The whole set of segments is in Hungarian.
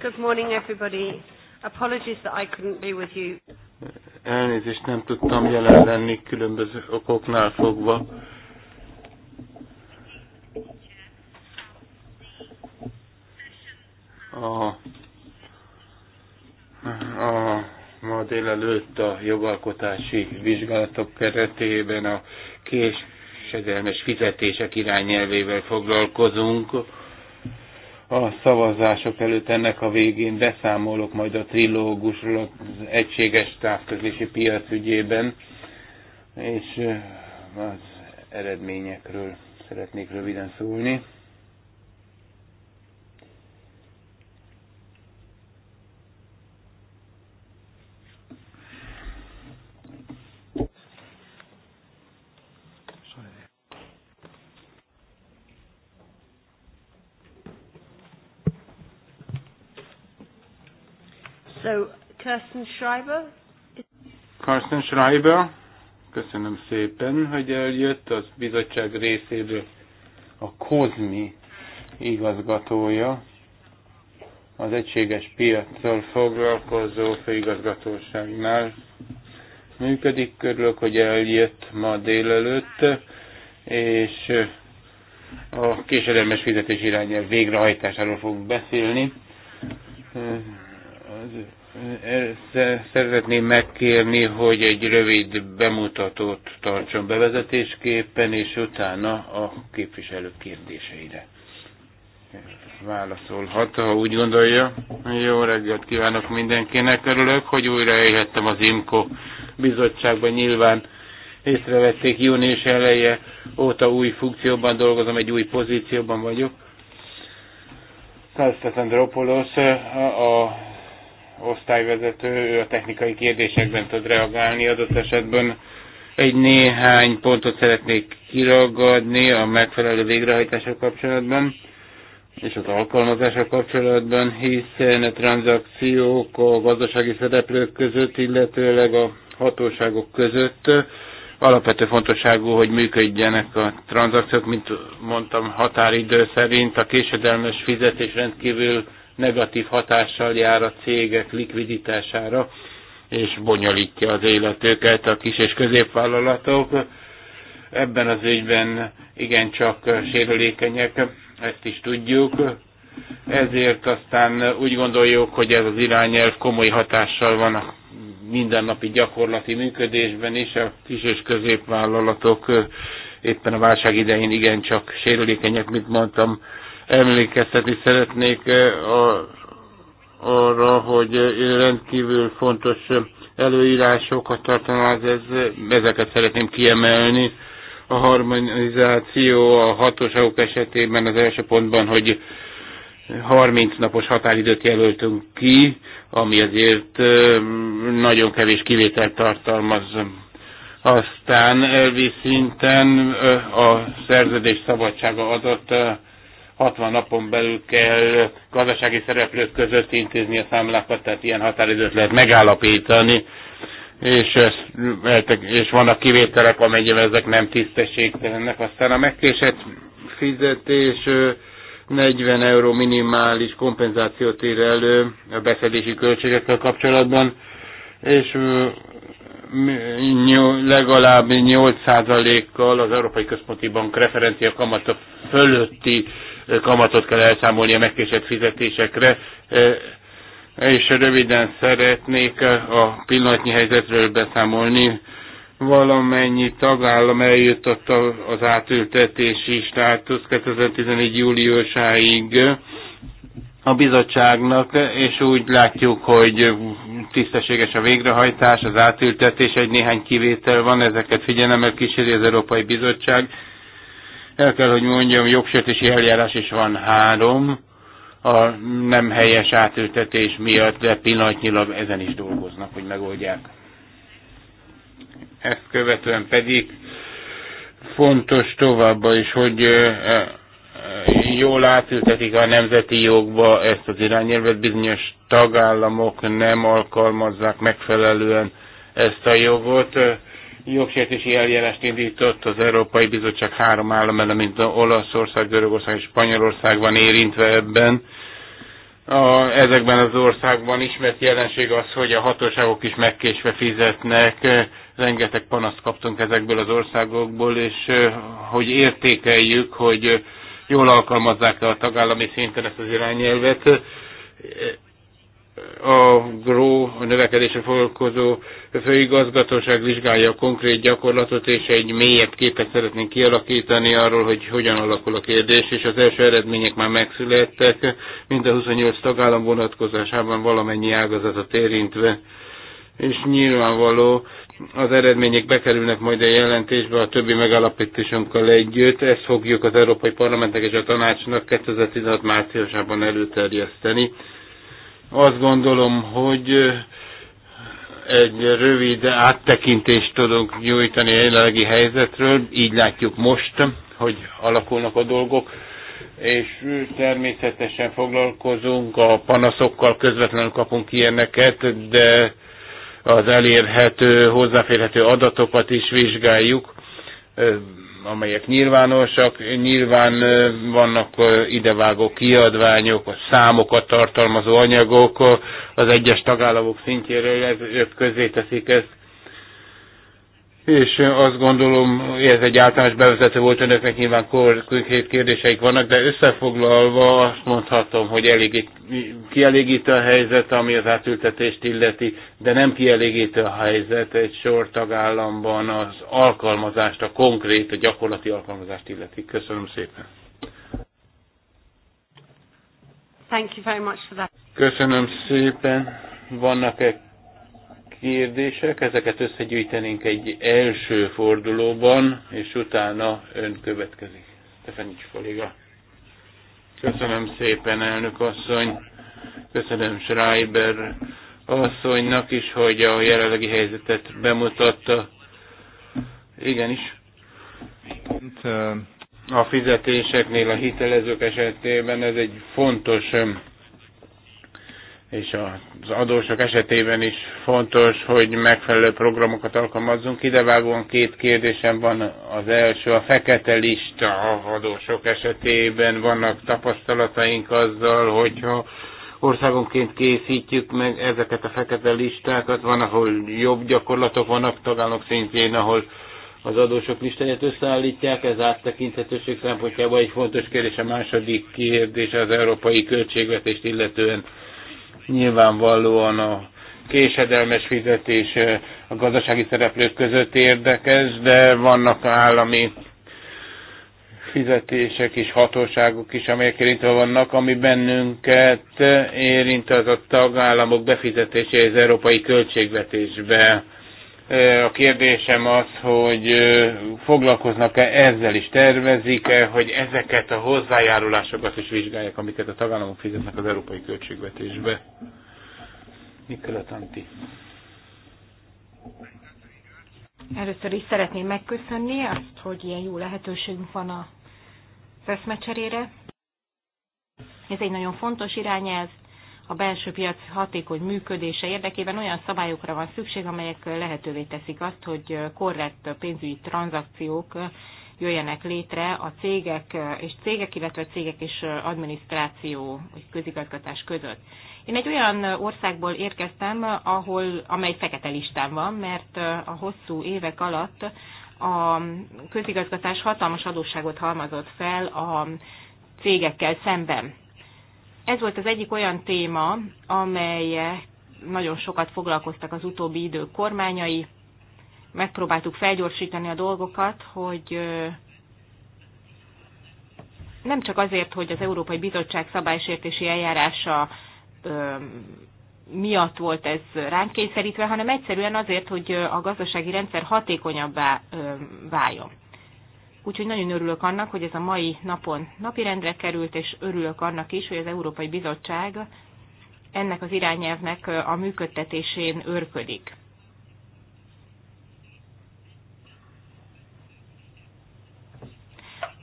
Good morning, everybody. Apologies that I couldn't be with you. Elnézést, nem tudtam jelen lenni különböző okoknál fogva. A, a ma délelőtt a jogalkotási vizsgálatok keretében a késedelmes fizetések irányelvével foglalkozunk a szavazások előtt ennek a végén beszámolok majd a trilógusról az egységes távközlési piac ügyében, és eh, az eredményekről szeretnék röviden szólni. Schreiber. Carsten Schreiber, köszönöm szépen, hogy eljött az bizottság részéből a Kozmi igazgatója, az egységes piaccal foglalkozó főigazgatóságnál működik. Körülök, hogy eljött ma délelőtt, és a késedelmes fizetés irányel végrehajtásáról fogunk beszélni. Az Szeretném megkérni, hogy egy rövid bemutatót tartson bevezetésképpen, és utána a képviselők kérdéseire válaszolhat, ha úgy gondolja. Jó reggelt kívánok mindenkinek. Örülök, hogy újra élhettem az IMKO bizottságban nyilván. Észrevették június eleje óta új funkcióban dolgozom, egy új pozícióban vagyok. Konstantin Dropoulos, a osztályvezető, ő a technikai kérdésekben tud reagálni adott esetben. Egy néhány pontot szeretnék kiragadni a megfelelő végrehajtása kapcsolatban és az alkalmazása kapcsolatban, hiszen a tranzakciók a gazdasági szereplők között, illetőleg a hatóságok között alapvető fontosságú, hogy működjenek a tranzakciók, mint mondtam, határidő szerint a késedelmes fizetés rendkívül negatív hatással jár a cégek likviditására, és bonyolítja az életőket a kis és középvállalatok. Ebben az ügyben igencsak sérülékenyek, ezt is tudjuk. Ezért aztán úgy gondoljuk, hogy ez az irányelv komoly hatással van a mindennapi gyakorlati működésben is, a kis és középvállalatok éppen a válság idején igencsak sérülékenyek, mint mondtam, Emlékeztetni szeretnék eh, a, arra, hogy eh, rendkívül fontos eh, előírásokat tartalmaz, ez, ezeket szeretném kiemelni. A harmonizáció a hatóságok esetében az első pontban, hogy 30 napos határidőt jelöltünk ki, ami azért nagyon kevés kivételt tartalmaz. Aztán elvi szinten a szerződés szabadsága adott 60 napon belül kell gazdasági szereplők között intézni a számlákat, tehát ilyen határidőt lehet megállapítani, és, és vannak kivételek, amennyiben ezek nem tisztességtelenek. Aztán a megkésett fizetés 40 euró minimális kompenzációt ér elő a beszedési költségekkel kapcsolatban, és legalább 8%-kal az Európai Központi Bank referencia kamata fölötti kamatot kell elszámolni a megkésett fizetésekre, e, és röviden szeretnék a pillanatnyi helyzetről beszámolni. Valamennyi tagállam eljutott az átültetési státusz 2014. júliusáig a bizottságnak, és úgy látjuk, hogy tisztességes a végrehajtás, az átültetés, egy néhány kivétel van, ezeket figyelemmel kíséri az Európai Bizottság, el kell, hogy mondjam, jogsértési eljárás is van három, a nem helyes átültetés miatt, de pillanatnyilag ezen is dolgoznak, hogy megoldják. Ezt követően pedig fontos továbbá is, hogy jól átültetik a nemzeti jogba ezt az irányelvet, bizonyos tagállamok nem alkalmazzák megfelelően ezt a jogot jogsértési eljárást indított az Európai Bizottság három állam ellen, mint Olaszország, Görögország és Spanyolország van érintve ebben. A, ezekben az országban ismert jelenség az, hogy a hatóságok is megkésve fizetnek. Rengeteg panaszt kaptunk ezekből az országokból, és hogy értékeljük, hogy jól alkalmazzák a tagállami szinten ezt az irányelvet a GRO, a növekedésre foglalkozó főigazgatóság vizsgálja a konkrét gyakorlatot, és egy mélyebb képet szeretnénk kialakítani arról, hogy hogyan alakul a kérdés, és az első eredmények már megszülettek, mind a 28 tagállam vonatkozásában valamennyi ágazatot érintve, és nyilvánvaló az eredmények bekerülnek majd a jelentésbe a többi megállapításunkkal együtt. Ezt fogjuk az Európai Parlamentnek és a Tanácsnak 2016 márciusában előterjeszteni azt gondolom, hogy egy rövid áttekintést tudunk nyújtani a jelenlegi helyzetről. Így látjuk most, hogy alakulnak a dolgok, és természetesen foglalkozunk a panaszokkal, közvetlenül kapunk ilyeneket, de az elérhető, hozzáférhető adatokat is vizsgáljuk amelyek nyilvánosak, nyilván vannak idevágó kiadványok, a számokat tartalmazó anyagok az egyes tagállamok szintjére, ők közé teszik ezt és azt gondolom, ez egy általános bevezető volt önöknek, nyilván konkrét kérdéseik vannak, de összefoglalva azt mondhatom, hogy elég, kielégítő a helyzet, ami az átültetést illeti, de nem kielégítő a helyzet egy sor tagállamban az alkalmazást, a konkrét, a gyakorlati alkalmazást illeti. Köszönöm szépen. Thank you very much for that. Köszönöm szépen. Vannak-e kérdések, ezeket összegyűjtenénk egy első fordulóban, és utána ön következik. Stefanics kolléga. Köszönöm szépen, elnök asszony. Köszönöm Schreiber asszonynak is, hogy a jelenlegi helyzetet bemutatta. Igenis. A fizetéseknél, a hitelezők esetében ez egy fontos és az adósok esetében is fontos, hogy megfelelő programokat alkalmazzunk. Idevágóan két kérdésem van. Az első, a fekete lista adósok esetében vannak tapasztalataink azzal, hogyha országonként készítjük meg ezeket a fekete listákat, van, ahol jobb gyakorlatok vannak tagállamok szintjén, ahol az adósok listáját összeállítják, ez áttekinthetőség szempontjából egy fontos kérdés. A második kérdés az európai költségvetést illetően Nyilvánvalóan a késedelmes fizetés a gazdasági szereplők között érdekes, de vannak állami fizetések is, hatóságok is, amelyek érintve vannak, ami bennünket érint az a tagállamok befizetése az európai költségvetésbe. A kérdésem az, hogy foglalkoznak-e ezzel is, tervezik-e, hogy ezeket a hozzájárulásokat is vizsgálják, amiket a tagállamok fizetnek az európai költségvetésbe. Nikola Tanti. Először is szeretném megköszönni azt, hogy ilyen jó lehetőségünk van a feszmecserére. Ez egy nagyon fontos irányelv, a belső piac hatékony működése érdekében olyan szabályokra van szükség, amelyek lehetővé teszik azt, hogy korrekt pénzügyi tranzakciók jöjjenek létre a cégek és cégek, illetve cégek és adminisztráció vagy közigazgatás között. Én egy olyan országból érkeztem, ahol, amely fekete listán van, mert a hosszú évek alatt a közigazgatás hatalmas adósságot halmazott fel a cégekkel szemben. Ez volt az egyik olyan téma, amely nagyon sokat foglalkoztak az utóbbi idő kormányai. Megpróbáltuk felgyorsítani a dolgokat, hogy nem csak azért, hogy az Európai Bizottság szabálysértési eljárása miatt volt ez ránk kényszerítve, hanem egyszerűen azért, hogy a gazdasági rendszer hatékonyabbá váljon. Úgyhogy nagyon örülök annak, hogy ez a mai napon napirendre került, és örülök annak is, hogy az Európai Bizottság ennek az irányelvnek a működtetésén őrködik.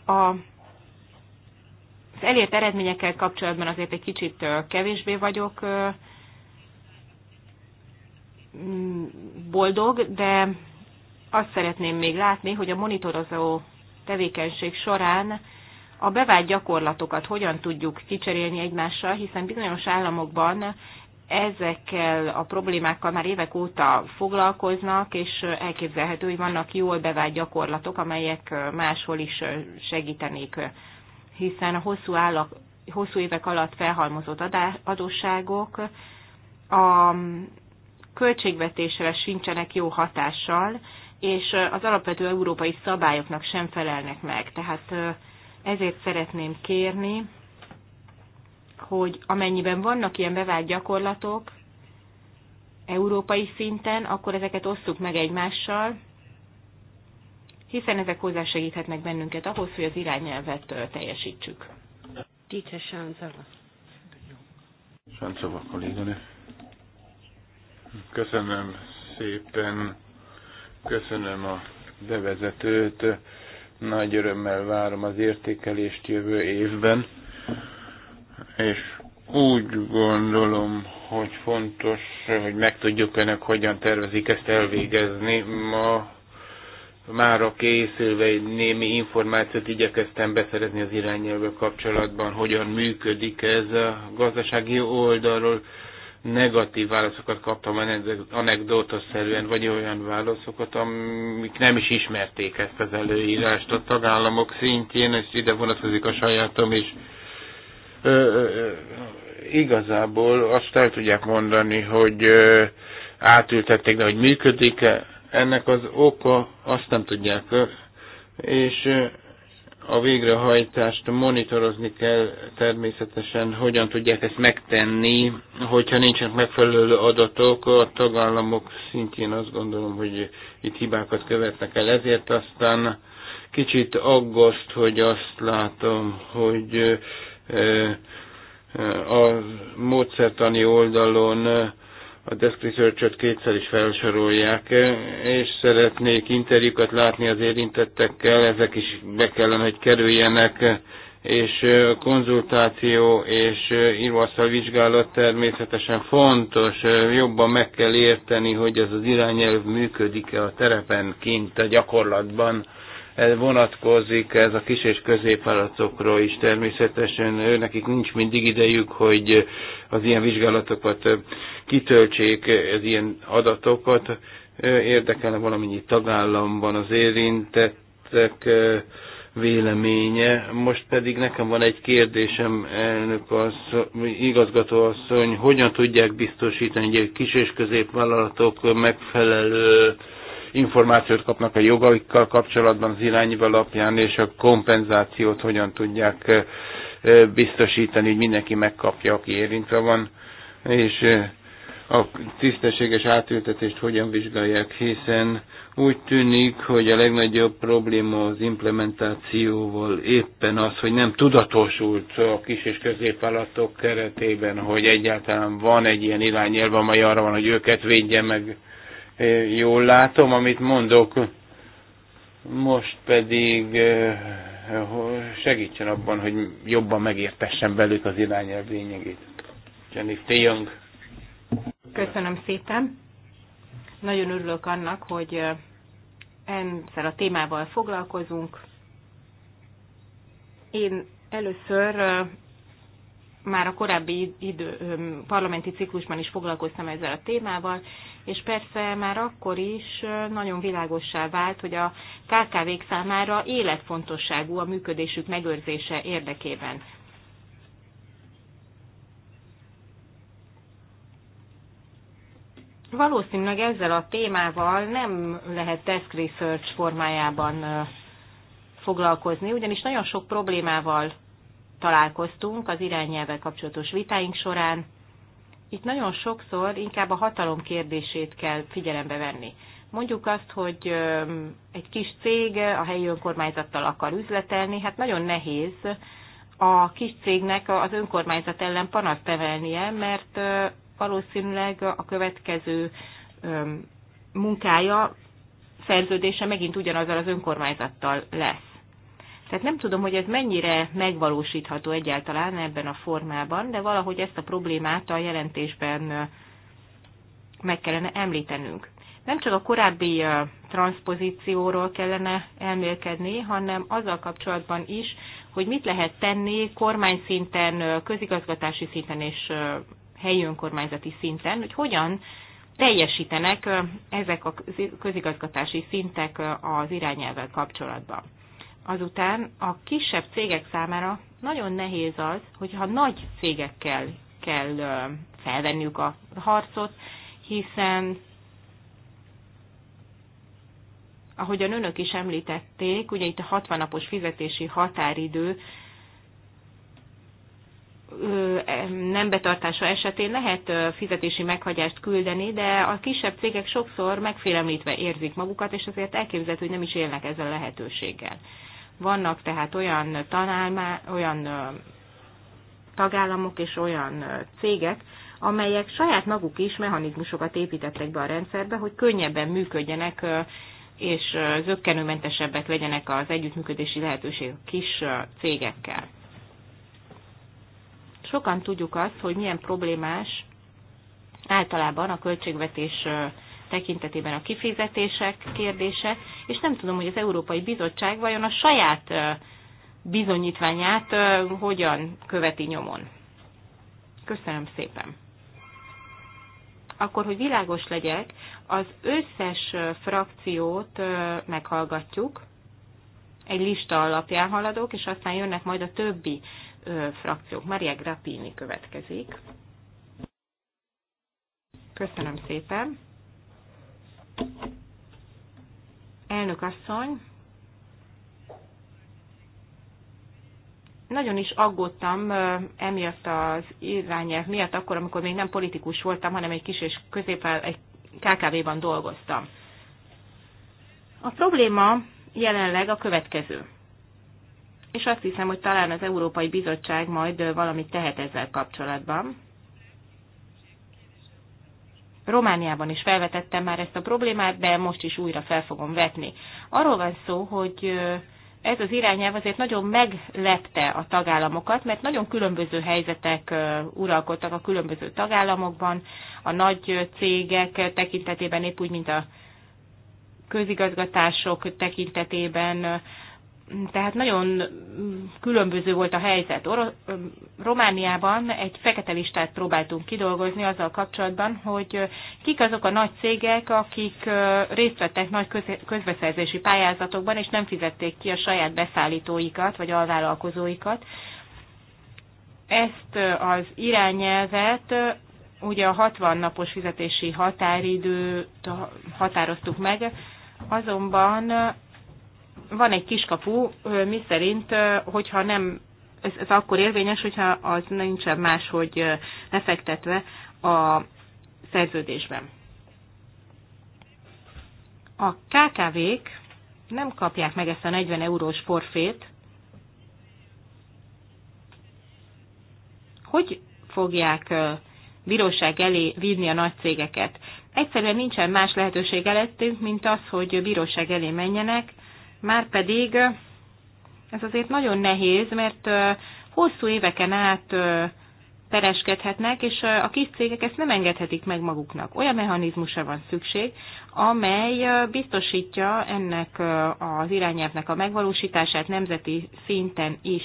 A, az elért eredményekkel kapcsolatban azért egy kicsit kevésbé vagyok boldog, de azt szeretném még látni, hogy a monitorozó tevékenység során a bevált gyakorlatokat hogyan tudjuk kicserélni egymással, hiszen bizonyos államokban ezekkel a problémákkal már évek óta foglalkoznak, és elképzelhető, hogy vannak jól bevált gyakorlatok, amelyek máshol is segítenék, hiszen a hosszú, állak, hosszú évek alatt felhalmozott adósságok a költségvetésre sincsenek jó hatással, és az alapvető európai szabályoknak sem felelnek meg. Tehát ezért szeretném kérni, hogy amennyiben vannak ilyen bevált gyakorlatok európai szinten, akkor ezeket osszuk meg egymással, hiszen ezek hozzásegíthetnek bennünket ahhoz, hogy az irányelvet teljesítsük. Dieter Sáncava. Sáncava kolléganő. Köszönöm szépen Köszönöm a bevezetőt. Nagy örömmel várom az értékelést jövő évben, és úgy gondolom, hogy fontos, hogy megtudjuk önök, hogyan tervezik ezt elvégezni. Ma már a készülve egy némi információt igyekeztem beszerezni az irányelvvel kapcsolatban, hogyan működik ez a gazdasági oldalról negatív válaszokat kaptam anekdótaszerűen, vagy olyan válaszokat, amik nem is ismerték ezt az előírást a tagállamok szintjén, és ide vonatkozik a sajátom is. Ö, ö, igazából azt el tudják mondani, hogy ö, átültették, de hogy működik -e, ennek az oka, azt nem tudják. És a végrehajtást monitorozni kell természetesen, hogyan tudják ezt megtenni, hogyha nincsenek megfelelő adatok, a tagállamok szintjén azt gondolom, hogy itt hibákat követnek el. Ezért aztán kicsit aggaszt, hogy azt látom, hogy eh, eh, a módszertani oldalon a desk research kétszer is felsorolják, és szeretnék interjúkat látni az érintettekkel, ezek is be kellene, hogy kerüljenek, és konzultáció és írvasszal vizsgálat természetesen fontos, jobban meg kell érteni, hogy ez az irányelv működik-e a terepen kint, a gyakorlatban vonatkozik ez a kis és középvállalatokra is természetesen. nekik nincs mindig idejük, hogy az ilyen vizsgálatokat kitöltsék, az ilyen adatokat. Érdekelne valamennyi tagállamban az érintettek véleménye. Most pedig nekem van egy kérdésem, elnök az, igazgató asszony, hogyan tudják biztosítani, hogy a kis és középvállalatok megfelelő információt kapnak a jogaikkal kapcsolatban az irányv alapján, és a kompenzációt hogyan tudják eh, eh, biztosítani, hogy mindenki megkapja, aki érintve van, és eh, a tisztességes átültetést hogyan vizsgálják, hiszen úgy tűnik, hogy a legnagyobb probléma az implementációval éppen az, hogy nem tudatosult a kis és középvállalatok keretében, hogy egyáltalán van egy ilyen irányelv, amely arra van, hogy őket védje meg, jól látom, amit mondok. Most pedig segítsen abban, hogy jobban megértessen velük az irányelv lényegét. Jennifer Young. Köszönöm szépen. Nagyon örülök annak, hogy ezzel a témával foglalkozunk. Én először már a korábbi idő, parlamenti ciklusban is foglalkoztam ezzel a témával, és persze már akkor is nagyon világossá vált, hogy a KKV-k számára életfontosságú a működésük megőrzése érdekében. Valószínűleg ezzel a témával nem lehet desk research formájában foglalkozni, ugyanis nagyon sok problémával találkoztunk az irányelvvel kapcsolatos vitáink során, itt nagyon sokszor inkább a hatalom kérdését kell figyelembe venni. Mondjuk azt, hogy egy kis cég a helyi önkormányzattal akar üzletelni, hát nagyon nehéz a kis cégnek az önkormányzat ellen panaszt emelnie, mert valószínűleg a következő munkája, szerződése megint ugyanazzal az önkormányzattal lesz. Tehát nem tudom, hogy ez mennyire megvalósítható egyáltalán ebben a formában, de valahogy ezt a problémát a jelentésben meg kellene említenünk. Nem csak a korábbi transpozícióról kellene elmélkedni, hanem azzal kapcsolatban is, hogy mit lehet tenni kormányszinten, közigazgatási szinten és helyi önkormányzati szinten, hogy hogyan teljesítenek ezek a közigazgatási szintek az irányelvvel kapcsolatban azután a kisebb cégek számára nagyon nehéz az, hogyha nagy cégekkel kell felvenniük a harcot, hiszen ahogyan önök is említették, ugye itt a 60 napos fizetési határidő nem betartása esetén lehet fizetési meghagyást küldeni, de a kisebb cégek sokszor megfélemlítve érzik magukat, és azért elképzelhető, hogy nem is élnek ezzel a lehetőséggel. Vannak tehát olyan, tanálmá, olyan tagállamok és olyan cégek, amelyek saját maguk is mechanizmusokat építettek be a rendszerbe, hogy könnyebben működjenek és zöggenőmentesebbek legyenek az együttműködési lehetőség kis cégekkel. Sokan tudjuk azt, hogy milyen problémás általában a költségvetés tekintetében a kifizetések kérdése, és nem tudom, hogy az Európai Bizottság vajon a saját bizonyítványát hogyan követi nyomon. Köszönöm szépen. Akkor, hogy világos legyek, az összes frakciót meghallgatjuk, egy lista alapján haladok, és aztán jönnek majd a többi frakciók. Maria Grappini következik. Köszönöm szépen. Elnök asszony, nagyon is aggódtam emiatt az irányelv miatt, akkor, amikor még nem politikus voltam, hanem egy kis és középvel egy KKV-ban dolgoztam. A probléma jelenleg a következő. És azt hiszem, hogy talán az Európai Bizottság majd valamit tehet ezzel kapcsolatban. Romániában is felvetettem már ezt a problémát, de most is újra fel fogom vetni. Arról van szó, hogy ez az irányelv azért nagyon meglepte a tagállamokat, mert nagyon különböző helyzetek uralkodtak a különböző tagállamokban, a nagy cégek tekintetében épp úgy, mint a közigazgatások tekintetében tehát nagyon különböző volt a helyzet. Or- Romániában egy fekete listát próbáltunk kidolgozni azzal kapcsolatban, hogy kik azok a nagy cégek, akik részt vettek nagy közbeszerzési pályázatokban, és nem fizették ki a saját beszállítóikat, vagy alvállalkozóikat. Ezt az irányelvet ugye a 60 napos fizetési határidőt határoztuk meg, azonban van egy kiskapu, mi szerint, hogyha nem, ez, ez akkor érvényes, hogyha az nincsen máshogy lefektetve a szerződésben. A KKV-k nem kapják meg ezt a 40 eurós forfét. Hogy fogják bíróság elé vinni a nagy cégeket? Egyszerűen nincsen más lehetőség elettünk, mint az, hogy bíróság elé menjenek, Márpedig ez azért nagyon nehéz, mert hosszú éveken át pereskedhetnek, és a kis cégek ezt nem engedhetik meg maguknak. Olyan mechanizmusra van szükség, amely biztosítja ennek az irányelvnek a megvalósítását nemzeti szinten is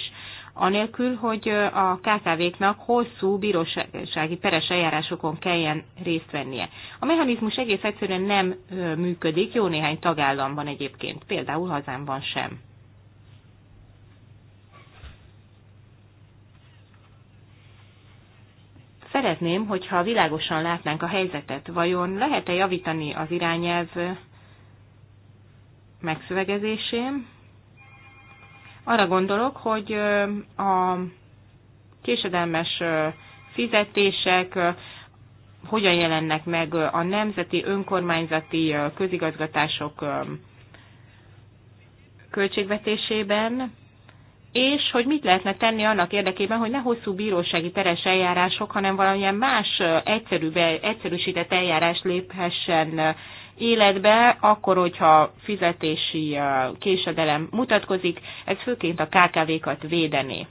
anélkül, hogy a KKV-knak hosszú bírósági peres eljárásokon kelljen részt vennie. A mechanizmus egész egyszerűen nem működik, jó néhány tagállamban egyébként, például hazámban sem. Szeretném, hogyha világosan látnánk a helyzetet, vajon lehet-e javítani az irányelv megszövegezésén, arra gondolok, hogy a késedelmes fizetések hogyan jelennek meg a nemzeti önkormányzati közigazgatások költségvetésében, és hogy mit lehetne tenni annak érdekében, hogy ne hosszú bírósági teres eljárások, hanem valamilyen más egyszerűbb, egyszerűsített eljárás léphessen életbe, akkor, hogyha fizetési késedelem mutatkozik, ez főként a KKV-kat védené.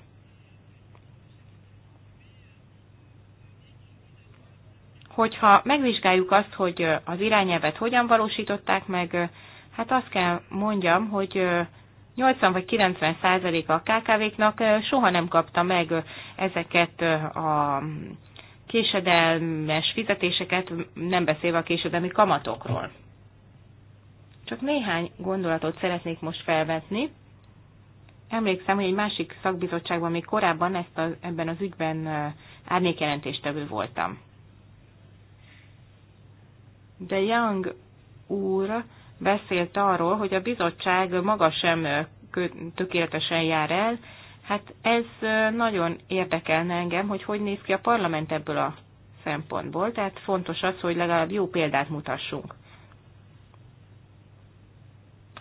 Hogyha megvizsgáljuk azt, hogy az irányelvet hogyan valósították meg, hát azt kell mondjam, hogy 80 vagy 90 százaléka a KKV-knak soha nem kapta meg ezeket a késedelmes fizetéseket, nem beszélve a késedelmi kamatokról. Csak néhány gondolatot szeretnék most felvetni. Emlékszem, hogy egy másik szakbizottságban még korábban ezt a, ebben az ügyben árnyékjelentéstevő voltam. De Young úr beszélt arról, hogy a bizottság maga sem tökéletesen jár el, Hát ez nagyon érdekelne engem, hogy hogy néz ki a parlament ebből a szempontból, tehát fontos az, hogy legalább jó példát mutassunk.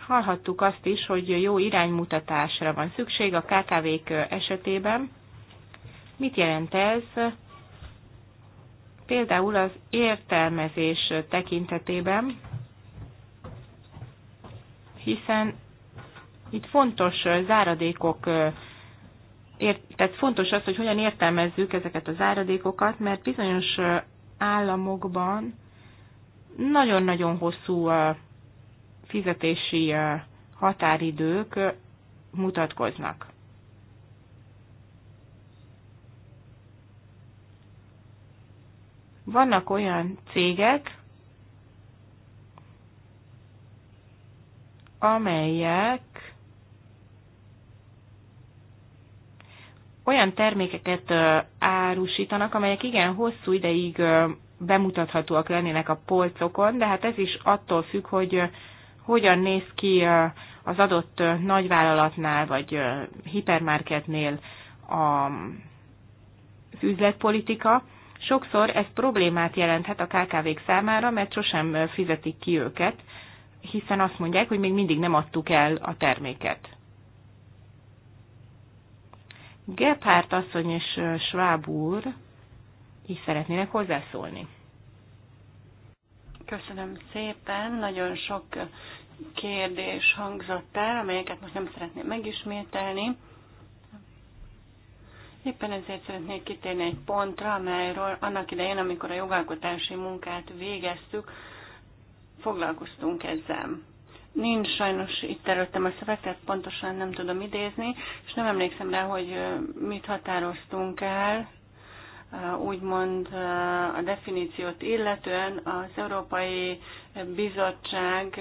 Hallhattuk azt is, hogy jó iránymutatásra van szükség a KKV-k esetében. Mit jelent ez? Például az értelmezés tekintetében, hiszen itt fontos záradékok ért, tehát fontos az, hogy hogyan értelmezzük ezeket az áradékokat, mert bizonyos államokban nagyon-nagyon hosszú fizetési határidők mutatkoznak. Vannak olyan cégek, amelyek olyan termékeket árusítanak, amelyek igen hosszú ideig bemutathatóak lennének a polcokon, de hát ez is attól függ, hogy hogyan néz ki az adott nagyvállalatnál vagy hipermarketnél az üzletpolitika. Sokszor ez problémát jelenthet a KKV-k számára, mert sosem fizetik ki őket, hiszen azt mondják, hogy még mindig nem adtuk el a terméket. Gephardt asszony és Schwab úr is szeretnének hozzászólni. Köszönöm szépen, nagyon sok kérdés hangzott el, amelyeket most nem szeretném megismételni. Éppen ezért szeretnék kitérni egy pontra, amelyről annak idején, amikor a jogalkotási munkát végeztük, foglalkoztunk ezzel. Nincs sajnos itt előttem a szöveg, tehát pontosan nem tudom idézni, és nem emlékszem rá, hogy mit határoztunk el, úgymond a definíciót illetően az Európai Bizottság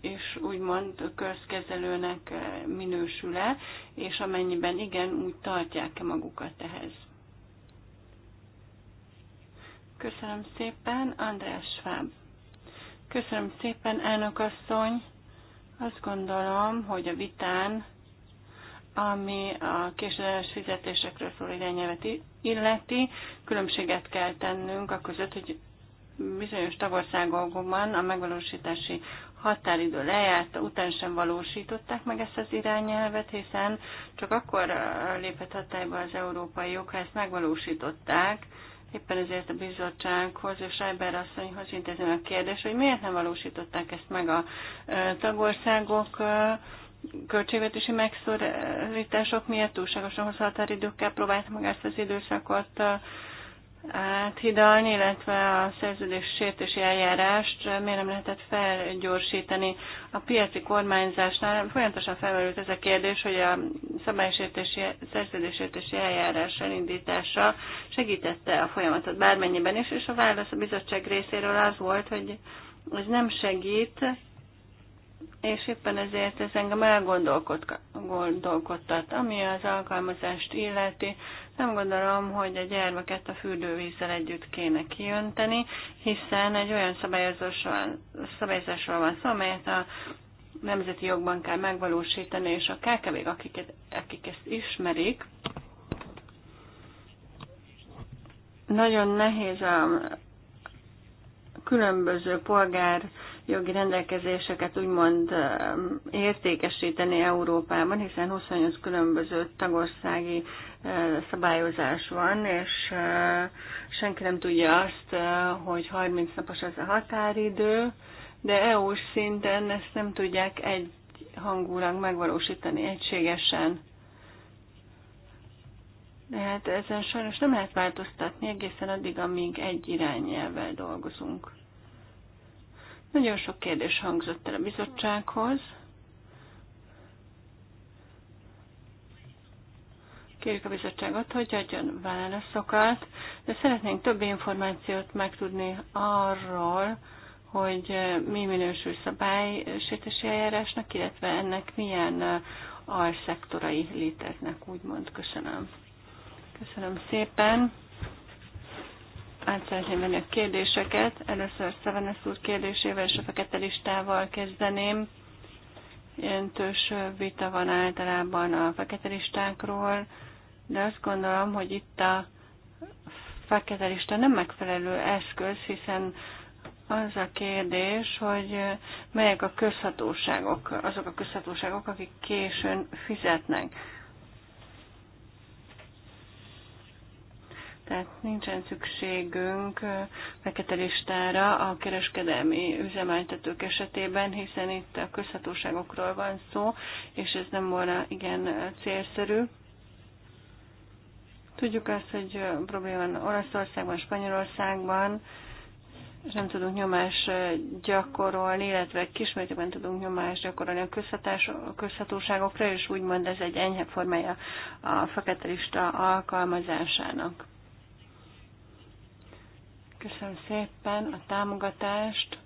is úgymond közkezelőnek minősül-e, és amennyiben igen, úgy tartják-e magukat ehhez. Köszönöm szépen, András Schwab. Köszönöm szépen, elnök asszony. Azt gondolom, hogy a vitán, ami a késedelmes fizetésekről szól irányelvet illeti, különbséget kell tennünk a között, hogy bizonyos tagországokban a megvalósítási határidő lejárt, után sem valósították meg ezt az irányelvet, hiszen csak akkor léphet hatályba az európai jog, ha ezt megvalósították, Éppen ezért a bizottsághoz és Schreiber asszonyhoz intézem a kérdés, hogy miért nem valósították ezt meg a tagországok költségvetési megszorítások miatt túlságosan hosszú határidőkkel próbált meg ezt az időszakot áthidalni, illetve a szerződés sértési eljárást eh, miért nem lehetett felgyorsítani. A piaci kormányzásnál folyamatosan felmerült ez a kérdés, hogy a szabálysértési, szerződéssértési eljárás elindítása segítette a folyamatot bármennyiben is, és a válasz a bizottság részéről az volt, hogy ez nem segít, és éppen ezért ez engem elgondolkodtat, ami az alkalmazást illeti. Nem gondolom, hogy a gyermeket a fürdővízzel együtt kéne kiönteni, hiszen egy olyan szabályozásról, szabályozásról van szó, amelyet a nemzeti jogban kell megvalósítani, és a kkv akik, akik ezt ismerik, nagyon nehéz a különböző polgár jogi rendelkezéseket úgymond um, értékesíteni Európában, hiszen 28 különböző tagországi szabályozás van, és senki nem tudja azt, hogy 30 napos az a határidő, de EU-s szinten ezt nem tudják egy hangulag megvalósítani egységesen. De hát ezen sajnos nem lehet változtatni egészen addig, amíg egy irányelvvel dolgozunk. Nagyon sok kérdés hangzott el a bizottsághoz. kérjük a bizottságot, hogy adjon válaszokat, de szeretnénk több információt megtudni arról, hogy mi minősül szabálysértési eljárásnak, illetve ennek milyen alszektorai léteznek, úgymond. Köszönöm. Köszönöm szépen. Át szeretném venni a kérdéseket. Először Szevenesz úr kérdésével és a fekete listával kezdeném. Jelentős vita van általában a fekete listákról, de azt gondolom, hogy itt a fekete lista nem megfelelő eszköz, hiszen az a kérdés, hogy melyek a közhatóságok, azok a közhatóságok, akik későn fizetnek. Tehát nincsen szükségünk fekete listára a kereskedelmi üzemeltetők esetében, hiszen itt a közhatóságokról van szó, és ez nem volna igen célszerű. Tudjuk azt, hogy probléma van Olaszországban, Spanyolországban, és nem tudunk nyomást gyakorolni, illetve kismértékben tudunk nyomást gyakorolni a, a közhatóságokra, és úgymond ez egy enyhe formája a fekete alkalmazásának. Köszönöm szépen a támogatást.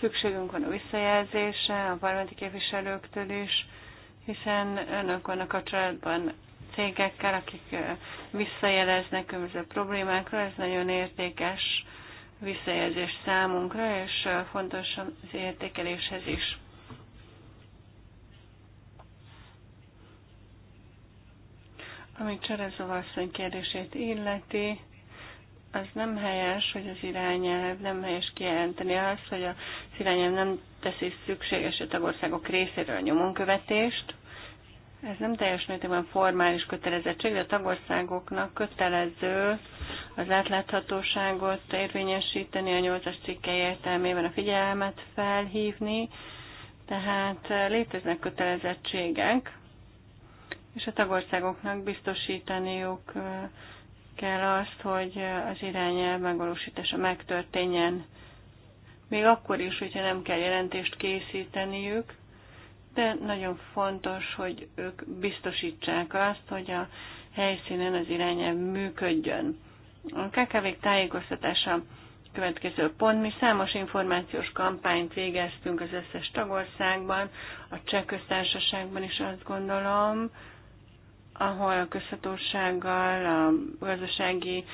Szükségünk van a visszajelzése a parlamenti képviselőktől is, hiszen önök vannak a családban cégekkel, akik visszajeleznek különböző problémákra, ez nagyon értékes visszajelzés számunkra, és fontos az értékeléshez is. Ami Cserezov asszony kérdését illeti, az nem helyes, hogy az irányelv nem helyes kijelenteni azt, hogy az irányelv nem teszi szükséges a tagországok részéről a nyomonkövetést. Ez nem teljes mértékben formális kötelezettség, de a tagországoknak kötelező az átláthatóságot érvényesíteni, a nyolcas cikke értelmében a figyelmet felhívni, tehát léteznek kötelezettségek, és a tagországoknak biztosítaniuk kell azt, hogy az irányelv megvalósítása megtörténjen, még akkor is, hogyha nem kell jelentést készíteniük, de nagyon fontos, hogy ők biztosítsák azt, hogy a helyszínen az irányelv működjön. A kkv tájékoztatása következő pont. Mi számos információs kampányt végeztünk az összes tagországban, a cseh köztársaságban is azt gondolom, ahol a közhatósággal, a gazdasági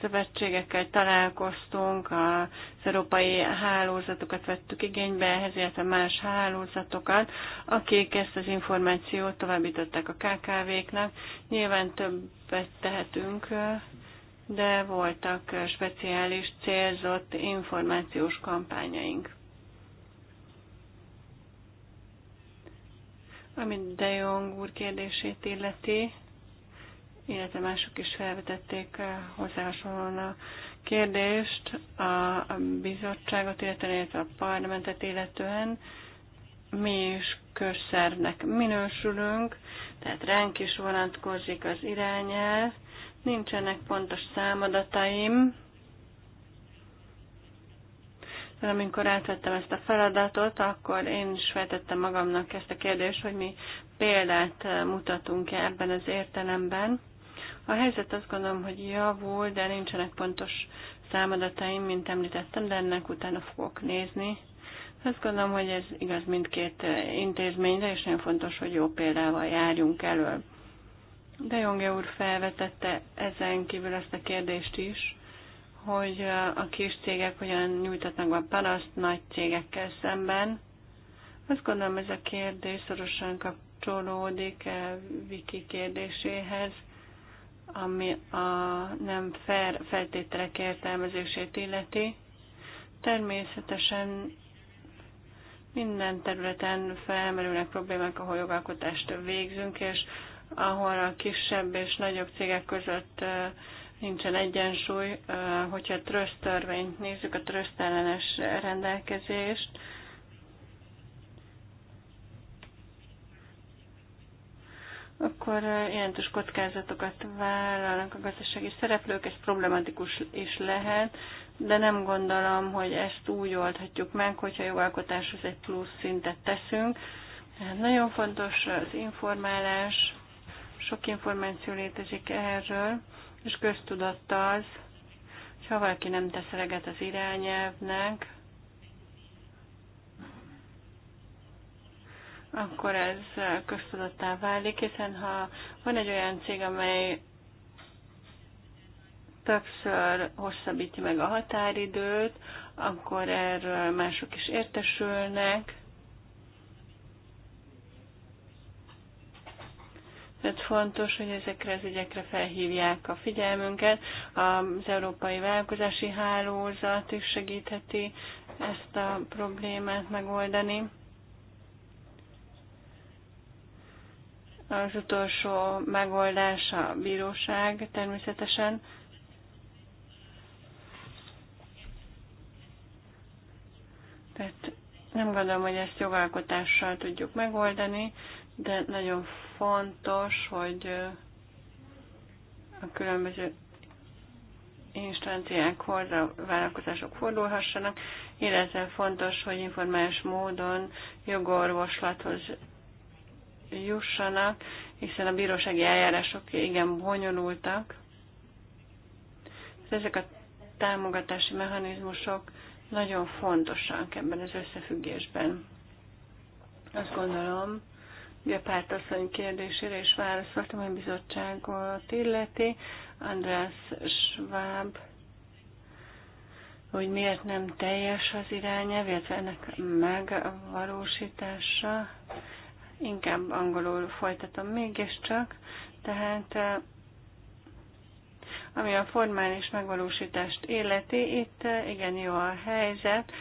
szövetségekkel találkoztunk, az európai hálózatokat vettük igénybe, ehhez illetve más hálózatokat, akik ezt az információt továbbították a KKV-knak. Nyilván többet tehetünk, de voltak speciális célzott információs kampányaink. Amit De Jong úr kérdését illeti, illetve mások is felvetették eh, hozzá hasonlóan a kérdést a bizottságot, illetve, illetve a parlamentet illetően. Mi is közszervnek minősülünk, tehát ránk is vonatkozik az irányel, nincsenek pontos számadataim, de amikor átvettem ezt a feladatot, akkor én is feltettem magamnak ezt a kérdést, hogy mi példát eh, mutatunk -e ebben az értelemben. A helyzet azt gondolom, hogy javul, de nincsenek pontos számadataim, mint említettem, de ennek utána fogok nézni. Azt gondolom, hogy ez igaz mindkét intézményre, és nagyon fontos, hogy jó példával járjunk elő. De Jonge úr felvetette ezen kívül ezt a kérdést is, hogy a kis cégek hogyan nyújtatnak a panaszt nagy cégekkel szemben. Azt gondolom, ez a kérdés szorosan kapcsolódik eh, Viki kérdéséhez ami a nem fair feltételek értelmezését illeti. Természetesen minden területen felmerülnek problémák, ahol jogalkotást végzünk, és ahol a kisebb és nagyobb cégek között nincsen egyensúly. Hogyha a tröszt törvényt nézzük, a tröszt ellenes rendelkezést, akkor jelentős kockázatokat vállalnak a gazdasági szereplők, ez problematikus is lehet, de nem gondolom, hogy ezt úgy oldhatjuk meg, hogyha jogalkotáshoz egy plusz szintet teszünk. Tehát nagyon fontos az informálás, sok információ létezik erről, és köztudatta az, hogy ha valaki nem tesz eleget az irányelvnek, akkor ez köztudattá válik, hiszen ha van egy olyan cég, amely többször hosszabbítja meg a határidőt, akkor erről mások is értesülnek. Tehát fontos, hogy ezekre az ügyekre felhívják a figyelmünket. Az Európai Vállalkozási Hálózat is segítheti ezt a problémát megoldani. Az utolsó megoldás a bíróság természetesen. Tehát nem gondolom, hogy ezt jogalkotással tudjuk megoldani, de nagyon fontos, hogy a különböző instanciákhoz a vállalkozások fordulhassanak, illetve fontos, hogy informális módon jogorvoslathoz jussanak, hiszen a bírósági eljárások igen bonyolultak. Ezek a támogatási mechanizmusok nagyon fontosak ebben az összefüggésben. Azt gondolom, hogy a pártasszony kérdésére is válaszoltam, hogy bizottságot illeti. András Schwab hogy miért nem teljes az irányelv, illetve ennek megvalósítása. Inkább angolul folytatom mégiscsak. Tehát eh, ami a formális megvalósítást illeti, itt eh, igen jó a helyzet,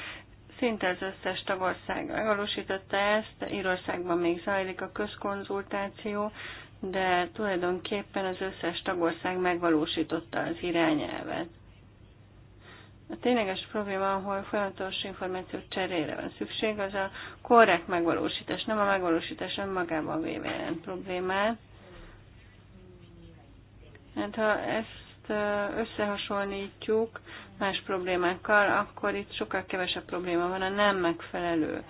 Szinte az összes tagország megvalósította ezt, Írországban még zajlik a közkonzultáció, de tulajdonképpen az összes tagország megvalósította az irányelvet. A tényleges probléma, ahol folyamatos információ cserére van szükség, az a korrekt megvalósítás, nem a megvalósítás önmagában véve jelent problémát. Hát ha ezt összehasonlítjuk más problémákkal, akkor itt sokkal kevesebb probléma van a nem megfelelő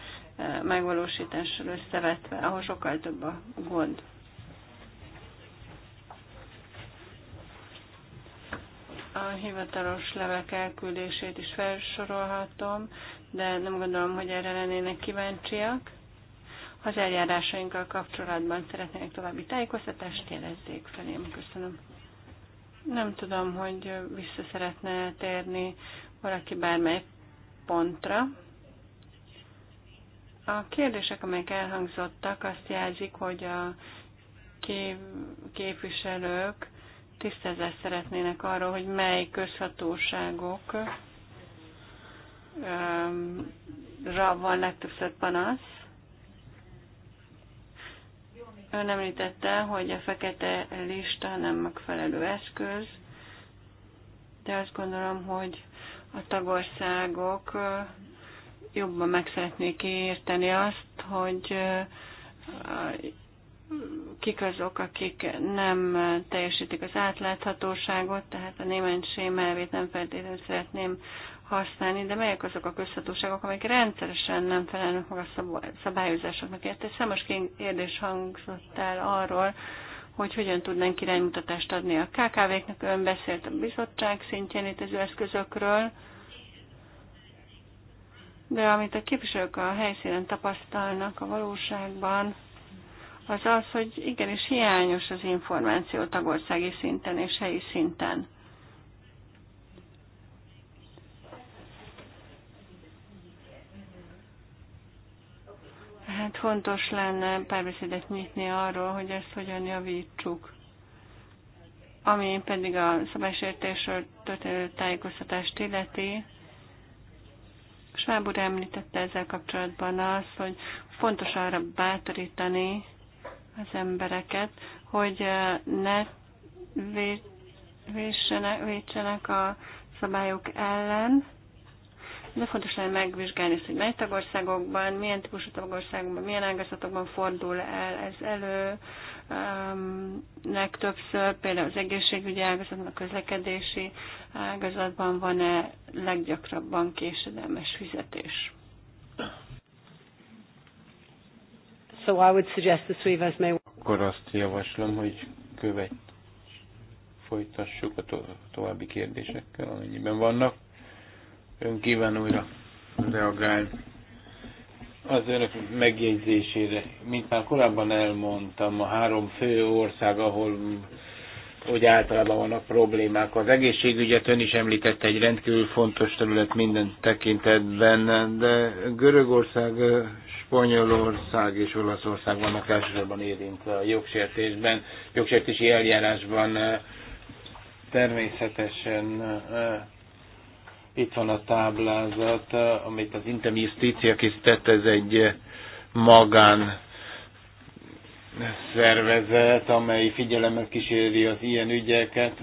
megvalósítással összevetve, ahol sokkal több a gond. a hivatalos levek elküldését is felsorolhatom, de nem gondolom, hogy erre lennének kíváncsiak. Ha az eljárásainkkal kapcsolatban szeretnének további tájékoztatást, jelezzék felém. Köszönöm. Nem tudom, hogy vissza szeretne térni valaki bármely pontra. A kérdések, amelyek elhangzottak, azt jelzik, hogy a képviselők tisztázást szeretnének arról, hogy mely közhatóságok ra van legtöbbször panasz. Ön említette, hogy a fekete lista nem megfelelő eszköz, de azt gondolom, hogy a tagországok jobban meg szeretnék érteni azt, hogy kik azok, akik nem teljesítik az átláthatóságot, tehát a német sémelvét nem feltétlenül szeretném használni, de melyek azok a közhatóságok, amelyek rendszeresen nem felelnek meg a szabályozásoknak. Érte számos kérdés hangzott el arról, hogy hogyan tudnánk iránymutatást adni a kkv knek Ön beszélt a bizottság szintjén létező eszközökről, de amit a képviselők a helyszínen tapasztalnak a valóságban, az az, hogy igenis hiányos az információ tagországi szinten és helyi szinten. Hát fontos lenne párbeszédet nyitni arról, hogy ezt hogyan javítsuk. Ami pedig a szabálysértésről történő tájékoztatást illeti, Schwab úr említette ezzel kapcsolatban azt, hogy fontos arra bátorítani, az embereket, hogy ne védsenek, védsenek a szabályok ellen, de fontos lenne megvizsgálni, hogy mely tagországokban, milyen típusú tagországokban, milyen ágazatokban fordul el ez elő, nek többször, például az egészségügyi ágazatban, a közlekedési ágazatban van-e leggyakrabban késedelmes fizetés so I would suggest the three of us may... Akkor azt javaslom, hogy követ folytassuk a to további kérdésekkel, amennyiben vannak. Ön kíván újra reagálni az önök megjegyzésére. Mint már korábban elmondtam, a három fő ország, ahol hogy általában vannak problémák. Az egészségügyet ön is említette egy rendkívül fontos terület minden tekintetben, de Görögország Spanyolország és Olaszország vannak elsősorban érintve a jogsértésben, jogsértési eljárásban természetesen itt van a táblázat, amit az Intermisztícia készített, ez egy magán szervezet, amely figyelemmel kíséri az ilyen ügyeket,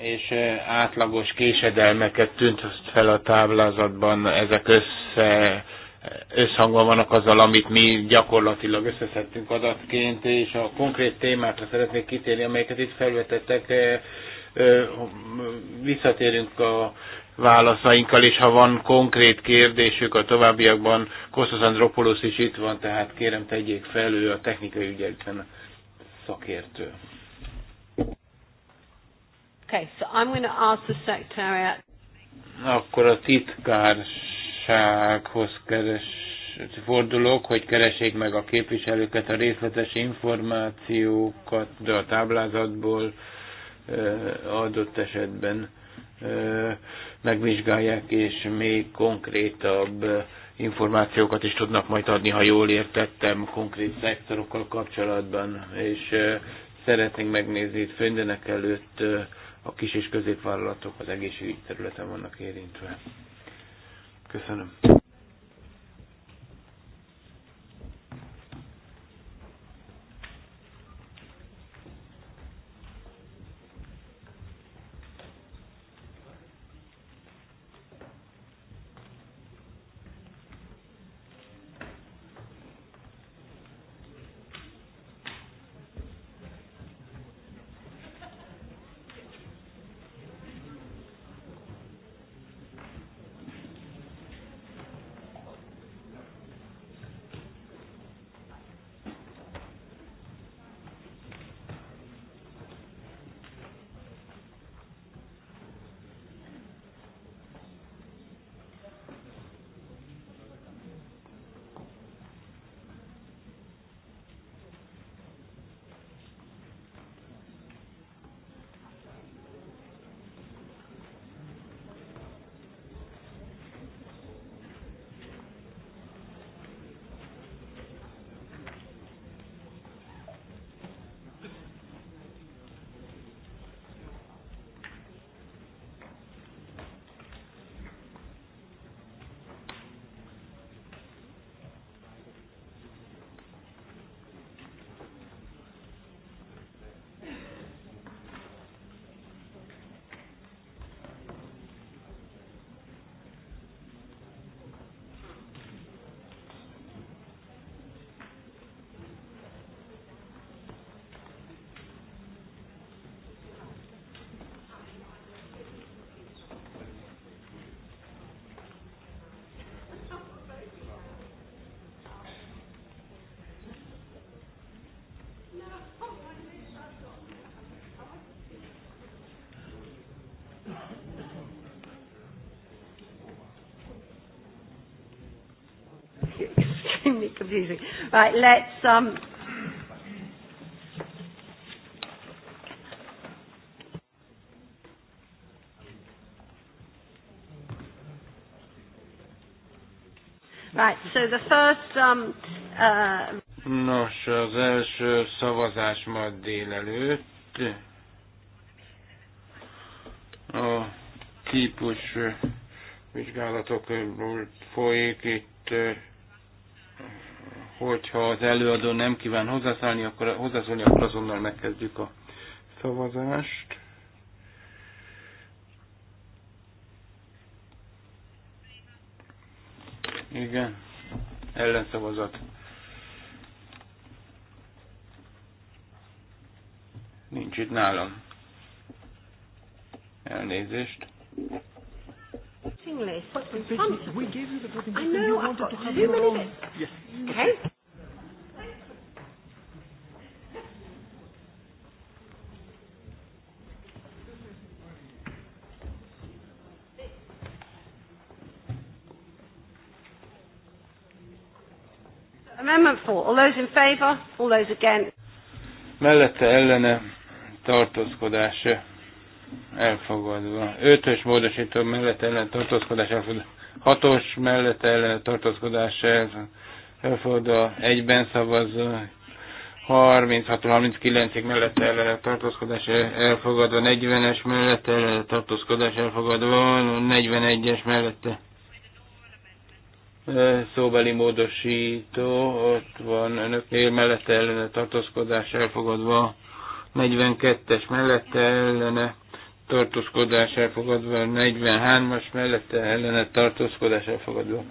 és átlagos késedelmeket tűnt fel a táblázatban ezek össze összhangban vannak azzal, amit mi gyakorlatilag összeszedtünk adatként, és a konkrét témákra szeretnék kitérni, amelyeket itt felvetettek. Eh, eh, visszatérünk a válaszainkkal, és ha van konkrét kérdésük a továbbiakban, Kostas Andropoulos is itt van, tehát kérem tegyék fel, ő a technikai ügyekben szakértő. Okay, so I'm going to ask the secretariat. Akkor a titkár bizottsághoz keres, fordulok, hogy keresék meg a képviselőket a részletes információkat de a táblázatból adott esetben megvizsgálják, és még konkrétabb információkat is tudnak majd adni, ha jól értettem, konkrét szektorokkal kapcsolatban, és szeretnénk megnézni itt főndenek előtt a kis és középvállalatok az egészségügyi területen vannak érintve. Köszönöm. finding it confusing. Right, let's. Um, Right, so the first um, uh, Nos, az első szavazás ma délelőtt a típus vizsgálatokról folyik itt Hogyha az előadó nem kíván hozzászólni, akkor, hozzászólni, akkor azonnal megkezdjük a szavazást. Igen, ellenszavazat. Nincs itt nálam. Amendment 4. All those in favor? All those against? Mellette ellene tartózkodás elfogadva. Ötös módosító mellette ellen tartózkodás elfogadva. Hatos mellette ellen tartózkodás elfogadva. Egyben szavaz 36-39-ig mellett ellen tartózkodás elfogadva. 40-es mellett ellen tartózkodás elfogadva. 41-es mellette szóbeli módosító, ott van önöknél mellette ellene tartózkodás elfogadva, 42-es mellette ellene tartózkodás elfogadva, 43-as mellette ellene tartózkodás elfogadva.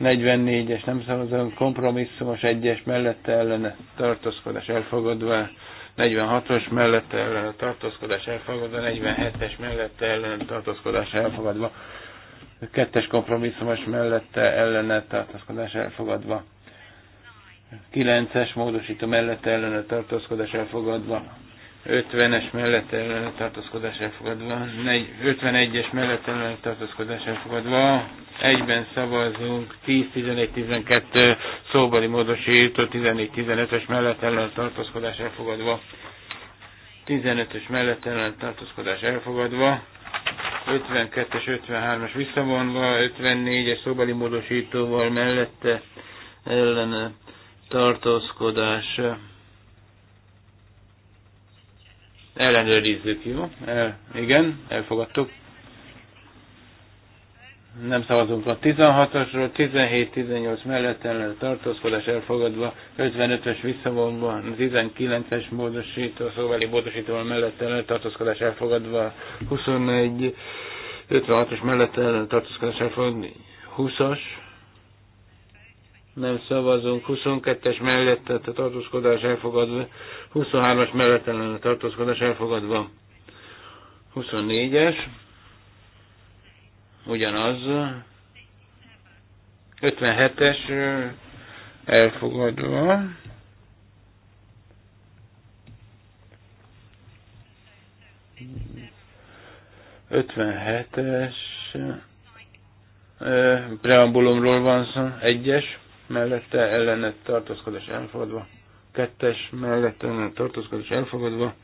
44-es, nem szavazom, kompromisszumos egyes mellette ellene tartózkodás elfogadva, 46-os mellette ellene tartózkodás elfogadva, 47-es mellette ellene tartózkodás elfogadva, kettes kompromisszumos mellette ellene tartózkodás elfogadva. Kilences módosító mellette ellene tartózkodás elfogadva. 50-es mellett ellen tartózkodás elfogadva. 51-es mellett ellen tartózkodás elfogadva. Egyben szavazunk 10-11-12 szóbali módosító 14-15-ös mellett ellen tartózkodás elfogadva. 15-ös mellett ellen tartózkodás elfogadva, 52-es, 53-as visszavonva, 54-es szobeli módosítóval mellette ellene tartózkodás. Ellenőrizzük, jó? El, igen, elfogadtuk nem szavazunk a 16-asról, 17-18 mellett ellen tartózkodás elfogadva, 55-ös visszavonva, 19-es módosító, szóvali módosítóval mellett ellen tartózkodás elfogadva, 21, 56-os mellett ellen tartózkodás elfogadva, 20-as, nem szavazunk, 22-es mellett a tartózkodás elfogadva, 23-as mellett ellen a tartózkodás elfogadva, 24-es, ugyanaz. 57-es elfogadva. Ötvenhetes preambulumról van szó, egyes, mellette ellenet tartózkodás elfogadva, kettes, mellette ellenet tartózkodás elfogadva,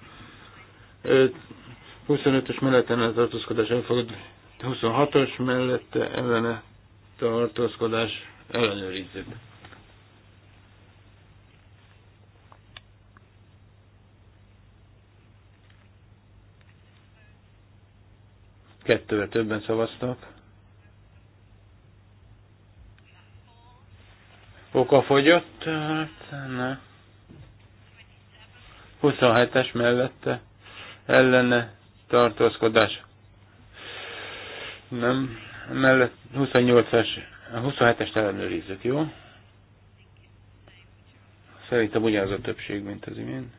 25-ös mellette ellenet tartózkodás elfogadva, 26-os mellette ellene tartózkodás ellenőrizzük. Kettővel többen szavaztak. Oka fogyott, hát ne. 27-es mellette ellene tartózkodás nem, mellett 28-as, 27-est ellenőrizzük, jó? Szerintem ugyanaz a többség, mint az imént.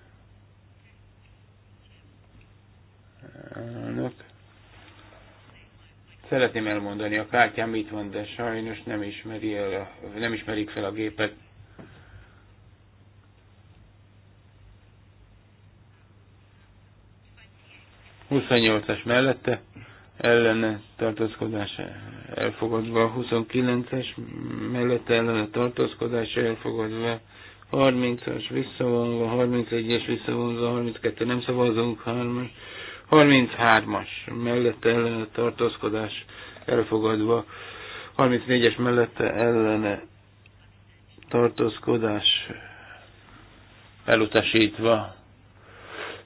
Elnök. Szeretném elmondani, a kártyám itt van, de sajnos nem, ismeri el, nem ismerik fel a gépet. Huszonnyolcas mellette ellene tartózkodás elfogadva, 29-es mellette ellene tartózkodás elfogadva, 30-as visszavonva, 31-es visszavonva, 32 nem szavazunk, 3 33-as mellette ellene tartózkodás elfogadva, 34-es mellette ellene tartózkodás elutasítva.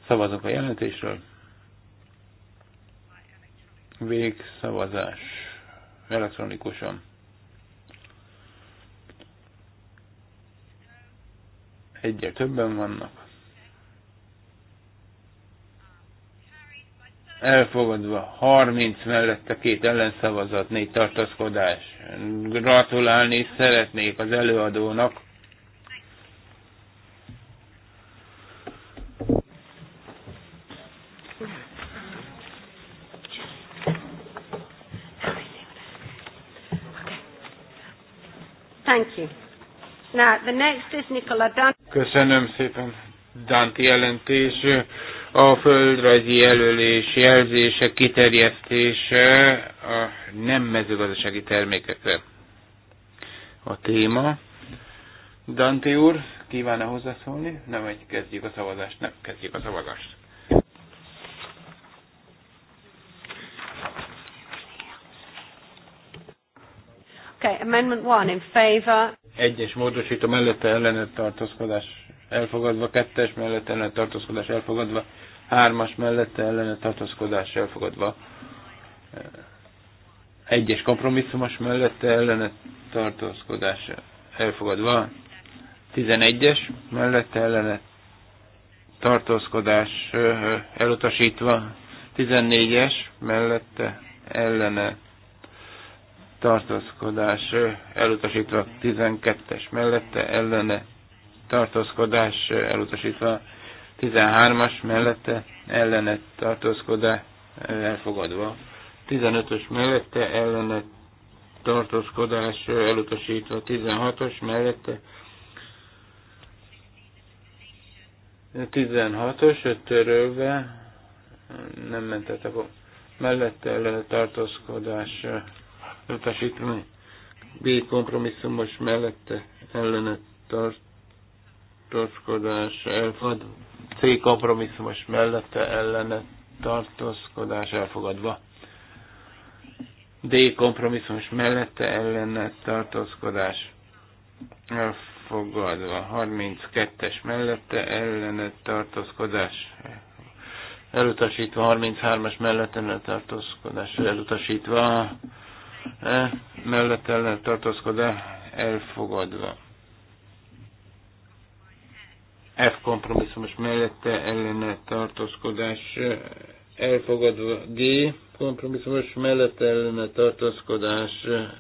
Szavazok a jelentésről. Végszavazás elektronikusan. Egyre többen vannak. elfogadva, 30 mellette két ellenszavazat, négy tartaszkodás. Gratulálni szeretnék az előadónak. Thank you. Now, the next is Nicola Dante. Köszönöm szépen. Dante jelentés, a földrajzi jelölés jelzése, kiterjesztése a nem mezőgazdasági termékekre. A téma. Dante úr, kívánna hozzászólni? Nem, hogy kezdjük a szavazást, nem kezdjük a szavazást. Okay, amendment one in favor. Egyes módosító mellette ellenet tartózkodás elfogadva, kettes mellette ellenet tartózkodás elfogadva, hármas mellette ellenet tartózkodás elfogadva, egyes kompromisszumos mellette ellenet tartózkodás elfogadva, tizenegyes mellette ellenet tartózkodás elutasítva, tizennégyes mellette ellenet tartózkodás elutasítva 12-es mellette ellene tartózkodás elutasítva 13-as mellette ellene tartózkodás elfogadva 15-ös mellette ellene tartózkodás elutasítva 16-os mellette 16-os törölve nem mentett mentetek mellette ellene tartózkodás utasítani. B kompromisszumos mellette ellene tartózkodás elfogadva. C kompromisszumos mellette ellene tartózkodás elfogadva. D kompromisszumos mellette ellene tartózkodás elfogadva. 32-es mellette ellene tartózkodás elutasítva, 33-as mellette ellene tartózkodás elutasítva. E mellett ellen e elfogadva. F kompromisszumos mellette ellene tartózkodás e, elfogadva. G kompromisszumos mellette ellene tartózkodás e,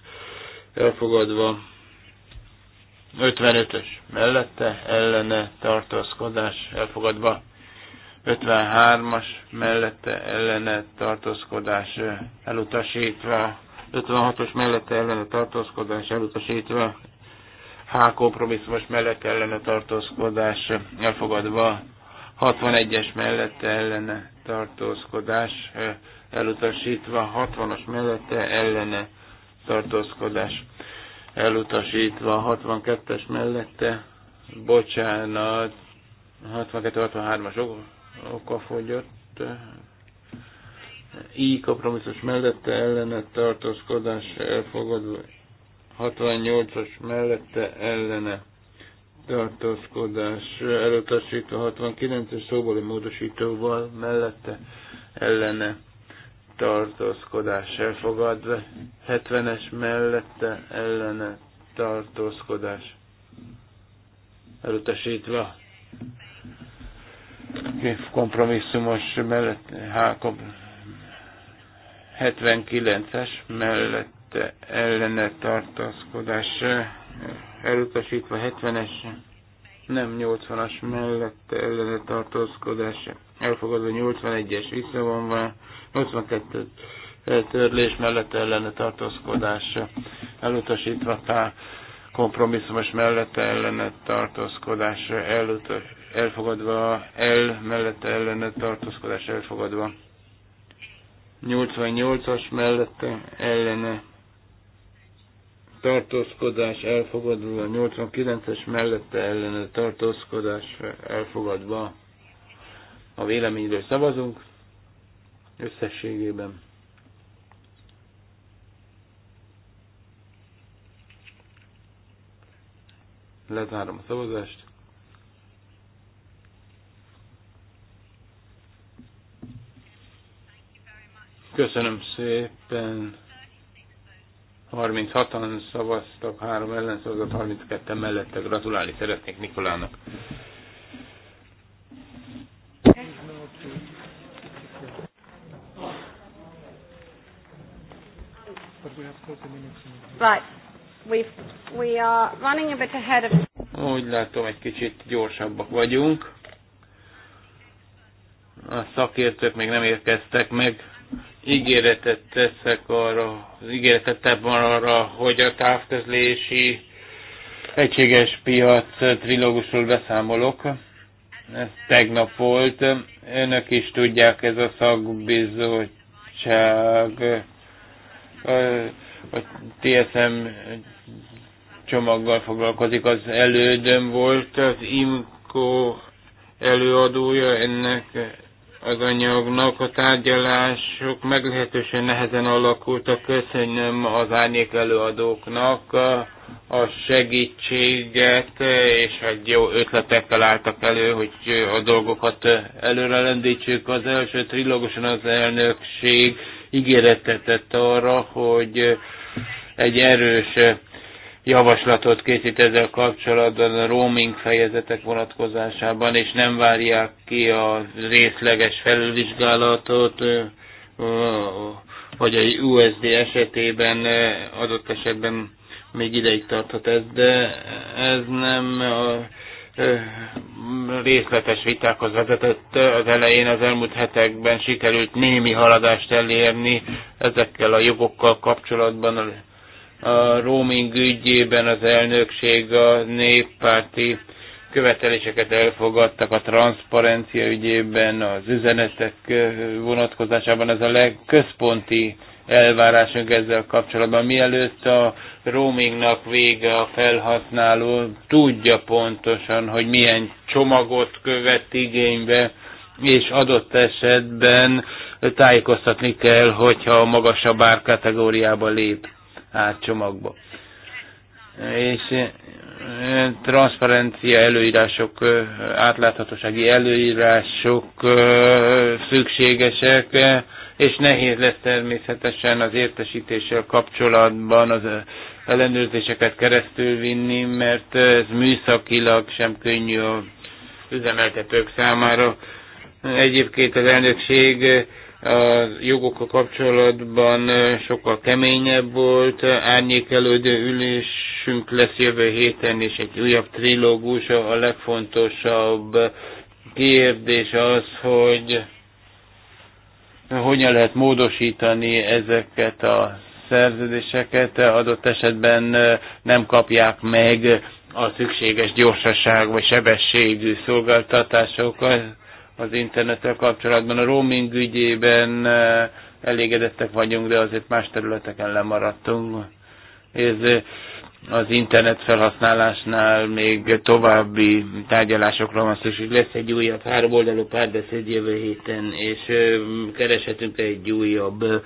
elfogadva. 55-ös mellette ellene tartózkodás elfogadva. 53-as mellette ellene tartózkodás e, elutasítva. 56-os mellette ellene tartózkodás elutasítva, H kompromisszumos mellette ellene tartózkodás elfogadva, 61-es mellette ellene tartózkodás elutasítva, 60-as mellette ellene tartózkodás elutasítva, 62-es mellette, bocsánat, 62-63-as okafogyott, így kompromisszus mellette ellene tartózkodás elfogadva. 68-as mellette ellene tartózkodás elutasítva 69-es szóbeli módosítóval mellette ellene tartózkodás elfogadva, 70-es mellette ellene tartózkodás elutasítva, kompromisszumos mellett há kompromisszumos. 79-es mellette ellene tartózkodás elutasítva 70-es, nem 80-as mellette ellene tartózkodás elfogadva 81-es visszavonva 82 törlés mellett ellene tartózkodás elutasítva tá kompromisszumos mellette ellene tartózkodás elutasítva elfogadva, el mellette ellene tartózkodás elfogadva 88-as mellette ellene tartózkodás elfogadva, 89-es mellette ellene tartózkodás elfogadva. A véleményről szavazunk összességében. Lezárom a szavazást. Köszönöm szépen. 36-an szavaztak, 3 szavazott, 32 mellette. Gratulálni szeretnék Nikolának. Right. we we are running a bit ahead of... Úgy látom, egy kicsit gyorsabbak vagyunk. A szakértők még nem érkeztek meg ígéretet teszek arra, ígéretet tebben arra, hogy a távközlési egységes piac trilógusról beszámolok. Ez tegnap volt. Önök is tudják, ez a szakbizottság a TSM csomaggal foglalkozik, az elődöm volt, az IMCO előadója ennek az anyagnak. A tárgyalások meglehetősen nehezen alakultak. Köszönöm az árnyék előadóknak a segítséget, és egy hát jó ötletekkel álltak elő, hogy a dolgokat előre lendítsük. Az első trilógusan az elnökség ígéretet tett arra, hogy egy erős javaslatot készít ezzel kapcsolatban a roaming fejezetek vonatkozásában, és nem várják ki a részleges felülvizsgálatot, vagy a USD esetében adott esetben még ideig tarthat ez, de ez nem a részletes vitákhoz vezetett az elején, az elmúlt hetekben sikerült némi haladást elérni ezekkel a jogokkal kapcsolatban, a roaming ügyében az elnökség a néppárti követeléseket elfogadtak a transzparencia ügyében, az üzenetek vonatkozásában, ez a legközponti elvárásunk ezzel kapcsolatban. Mielőtt a roamingnak vége a felhasználó tudja pontosan, hogy milyen csomagot követ igénybe, és adott esetben tájékoztatni kell, hogyha a magasabb árkategóriába lép átcsomagba, És eh, transzparencia előírások, eh, átláthatósági előírások eh, szükségesek, és nehéz lesz természetesen az értesítéssel kapcsolatban az ellenőrzéseket keresztül vinni, mert ez műszakilag sem könnyű az üzemeltetők számára. Egyébként az elnökség a jogokkal kapcsolatban sokkal keményebb volt, árnyékelődő ülésünk lesz jövő héten, és egy újabb trilógus, a legfontosabb kérdés az, hogy hogyan lehet módosítani ezeket a szerződéseket, adott esetben nem kapják meg a szükséges gyorsaság vagy sebességű szolgáltatásokat az internettel kapcsolatban. A roaming ügyében eh, elégedettek vagyunk, de azért más területeken lemaradtunk. Ez eh, az internet felhasználásnál még további tárgyalásokra van szükség. Lesz egy újabb háromoldalú párbeszéd jövő héten, és eh, kereshetünk egy újabb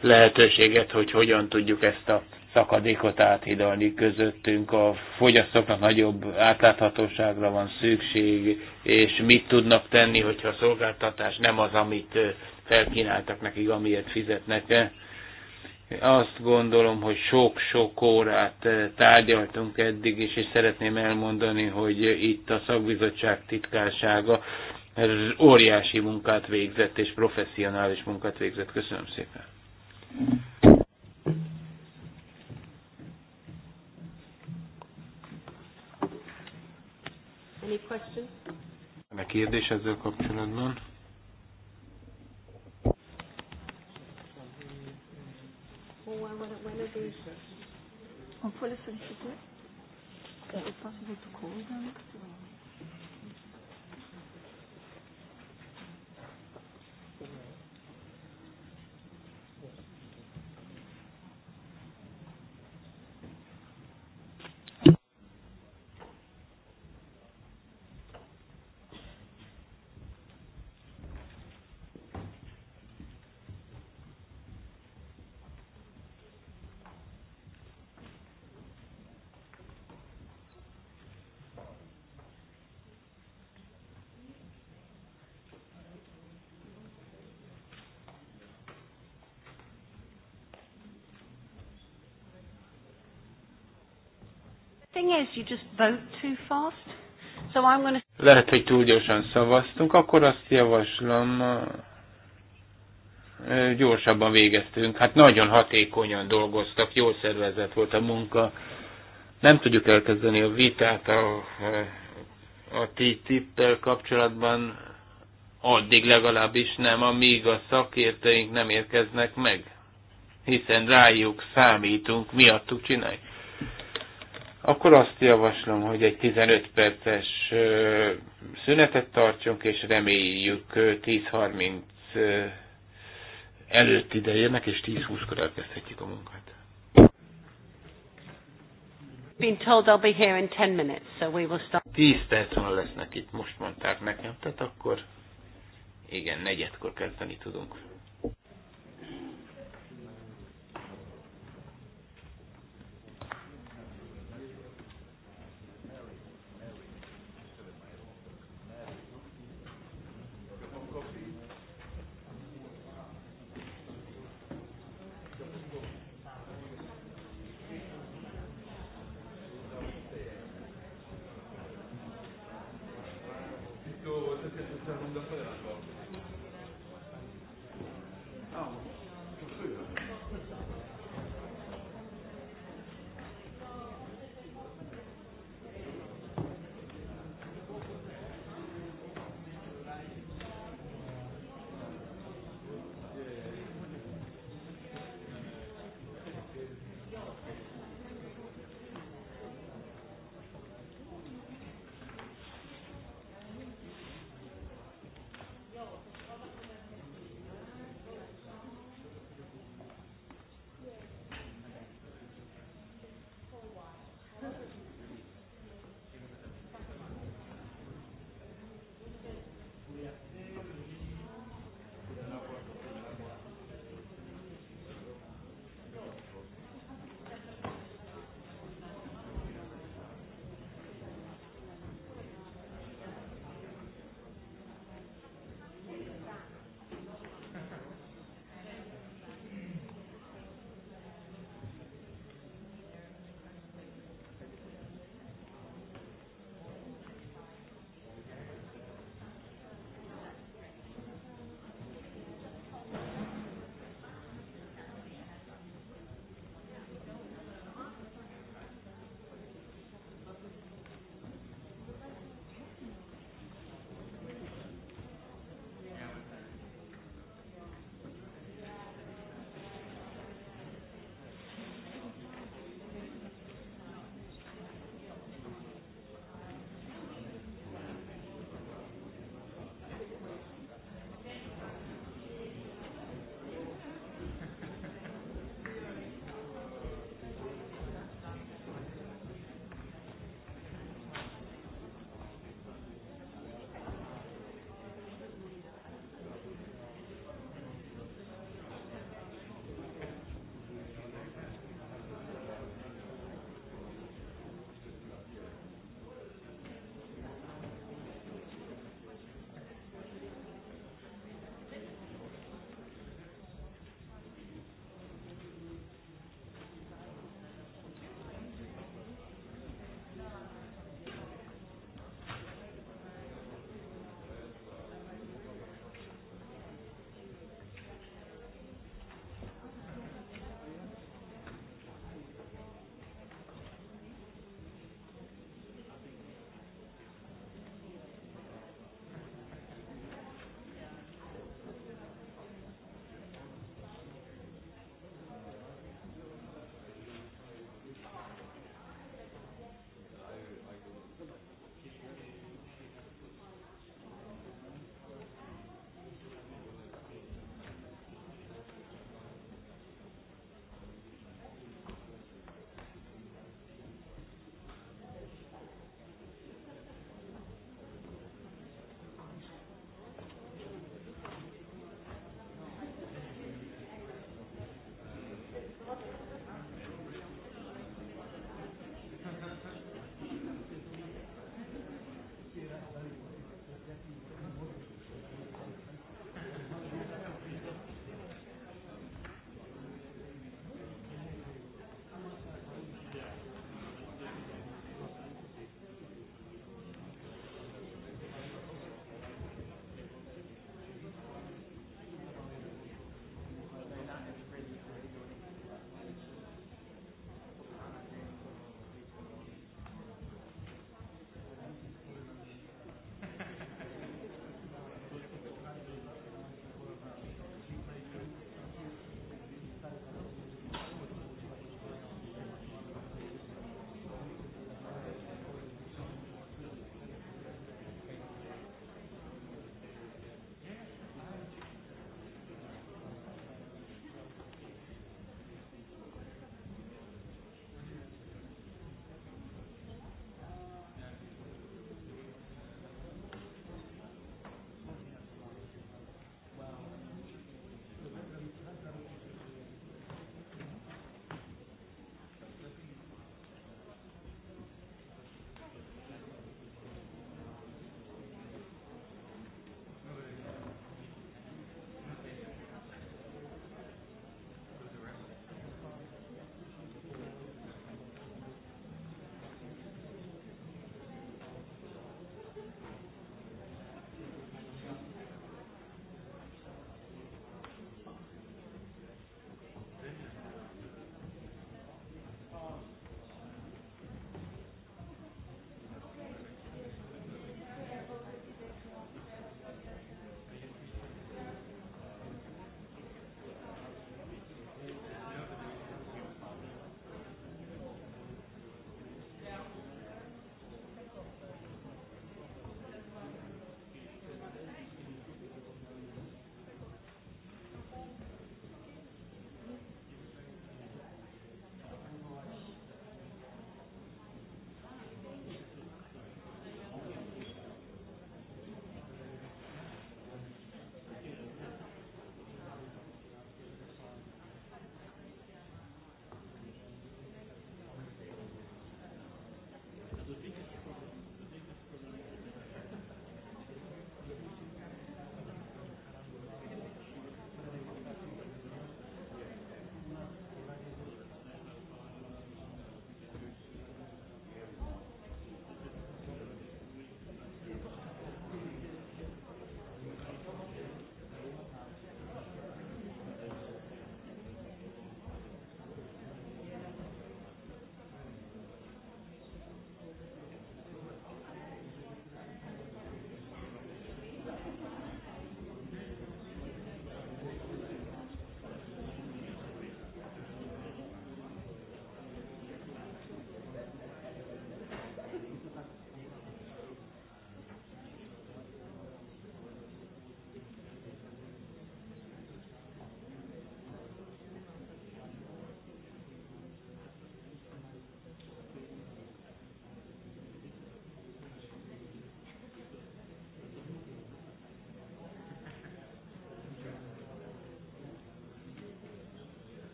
lehetőséget, hogy hogyan tudjuk ezt a szakadékot áthidalni közöttünk. A fogyasztóknak nagyobb átláthatóságra van szükség, és mit tudnak tenni, hogyha a szolgáltatás nem az, amit felkínáltak nekik, amiért fizetnek. Azt gondolom, hogy sok-sok órát tárgyaltunk eddig is, és szeretném elmondani, hogy itt a szakbizottság titkársága óriási munkát végzett, és professzionális munkát végzett. Köszönöm szépen. Any questions? Van -e kérdés ezzel kapcsolatban? On peut les solliciter? Is euh, it possible to call them? Lehet, hogy túl gyorsan szavaztunk, akkor azt javaslom, gyorsabban végeztünk. Hát nagyon hatékonyan dolgoztak, jól szervezett volt a munka. Nem tudjuk elkezdeni a vitát a, a TTIP-tel kapcsolatban, addig legalábbis nem, amíg a szakértőink nem érkeznek meg. Hiszen rájuk számítunk, miattuk csináljuk akkor azt javaslom, hogy egy 15 perces szünetet tartsunk, és reméljük 10.30 előtt ide érnek, és 10-20-kor elkezdhetjük a munkát. Been told I'll be here in 10 minutes, so we will start. 10 perc van lesznek itt, most mondták nekem, tehát akkor igen, negyedkor kezdeni tudunk.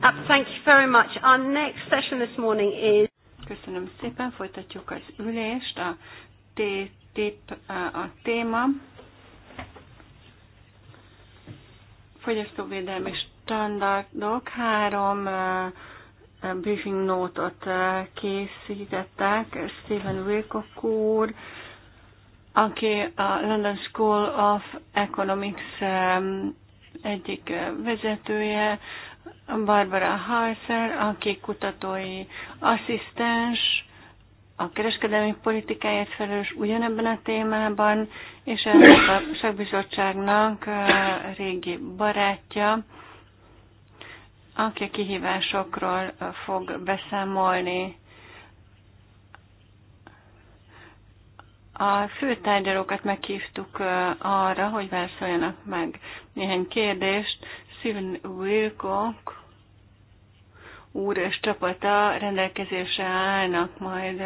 Uh, thank you very much. Our next session this morning is... Köszönöm szépen, folytatjuk az ülést. A -t, uh, a téma. Fogyasztóvédelmi standardok. Három uh, briefing notot készítettek. Stephen Wilcock úr, aki a London School of Economics um, egyik vezetője, Barbara Halszer, aki kutatói asszisztens, a kereskedelmi politikáért felelős ugyanebben a témában, és ennek a szakbizottságnak régi barátja, aki a kihívásokról fog beszámolni. A tárgyalókat meghívtuk arra, hogy válaszoljanak meg néhány kérdést. Steven Wilco úr és csapata rendelkezésre állnak majd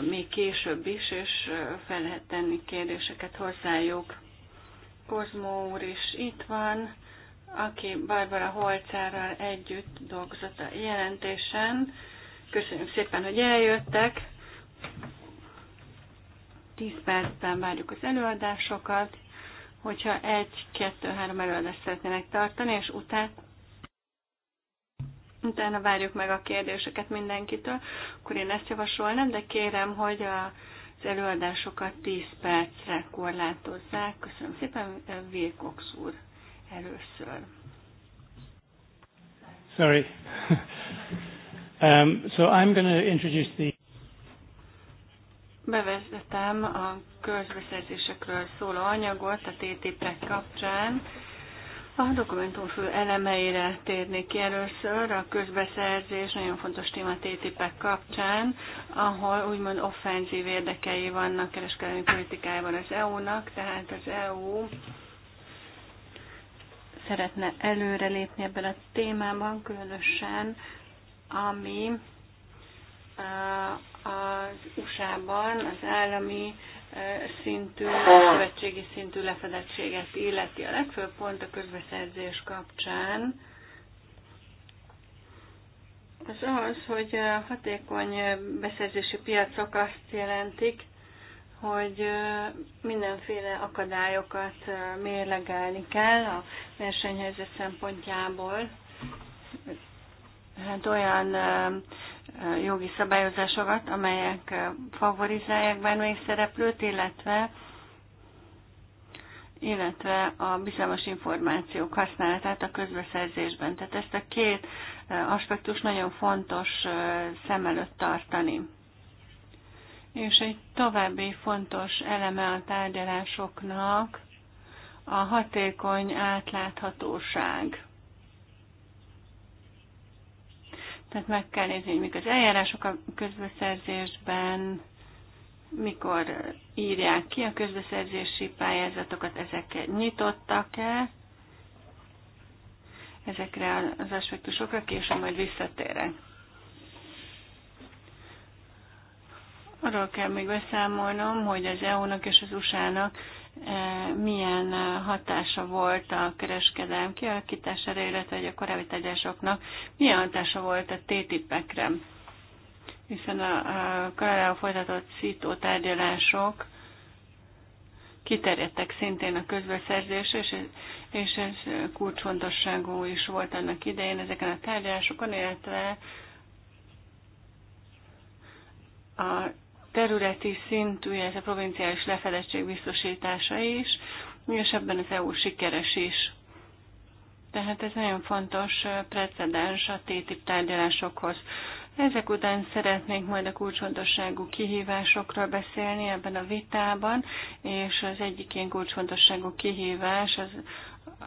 még később is, és fel lehet tenni kérdéseket hozzájuk. Kozmó úr is itt van, aki Barbara Holcárral együtt dolgozott a jelentésen. Köszönjük szépen, hogy eljöttek. 10 percben várjuk az előadásokat, hogyha egy, kettő, három előadást szeretnének tartani, és utána utána várjuk meg a kérdéseket mindenkitől, akkor én ezt javasolnám, de kérem, hogy a az előadásokat 10 percre korlátozzák. Köszönöm szépen, Vilkox úr először. Sorry. um, so I'm going to introduce the Bevezetem a közbeszerzésekről szóló anyagot a TTIP-ek kapcsán. A dokumentum fő elemeire térnék ki először, a közbeszerzés nagyon fontos téma ttip kapcsán, ahol úgymond offenzív érdekei vannak kereskedelmi politikájában az EU-nak, tehát az EU szeretne előrelépni ebben a témában, különösen ami az USA-ban az állami szintű, szövetségi szintű lefedettséget illeti. A legfőbb pont a közbeszerzés kapcsán az az, hogy hatékony beszerzési piacok azt jelentik, hogy mindenféle akadályokat mérlegelni kell a versenyhelyzet szempontjából hát olyan jogi szabályozásokat, amelyek favorizálják bármelyik szereplőt, illetve illetve a bizalmas információk használatát a közbeszerzésben. Tehát ezt a két aspektus nagyon fontos szem előtt tartani. És egy további fontos eleme a tárgyalásoknak a hatékony átláthatóság. Tehát meg kell nézni, hogy mik az eljárások a közbeszerzésben, mikor írják ki a közbeszerzési pályázatokat, ezek nyitottak-e, ezekre az aspektusokra később majd visszatérek. Arról kell még beszámolnom, hogy az EU-nak és az USA-nak milyen hatása volt a kereskedelem kialakítására, illetve hogy a korábbi tárgyalásoknak milyen hatása volt a TTIP-ekre. Hiszen a Kanadával folytatott szító tárgyalások kiterjedtek szintén a közbeszerzés, és, és ez kulcsfontosságú is volt annak idején ezeken a tárgyalásokon, illetve a területi szintű, illetve provinciális lefedettség biztosítása is, és ebben az EU sikeres is. Tehát ez nagyon fontos precedens a TTIP tárgyalásokhoz. Ezek után szeretnénk majd a kulcsfontosságú kihívásokról beszélni ebben a vitában, és az egyik ilyen kulcsfontosságú kihívás az,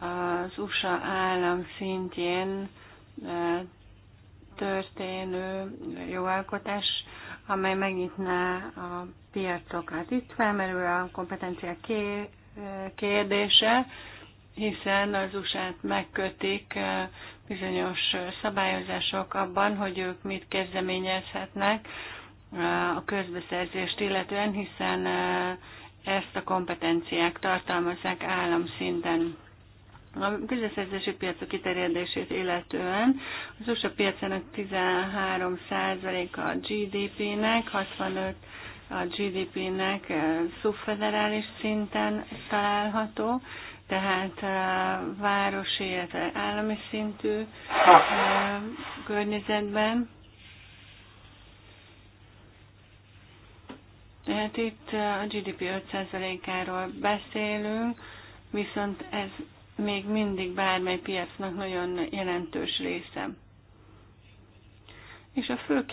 az USA állam szintjén történő jogalkotás amely megnyitná a piacokat. Hát itt felmerül a kompetencia kérdése, hiszen az usa megkötik eh, bizonyos szabályozások abban, hogy ők mit kezdeményezhetnek eh, a közbeszerzést illetően, hiszen eh, ezt a kompetenciák tartalmazzák államszinten. A közösszerzési piacok kiterjedését illetően az USA piacának 13%-a GDP-nek, 65% a GDP-nek eh, szubfederális szinten található, tehát eh, városi, illetve állami szintű eh, környezetben. Tehát itt a GDP 5%-áról beszélünk, viszont ez még mindig bármely piacnak nagyon jelentős része. És a fő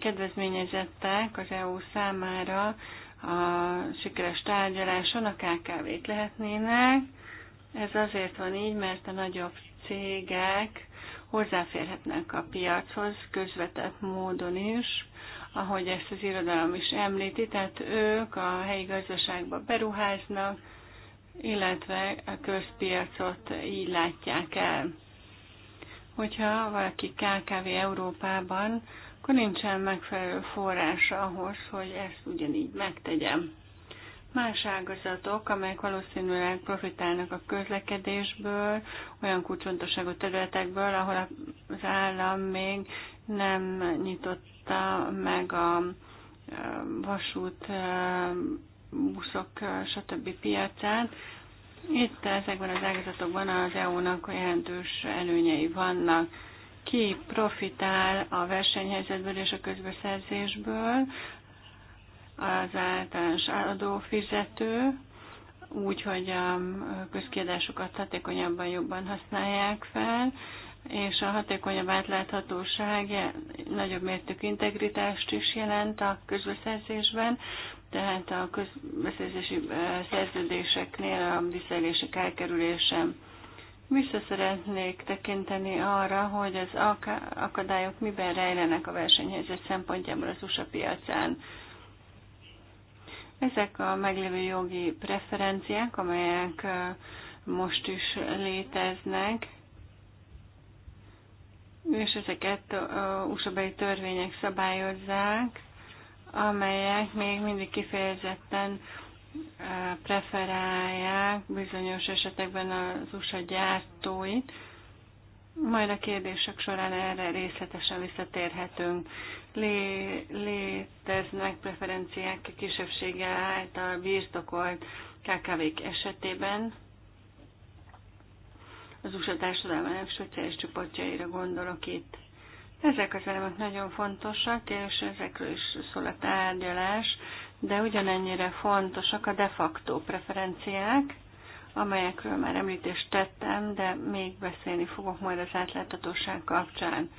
kedvezményezettek az EU számára a sikeres tárgyaláson a KKV-k lehetnének. Ez azért van így, mert a nagyobb cégek hozzáférhetnek a piachoz közvetett módon is, ahogy ezt az irodalom is említi, tehát ők a helyi gazdaságba beruháznak, illetve a közpiacot így látják el. Hogyha valaki KKV Európában, akkor nincsen megfelelő forrása ahhoz, hogy ezt ugyanígy megtegyem. Más ágazatok, amelyek valószínűleg profitálnak a közlekedésből, olyan kulcsfontosságú területekből, ahol az állam még nem nyitotta meg a vasút buszok, stb. piacán. Itt ezekben az ágazatokban az EU-nak jelentős előnyei vannak. Ki profitál a versenyhelyzetből és a közbeszerzésből? Az általános adófizető, úgy, hogy a közkiadásokat hatékonyabban jobban használják fel, és a hatékonyabb átláthatóság nagyobb mértékű integritást is jelent a közbeszerzésben, tehát a közbeszerzési szerződéseknél a visszaélések elkerülése. Vissza szeretnék tekinteni arra, hogy az akadályok miben rejlenek a versenyhelyzet szempontjából az USA piacán. Ezek a meglévő jogi preferenciák, amelyek most is léteznek, és ezeket usa törvények szabályozzák, amelyek még mindig kifejezetten preferálják bizonyos esetekben az USA gyártóit. Majd a kérdések során erre részletesen visszatérhetünk. Lé- léteznek preferenciák a kisebbsége által birtokolt KKV-k esetében. Az USA társadalmának speciális csoportjaira gondolok itt. Ezek az elemek nagyon fontosak, és ezekről is szól a tárgyalás, de ugyanennyire fontosak a de facto preferenciák, amelyekről már említést tettem, de még beszélni fogok majd az átláthatóság kapcsán.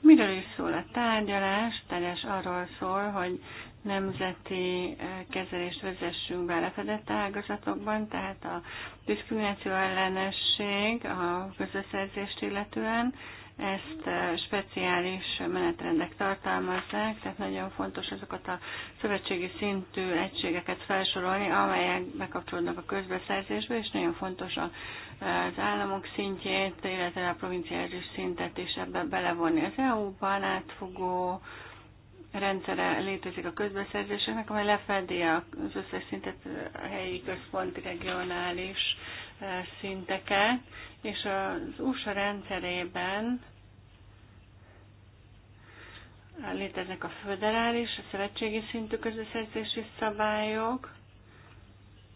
Miről is szól a tárgyalás? Teljes arról szól, hogy nemzeti eh, kezelést vezessünk be lefedett ágazatokban, tehát a diszkrimináció ellenesség a közösszerzést illetően, ezt speciális menetrendek tartalmazzák, tehát nagyon fontos azokat a szövetségi szintű egységeket felsorolni, amelyek bekapcsolódnak a közbeszerzésbe, és nagyon fontos az államok szintjét, illetve a provinciális szintet is ebbe belevonni. Az EU-ban átfogó rendszere létezik a közbeszerzéseknek, amely lefedi az összes szintet, a helyi, központi, regionális szinteket, és az USA rendszerében léteznek a föderális, a szövetségi szintű közbeszerzési szabályok,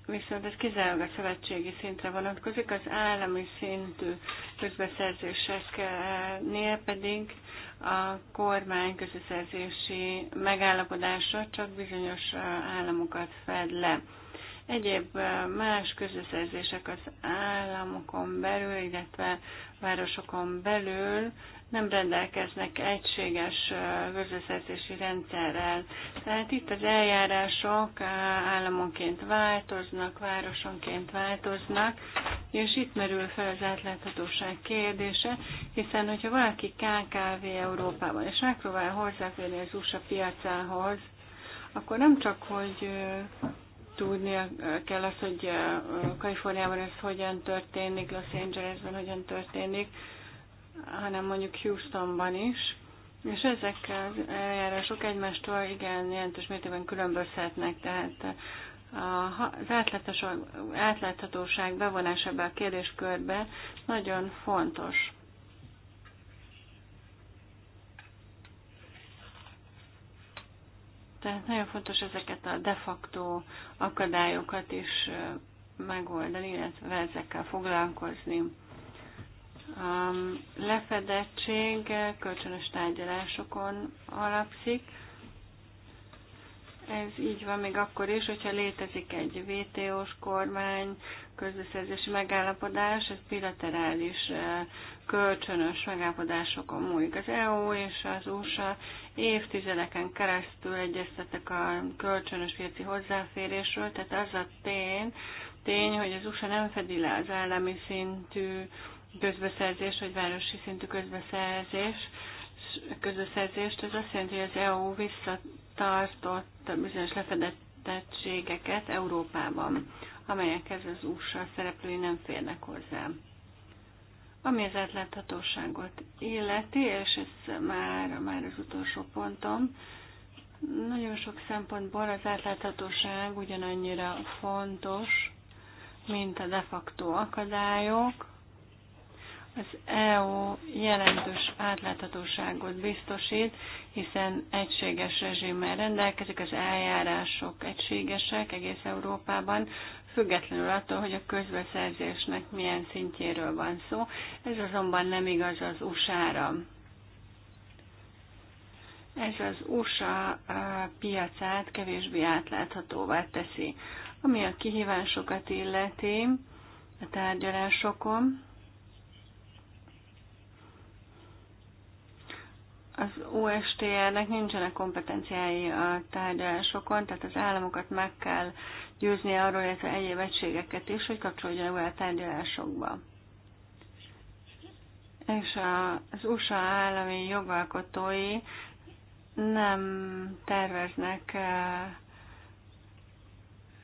viszont ez kizárólag a szövetségi szintre vonatkozik, az állami szintű közbeszerzéseknél pedig a kormány közbeszerzési megállapodása csak bizonyos államokat fed le egyéb más közösszerzések az államokon belül, illetve városokon belül nem rendelkeznek egységes közösszerzési rendszerrel. Tehát itt az eljárások államonként változnak, városonként változnak, és itt merül fel az átláthatóság kérdése, hiszen hogyha valaki KKV Európában, és megpróbál hozzáférni az USA piacához, akkor nem csak, hogy tudnia eh, kell az, hogy eh, Kaliforniában ez hogyan történik, Los Angelesben hogyan történik, hanem mondjuk Houstonban is. És ezek az eljárások egymástól igen jelentős mértékben különbözhetnek, tehát eh, az átláthatóság bevonása ebbe a kérdéskörbe nagyon fontos. Tehát nagyon fontos ezeket a de facto akadályokat is megoldani, illetve ezekkel foglalkozni. A lefedettség kölcsönös tárgyalásokon alapszik. Ez így van még akkor is, hogyha létezik egy VTO-s kormány, közbeszerzési megállapodás, ez bilaterális kölcsönös megállapodásokon múlik. Az EU és az USA évtizedeken keresztül egyeztetek a kölcsönös piaci hozzáférésről, tehát az a tény, tény, hogy az USA nem fedi le az állami szintű közbeszerzés, vagy városi szintű közbeszerzés, közbeszerzést, ez azt jelenti, hogy az EU visszatartott bizonyos lefedettségeket Európában, amelyekhez az USA szereplői nem férnek hozzá. Ami az átláthatóságot illeti, és ez már, már az utolsó pontom, nagyon sok szempontból az átláthatóság ugyanannyira fontos, mint a de facto akadályok. Az EU jelentős átláthatóságot biztosít, hiszen egységes rezsimmel rendelkezik, az eljárások egységesek egész Európában, függetlenül attól, hogy a közbeszerzésnek milyen szintjéről van szó. Ez azonban nem igaz az USA-ra. Ez az USA eh, piacát kevésbé átláthatóvá teszi. Ami a kihívásokat illeti a tárgyalásokon, az OSTR-nek nincsenek kompetenciái a tárgyalásokon, tehát az államokat meg kell győzni arról, illetve egyéb egységeket is, hogy kapcsolódjanak be a tárgyalásokba. És az USA állami jogalkotói nem terveznek eh,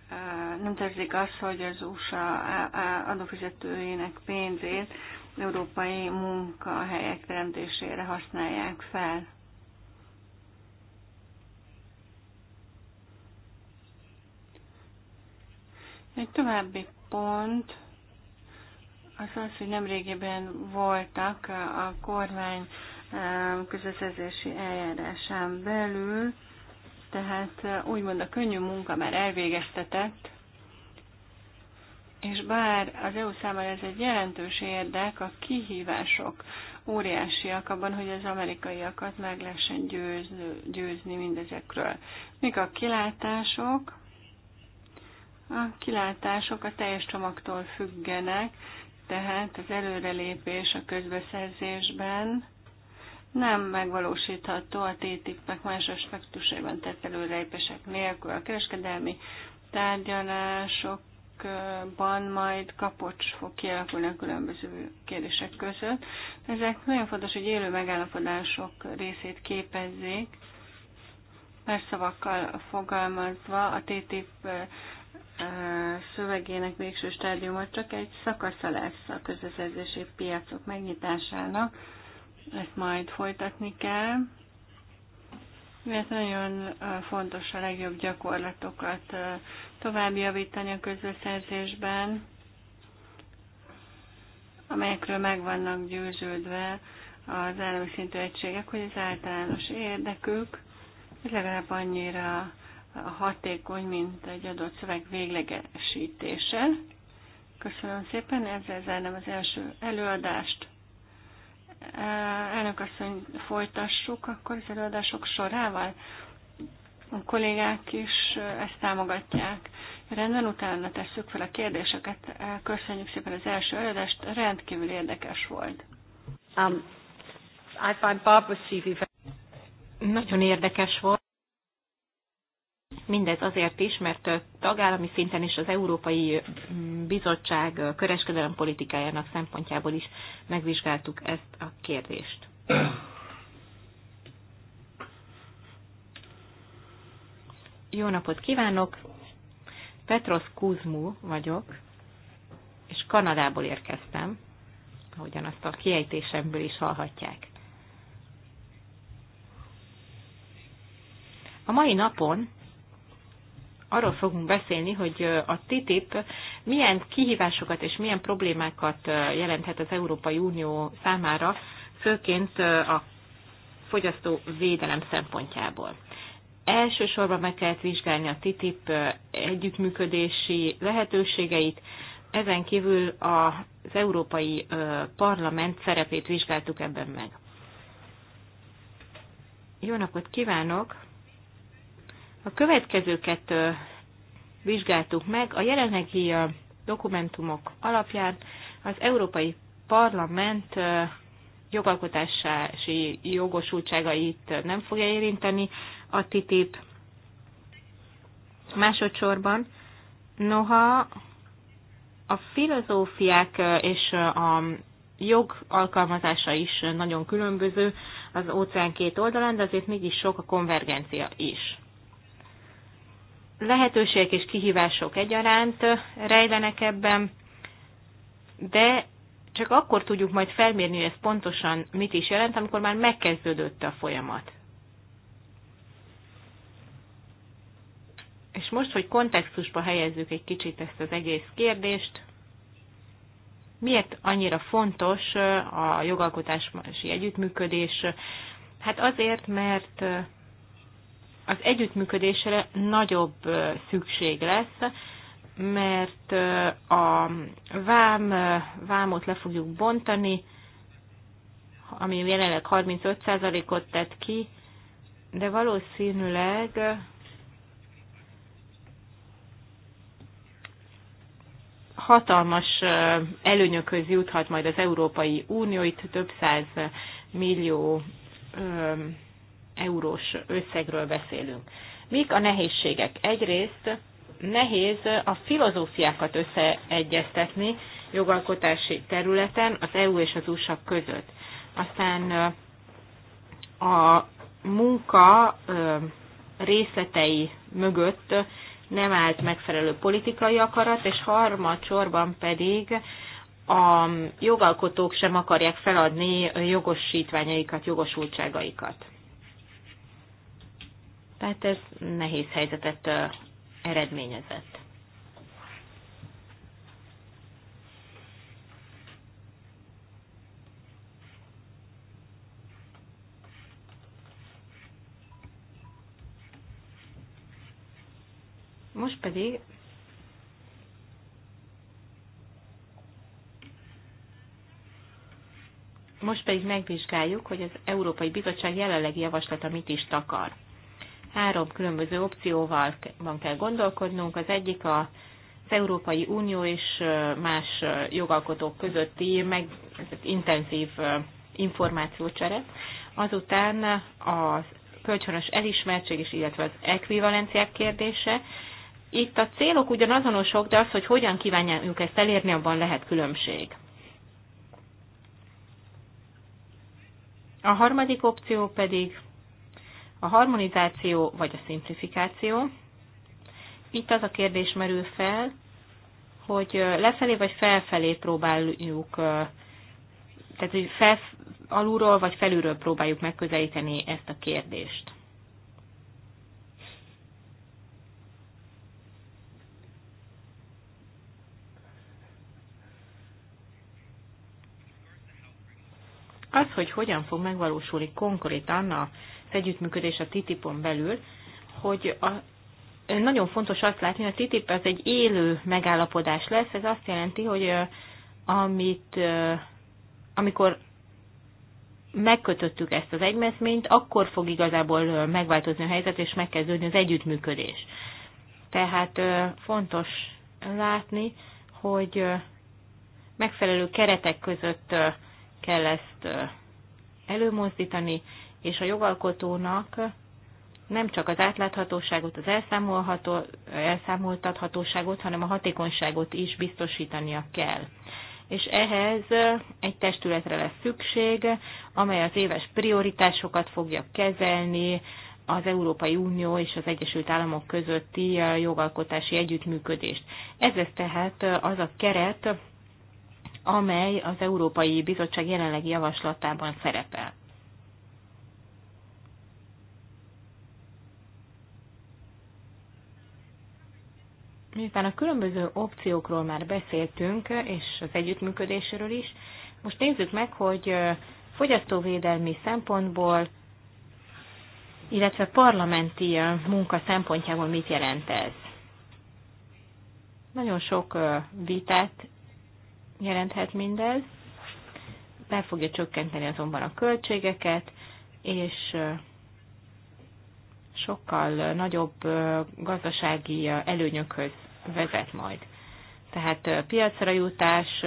eh, nem tervezik azt, hogy az USA adófizetőinek pénzét európai munkahelyek teremtésére használják fel. Egy további pont az az, hogy nemrégében voltak a kormány közösszerzési eljárásán belül, tehát úgymond a könnyű munka már elvégeztetett, és bár az EU számára ez egy jelentős érdek, a kihívások óriásiak abban, hogy az amerikaiakat meg lehessen győzni, mindezekről. Mik a kilátások? A kilátások a teljes csomagtól függenek, tehát az előrelépés a közbeszerzésben nem megvalósítható a ttip más aspektusában tett előrelépések nélkül. A kereskedelmi ban majd kapocs fog kialakulni a különböző kérdések között. Ezek nagyon fontos, hogy élő megállapodások részét képezzék, más szavakkal fogalmazva a TTIP szövegének végső stádiuma csak egy szakasza lesz a közösszerzési piacok megnyitásának. Ezt majd folytatni kell. Mert nagyon fontos a legjobb gyakorlatokat tovább javítani a közösszerzésben, amelyekről meg vannak győződve az állami szintű egységek, hogy az általános érdekük legalább annyira hatékony, mint egy adott szöveg véglegesítése. Köszönöm szépen, ezzel zárnám az első előadást. Elnök asszony, folytassuk akkor az előadások sorával. A kollégák is ezt támogatják. Rendben, utána tesszük fel a kérdéseket. Köszönjük szépen az első előadást, rendkívül érdekes volt. Um, I find Barbara CV... Nagyon érdekes volt. Mindez azért is, mert tagállami szinten is az Európai Bizottság kereskedelem politikájának szempontjából is megvizsgáltuk ezt a kérdést. Jó napot kívánok! Petros Kuzmu vagyok, és Kanadából érkeztem, ahogyan azt a kiejtésemből is hallhatják. A mai napon arról fogunk beszélni, hogy a TTIP milyen kihívásokat és milyen problémákat jelenthet az Európai Unió számára, főként a fogyasztó védelem szempontjából. Elsősorban meg kellett vizsgálni a TTIP együttműködési lehetőségeit, ezen kívül az Európai Parlament szerepét vizsgáltuk ebben meg. Jó napot kívánok! A következőket vizsgáltuk meg. A jelenlegi dokumentumok alapján az Európai Parlament jogalkotási jogosultságait nem fogja érinteni a TTIP. Másodszorban, noha a filozófiák és a jog alkalmazása is nagyon különböző az óceán két oldalán, de azért mégis sok a konvergencia is lehetőségek és kihívások egyaránt rejlenek ebben, de csak akkor tudjuk majd felmérni, hogy ez pontosan mit is jelent, amikor már megkezdődött a folyamat. És most, hogy kontextusba helyezzük egy kicsit ezt az egész kérdést, miért annyira fontos a jogalkotási együttműködés? Hát azért, mert az együttműködésre nagyobb szükség lesz, mert a vám, vámot le fogjuk bontani, ami jelenleg 35%-ot tett ki, de valószínűleg hatalmas előnyökhöz juthat majd az Európai Unió, itt több száz millió eurós összegről beszélünk. Mik a nehézségek? Egyrészt nehéz a filozófiákat összeegyeztetni jogalkotási területen az EU és az USA között. Aztán a munka részletei mögött nem állt megfelelő politikai akarat, és harmadsorban pedig a jogalkotók sem akarják feladni jogosítványaikat, jogosultságaikat. Tehát ez nehéz helyzetet eredményezett. Most pedig Most pedig megvizsgáljuk, hogy az Európai Bizottság jelenlegi javaslata mit is takar három különböző opcióval van kell gondolkodnunk. Az egyik a az Európai Unió és más jogalkotók közötti meg, intenzív információcsere. Azután a kölcsönös elismertség és illetve az ekvivalenciák kérdése. Itt a célok ugyanazonosok, de az, hogy hogyan kívánjuk ezt elérni, abban lehet különbség. A harmadik opció pedig a harmonizáció vagy a szimplifikáció. Itt az a kérdés merül fel, hogy lefelé vagy felfelé próbáljuk, tehát hogy fel, alulról vagy felülről próbáljuk megközelíteni ezt a kérdést. Az, hogy hogyan fog megvalósulni konkrétan a az együttműködés a TTIP-on belül, hogy a, nagyon fontos azt látni, hogy a TTIP az egy élő megállapodás lesz. Ez azt jelenti, hogy amit, amikor megkötöttük ezt az egymezményt, akkor fog igazából megváltozni a helyzet, és megkezdődni az együttműködés. Tehát fontos látni, hogy megfelelő keretek között kell ezt előmozdítani, és a jogalkotónak nem csak az átláthatóságot, az elszámolható, elszámoltathatóságot, hanem a hatékonyságot is biztosítania kell. És ehhez egy testületre lesz szükség, amely az éves prioritásokat fogja kezelni, az Európai Unió és az Egyesült Államok közötti jogalkotási együttműködést. Ez lesz tehát az a keret, amely az Európai Bizottság jelenlegi javaslatában szerepel. miután a különböző opciókról már beszéltünk, és az együttműködésről is, most nézzük meg, hogy fogyasztóvédelmi szempontból, illetve parlamenti munka szempontjából mit jelent ez. Nagyon sok vitát jelenthet mindez, be fogja csökkenteni azonban a költségeket, és sokkal nagyobb gazdasági előnyökhöz vezet majd. Tehát piacra jutás,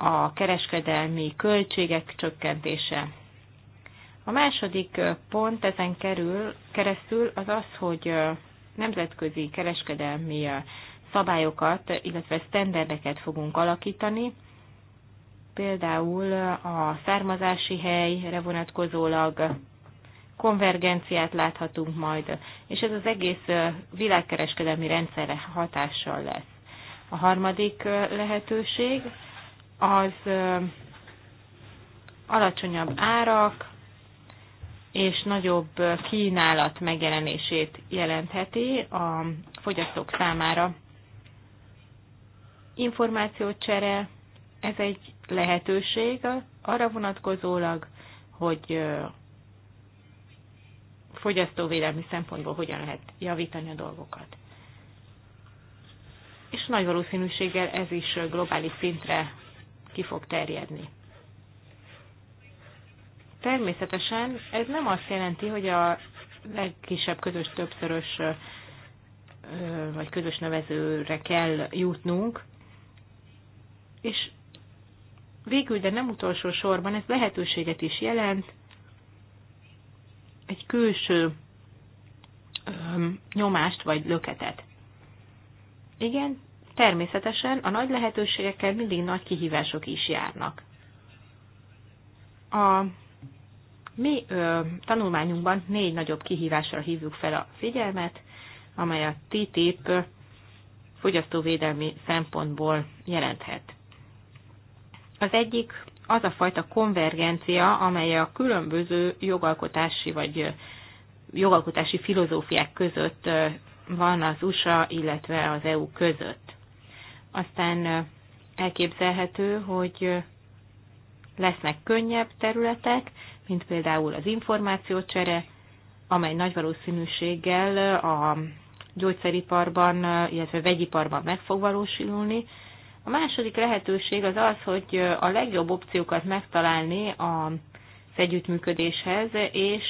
a kereskedelmi költségek csökkentése. A második pont ezen kerül, keresztül az az, hogy nemzetközi kereskedelmi szabályokat, illetve sztenderdeket fogunk alakítani, például a származási helyre vonatkozólag, konvergenciát láthatunk majd, és ez az egész világkereskedelmi rendszerre hatással lesz. A harmadik lehetőség az alacsonyabb árak és nagyobb kínálat megjelenését jelentheti a fogyasztók számára. Információcsere, ez egy lehetőség arra vonatkozólag, hogy fogyasztóvédelmi szempontból hogyan lehet javítani a dolgokat. És nagy valószínűséggel ez is globális szintre ki fog terjedni. Természetesen ez nem azt jelenti, hogy a legkisebb közös többszörös vagy közös nevezőre kell jutnunk, és végül, de nem utolsó sorban ez lehetőséget is jelent egy külső nyomást vagy löketet. Igen, természetesen a nagy lehetőségekkel mindig nagy kihívások is járnak. A mi ö, tanulmányunkban négy nagyobb kihívásra hívjuk fel a figyelmet, amely a TTIP fogyasztóvédelmi szempontból jelenthet. Az egyik az a fajta konvergencia, amely a különböző jogalkotási vagy jogalkotási filozófiák között van az USA, illetve az EU között. Aztán elképzelhető, hogy lesznek könnyebb területek, mint például az információcsere, amely nagy valószínűséggel a gyógyszeriparban, illetve vegyiparban meg fog valósulni, a második lehetőség az az, hogy a legjobb opciókat megtalálni a együttműködéshez, és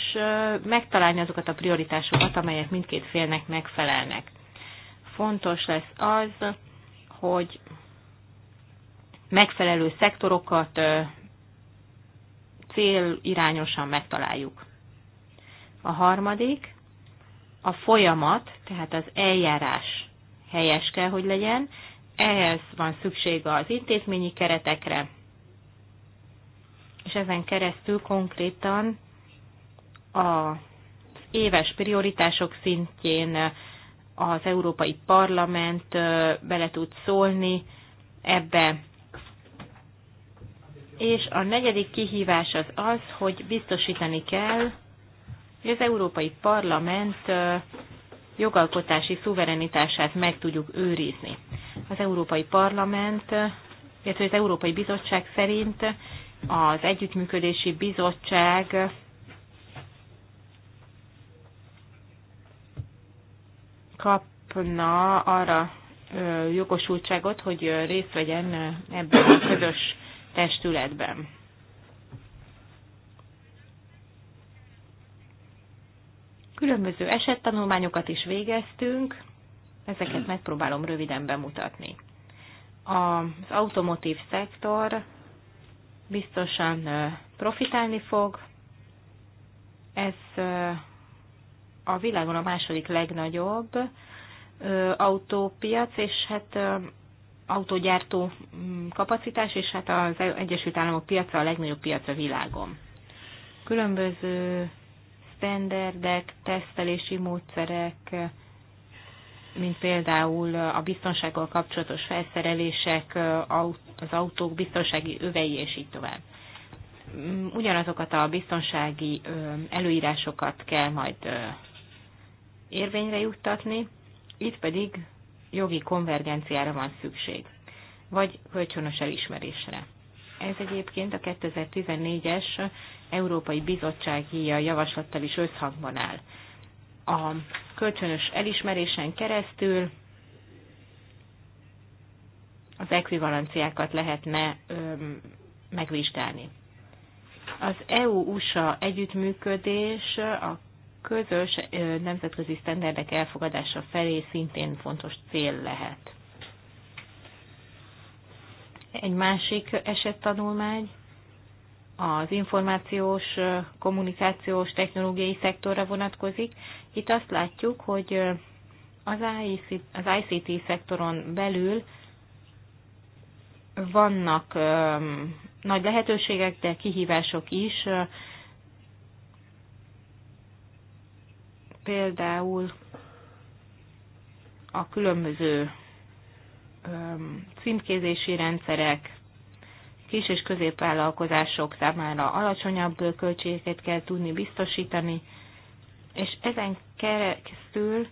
megtalálni azokat a prioritásokat, amelyek mindkét félnek megfelelnek. Fontos lesz az, hogy megfelelő szektorokat célirányosan megtaláljuk. A harmadik, a folyamat, tehát az eljárás helyes kell, hogy legyen, ehhez van szükség az intézményi keretekre, és ezen keresztül konkrétan az éves prioritások szintjén az Európai Parlament bele tud szólni ebbe. És a negyedik kihívás az az, hogy biztosítani kell, hogy az Európai Parlament jogalkotási szuverenitását meg tudjuk őrizni. Az Európai Parlament, illetve az Európai Bizottság szerint az Együttműködési Bizottság kapna arra jogosultságot, hogy részt vegyen ebben a közös testületben. Különböző esettanulmányokat is végeztünk, ezeket megpróbálom röviden bemutatni. Az automotív szektor biztosan profitálni fog, ez a világon a második legnagyobb autópiac, és hát autógyártó mm, kapacitás, és hát az Egyesült Államok piaca a legnagyobb piac a világon. Különböző sztenderdek, tesztelési módszerek, mint például a biztonsággal kapcsolatos felszerelések, az autók biztonsági övei, és így tovább. Ugyanazokat a biztonsági előírásokat kell majd érvényre juttatni, itt pedig jogi konvergenciára van szükség, vagy kölcsönös elismerésre. Ez egyébként a 2014-es Európai Bizottsági Javaslattal is összhangban áll. A kölcsönös elismerésen keresztül az ekvivalenciákat lehetne öm, megvizsgálni. Az EU-USA együttműködés a közös nemzetközi sztenderdek elfogadása felé szintén fontos cél lehet. Egy másik esettanulmány az információs, kommunikációs, technológiai szektorra vonatkozik. Itt azt látjuk, hogy az ICT, az szektoron belül vannak nagy lehetőségek, de kihívások is. Például a különböző címkézési rendszerek, kis- és középvállalkozások számára alacsonyabb költségeket kell tudni biztosítani, és ezen keresztül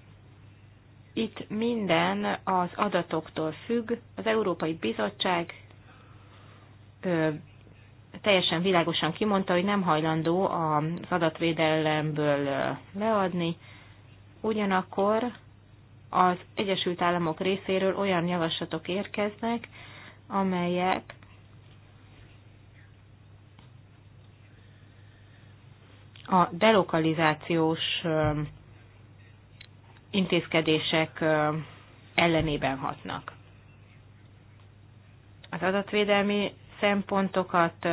itt minden az adatoktól függ. Az Európai Bizottság ö, teljesen világosan kimondta, hogy nem hajlandó az adatvédelemből leadni, ugyanakkor az Egyesült Államok részéről olyan javaslatok érkeznek, amelyek a delokalizációs intézkedések ellenében hatnak. Az adatvédelmi szempontokat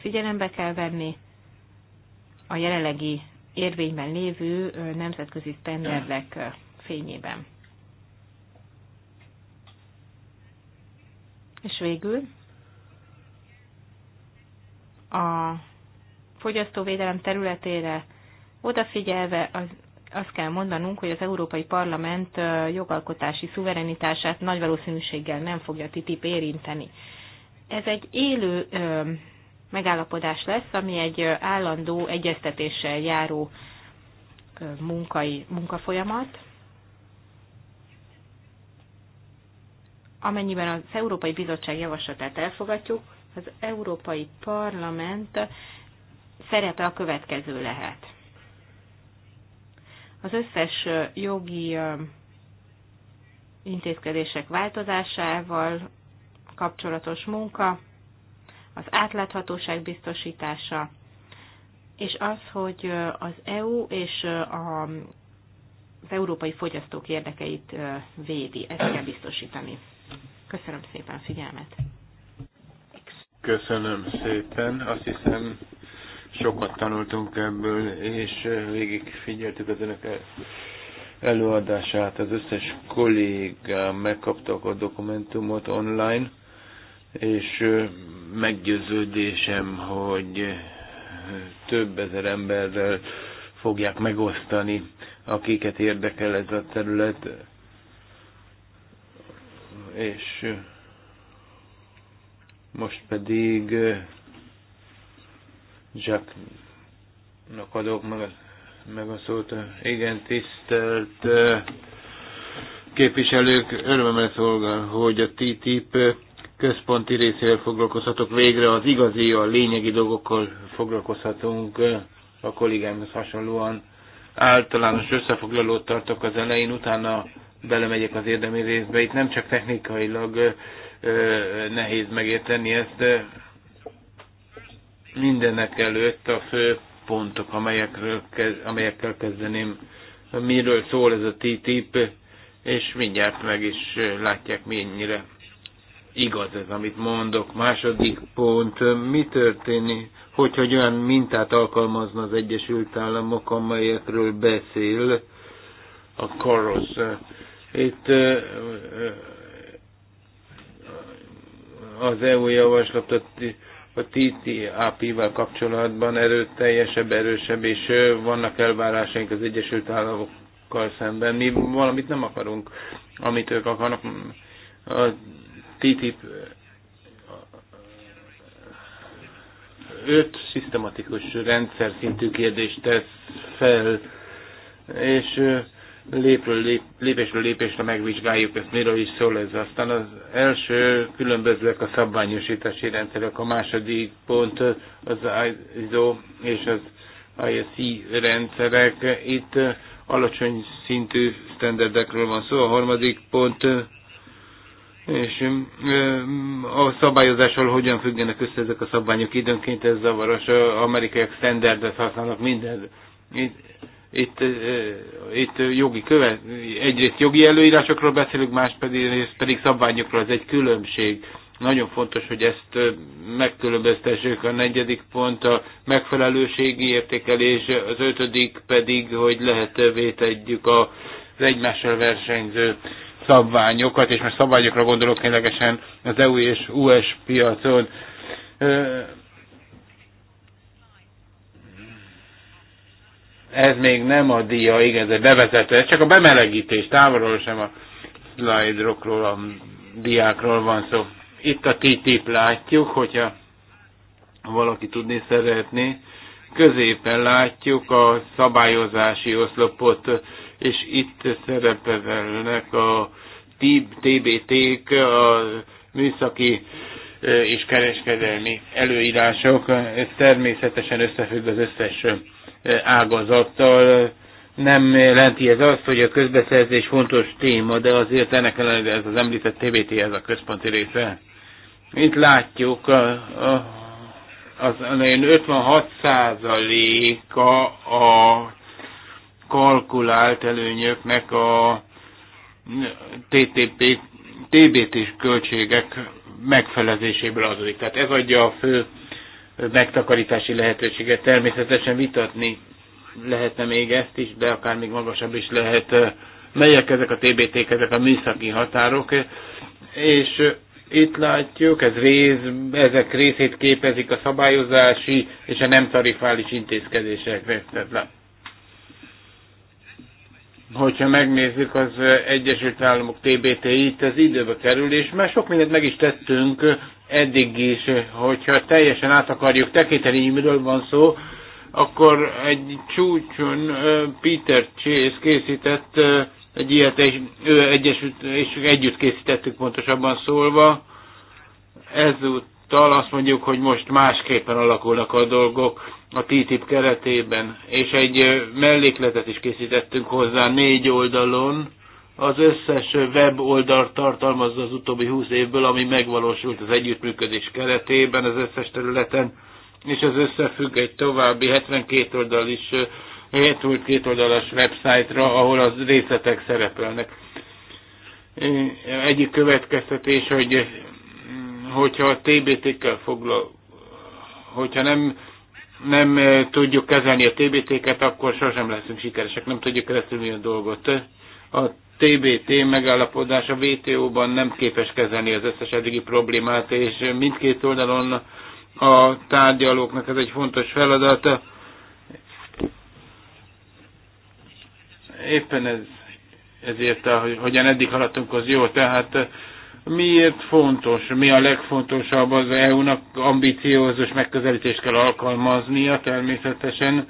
figyelembe kell venni, a jelenlegi érvényben lévő nemzetközi sztenderdek fényében. És végül a fogyasztóvédelem területére odafigyelve az, azt kell mondanunk, hogy az Európai Parlament jogalkotási szuverenitását nagy valószínűséggel nem fogja TTIP érinteni. Ez egy élő ö, megállapodás lesz, ami egy állandó egyeztetéssel járó munkai, munkafolyamat, amennyiben az Európai Bizottság javaslatát elfogadjuk, az Európai Parlament szerepe a következő lehet. Az összes jogi intézkedések változásával kapcsolatos munka, az átláthatóság biztosítása, és az, hogy az EU és a, az európai fogyasztók érdekeit védi. Ezt kell biztosítani. Köszönöm szépen a figyelmet. Köszönöm szépen. Azt hiszem, sokat tanultunk ebből, és eh, végig figyeltük az önök előadását. Az összes kollégám megkaptak a dokumentumot online, és eh, meggyőződésem, hogy eh, több ezer emberrel fogják megosztani, akiket érdekel ez a terület és most pedig Jacknak adok meg a, meg a szót. Igen, tisztelt képviselők, örömmel szolgál, hogy a TTIP központi részével foglalkozhatok végre, az igazi, a lényegi dolgokkal foglalkozhatunk a kollégámhoz hasonlóan. Általános összefoglalót tartok az elején, utána belemegyek az érdemi részbe. Itt nem csak technikailag nehéz megérteni ezt. Mindenek előtt a fő pontok, amelyekről, amelyekkel kezdeném, miről szól ez a TTIP, és mindjárt meg is látják, mennyire igaz ez, amit mondok. Második pont, mi történik, hogyha hogy olyan mintát alkalmazna az Egyesült Államok, amelyekről beszél a Korosz itt az EU javaslat a TTIP-vel kapcsolatban erőteljesebb, erősebb, és vannak elvárásaink az Egyesült Államokkal szemben. Mi valamit nem akarunk, amit ők akarnak. A TTIP öt szisztematikus rendszer szintű kérdést tesz fel, és lépről, lép, lépésről lépésre megvizsgáljuk ezt, miről is szól ez. Aztán az első különbözőek a szabványosítási rendszerek, a második pont az ISO és az ISC rendszerek. Itt alacsony szintű standardekről van szó. A harmadik pont és a szabályozással hogyan függenek össze ezek a szabványok időnként, ez zavaros. Amerikaiak standardet használnak minden itt, itt jogi köve, egyrészt jogi előírásokról beszélünk, más pedig, pedig szabványokról, ez egy különbség. Nagyon fontos, hogy ezt megkülönböztessük. A negyedik pont a megfelelőségi értékelés, az ötödik pedig, hogy lehetővé tegyük az egymással versenyző szabványokat, és most szabványokra gondolok ténylegesen az EU és US piacon Ez még nem a dia, igen, ez egy bevezető, csak a bemelegítés, távolról sem a szlájdokról, a diákról van szó. Itt a TTIP látjuk, hogyha valaki tudni szeretné, középen látjuk a szabályozási oszlopot, és itt szerepelnek a TBT-k, a műszaki és kereskedelmi előírások. Ez természetesen összefügg az összes ágazattal. Nem jelenti ez azt, hogy a közbeszerzés fontos téma, de azért ennek ellenére ez az említett TBT, ez a központi része. Itt látjuk, a, a, az 56%-a a kalkulált előnyöknek a TTP, TBT-s költségek megfelezéséből adódik. Tehát ez adja a fő megtakarítási lehetőséget. Természetesen vitatni lehetne még ezt is, de akár még magasabb is lehet. Eh, melyek ezek a tbt ezek a műszaki határok, és eh, itt látjuk, ez rész, ezek részét képezik a szabályozási és a nem tarifális intézkedések, Tehát hogyha megnézzük az Egyesült Államok TBT-it, az időbe kerül, és már sok mindent meg is tettünk eddig is, hogyha teljesen át akarjuk tekinteni, miről van szó, akkor egy csúcson Peter Chase készített egy ilyet, és, ő egyesült, és együtt készítettük pontosabban szólva, ezúttal tal azt mondjuk, hogy most másképpen alakulnak a dolgok a TTIP keretében, és egy mellékletet is készítettünk hozzá négy oldalon, az összes weboldalt tartalmazza az utóbbi húsz évből, ami megvalósult az együttműködés keretében az összes területen, és az összefügg egy további 72 oldal is, 72 oldalas websájtra, ahol az részletek szerepelnek. Egyik következtetés, hogy hogyha a TBT-kkel foglal, hogyha nem, nem eh, tudjuk kezelni a TBT-ket, akkor sosem leszünk sikeresek, nem tudjuk keresztülni a dolgot. A TBT megállapodás a WTO-ban nem képes kezelni az összes eddigi problémát, és mindkét oldalon a tárgyalóknak ez egy fontos feladata. Éppen ez, ezért, hogyan eddig haladtunk, az jó. Tehát Miért fontos? Mi a legfontosabb? Az EU-nak ambiciózus megközelítést kell alkalmaznia természetesen,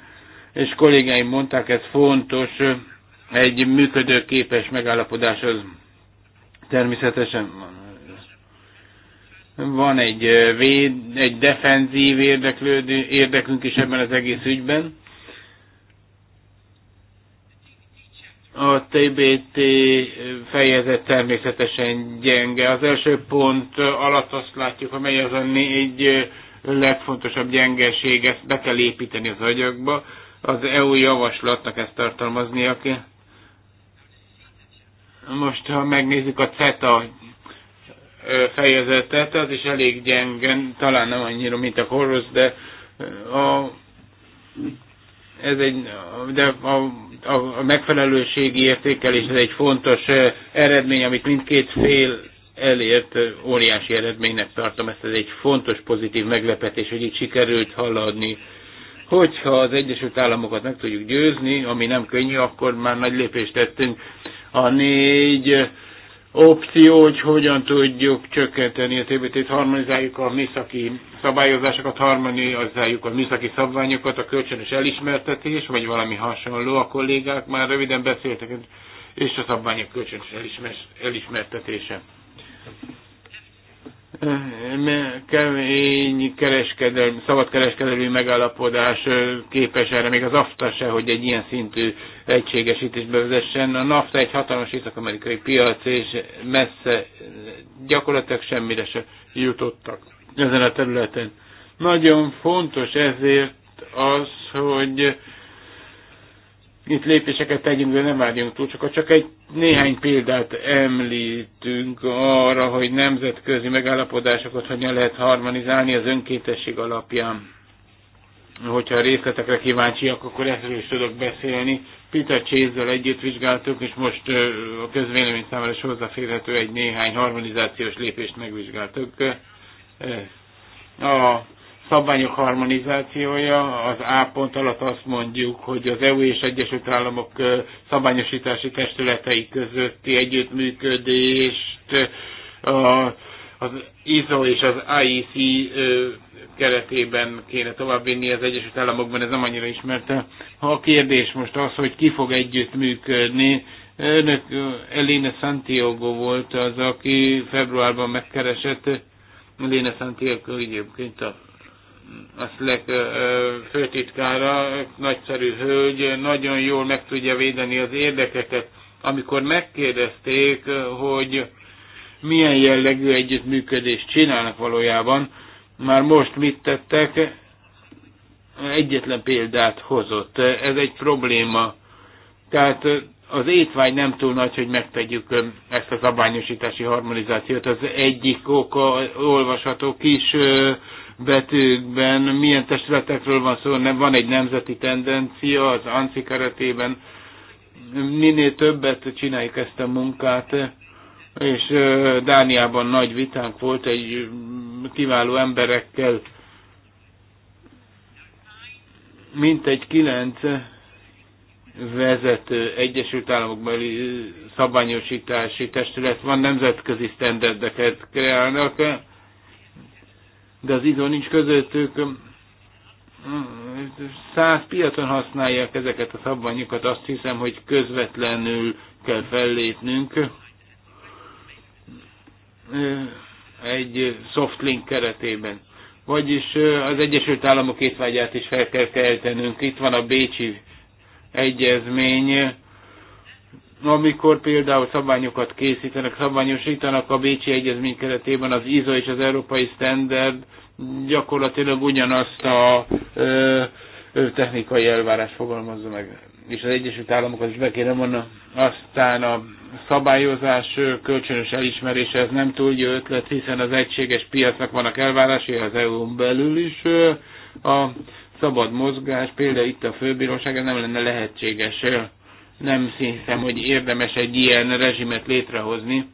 és kollégáim mondták, ez fontos egy működőképes megállapodás az természetesen van egy, eh, véd, egy defenzív érdeklődő, érdekünk is ebben az egész ügyben, A TBT fejezet természetesen gyenge. Az első pont alatt azt látjuk, amely az a négy legfontosabb gyengeség, ezt be kell építeni az agyakba. Az EU javaslatnak ezt tartalmaznia kell. Most, ha megnézzük a CETA fejezetet, az is elég gyengen, talán nem annyira, mint a korosz, de a ez egy, de a, a, a megfelelőségi értékelés ez egy fontos eh, eredmény, amit mindkét fél elért, eh, óriási eredménynek tartom ezt, ez egy fontos pozitív meglepetés, hogy itt sikerült haladni. Hogyha az Egyesült Államokat meg tudjuk győzni, ami nem könnyű, akkor már nagy lépést tettünk. A négy eh, opció, hogy hogyan tudjuk csökkenteni a TBT-t, harmonizáljuk a műszaki szabályozásokat, harmonizáljuk a műszaki szabványokat, a kölcsönös elismertetés, vagy valami hasonló, a kollégák már röviden beszéltek, és a szabványok kölcsönös elismer elismertetése kemény kereskedelmi, szabadkereskedelmi megállapodás képes erre, még az AFTA se, hogy egy ilyen szintű egységesítést bevezessen. A NAFTA egy hatalmas észak-amerikai piac, és messze gyakorlatilag semmire se jutottak ezen a területen. Nagyon fontos ezért az, hogy itt lépéseket tegyünk, de nem várjunk túl csak csak egy néhány példát említünk arra, hogy nemzetközi megállapodásokat hogyan lehet harmonizálni az önkéntesség alapján. Hogyha a részletekre kíváncsiak, akkor erről is tudok beszélni. Peter Chase-zel együtt vizsgáltuk, és most a közvélemény számára is hozzáférhető egy néhány harmonizációs lépést megvizsgáltuk. A szabványok harmonizációja, az A pont alatt azt mondjuk, hogy az EU és Egyesült Államok szabványosítási testületei közötti együttműködést az ISO és az IEC keretében kéne továbbvinni az Egyesült Államokban, ez nem annyira ismerte. Ha a kérdés most az, hogy ki fog együttműködni, önök Eléne Santiago volt az, aki februárban megkeresett, Eléne Santiago egyébként a a SLEC főtitkára, nagyszerű hölgy, nagyon jól meg tudja védeni az érdekeket. Amikor megkérdezték, hogy milyen jellegű együttműködést csinálnak valójában, már most mit tettek, egyetlen példát hozott. Ez egy probléma. Tehát az étvágy nem túl nagy, hogy megtegyük ezt a szabályosítási harmonizációt. Az egyik oka olvasható kis betűkben milyen testületekről van szó, nem van egy nemzeti tendencia az ANCI keretében. Minél többet csináljuk ezt a munkát, és Dániában nagy vitánk volt egy kiváló emberekkel, mint egy kilenc vezető Egyesült Államokbeli szabványosítási testület van, nemzetközi standardeket kreálnak, de az idő nincs közöttük. Száz piacon használják ezeket a szabványokat, azt hiszem, hogy közvetlenül kell fellépnünk egy softlink keretében. Vagyis az Egyesült Államok étvágyát is fel kell keltenünk. Itt van a Bécsi Egyezmény, amikor például szabványokat készítenek, szabványosítanak a Bécsi Egyezmény keretében az ISO és az Európai Standard gyakorlatilag ugyanazt a ö, ö, technikai elvárás fogalmazza meg, és az Egyesült Államokat is be kéne mondani, Aztán a szabályozás kölcsönös elismerése, ez nem túl jó ötlet, hiszen az egységes piacnak vannak elvárásai az EU-n belül is. A szabad mozgás, például itt a főbíróság, ez nem lenne lehetséges nem hiszem, hogy érdemes egy ilyen rezsimet létrehozni,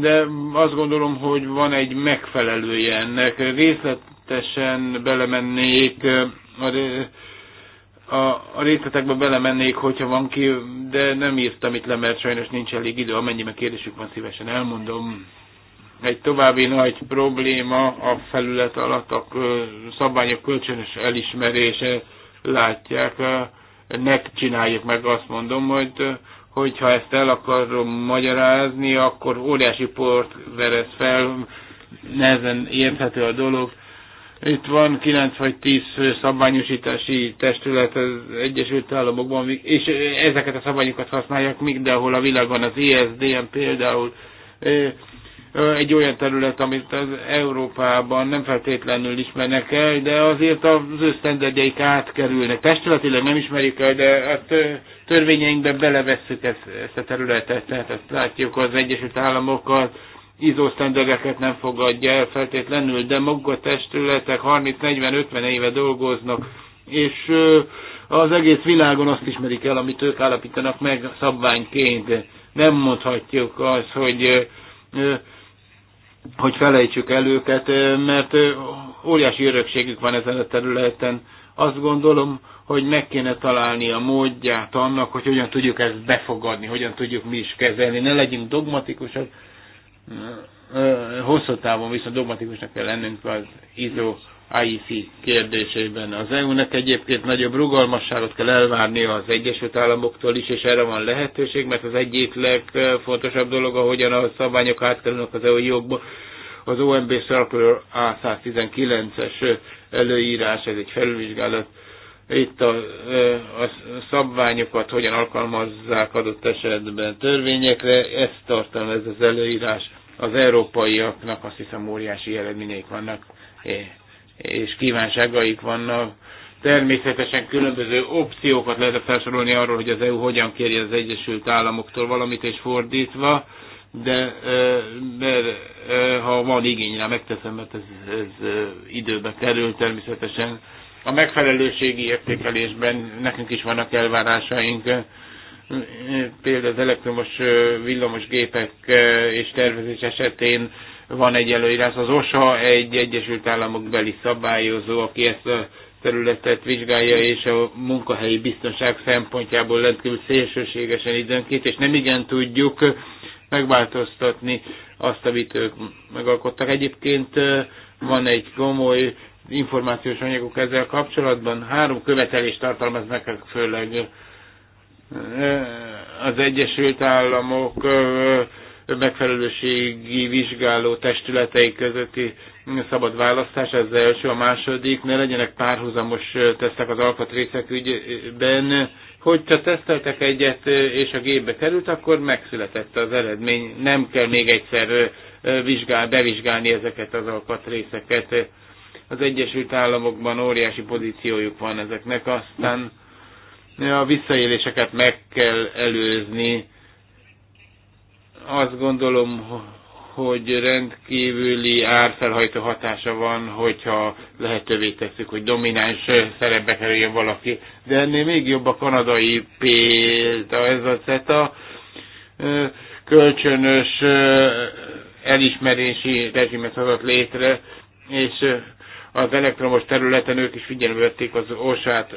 de azt gondolom, hogy van egy megfelelője ennek. Részletesen belemennék a, a, a részletekbe belemennék, hogyha van ki, de nem írtam itt le, mert sajnos nincs elég idő, amennyiben kérdésük van, szívesen elmondom. Egy további nagy probléma a felület alatt a szabályok kölcsönös elismerése, látják, ne csináljuk meg, azt mondom, hogy hogyha ezt el akarom magyarázni, akkor óriási port verez fel, nehezen érthető a dolog. Itt van 9 vagy 10 szabványosítási testület az Egyesült Államokban, és ezeket a szabványokat használják még, de ahol a világon az ISDN például egy olyan terület, amit az Európában nem feltétlenül ismernek el, de azért az ő sztenderdjeik átkerülnek. Testületileg nem ismerik el, de a hát, törvényeinkbe belevesszük ezt, ezt a területet. Tehát ezt látjuk az Egyesült Államokkal, izó sztenderdeket nem fogadja el feltétlenül, de maga a testületek 30-40-50 éve dolgoznak, és az egész világon azt ismerik el, amit ők állapítanak meg szabványként. Nem mondhatjuk az, hogy hogy felejtsük el őket, mert óriási örökségük van ezen a területen. Azt gondolom, hogy meg kéne találni a módját annak, hogy hogyan tudjuk ezt befogadni, hogyan tudjuk mi is kezelni. Ne legyünk dogmatikusak, hosszú távon viszont dogmatikusnak kell lennünk az izó. IEC kérdésében. Az eu nek egyébként nagyobb rugalmasságot kell elvárni az Egyesült Államoktól is, és erre van lehetőség, mert az egyik legfontosabb dolog, ahogyan a szabványok átkerülnek az EU jogba, az OMB Circular A119-es előírás, ez egy felülvizsgálat. Itt a, a szabványokat hogyan alkalmazzák adott esetben törvényekre, ezt tartalmaz ez az előírás. Az európaiaknak azt hiszem óriási eredményeik vannak. É és kívánságaik vannak. Természetesen különböző opciókat lehet felsorolni arról, hogy az EU hogyan kérje az Egyesült Államoktól valamit, és fordítva, de, de ha van igény rá, megteszem, mert ez, ez időbe kerül természetesen. A megfelelőségi értékelésben nekünk is vannak elvárásaink, például az elektromos villamos gépek és tervezés esetén van egy előírás. Az OSA egy Egyesült Államok beli szabályozó, aki ezt a területet vizsgálja, és a munkahelyi biztonság szempontjából rendkívül szélsőségesen időnként, és nem igen tudjuk megváltoztatni azt, amit ők megalkottak. Egyébként van egy komoly információs anyagok ezzel kapcsolatban. Három követelést tartalmaznak főleg az Egyesült Államok megfelelőségi vizsgáló testületei közötti szabad választás, ez az első, a második, ne legyenek párhuzamos tesztek az alkatrészek ügyben, hogyha teszteltek egyet, és a gépbe került, akkor megszületett az eredmény. Nem kell még egyszer vizsgál, bevizsgálni ezeket az alkatrészeket. Az Egyesült Államokban óriási pozíciójuk van ezeknek, aztán a visszaéléseket meg kell előzni, azt gondolom, hogy rendkívüli árfelhajtó hatása van, hogyha lehetővé tesszük, hogy domináns szerepbe kerüljön valaki. De ennél még jobb a kanadai példa, ez a CETA kölcsönös elismerési rezsimet hozott létre, és az elektromos területen ők is figyelmezték vették az osát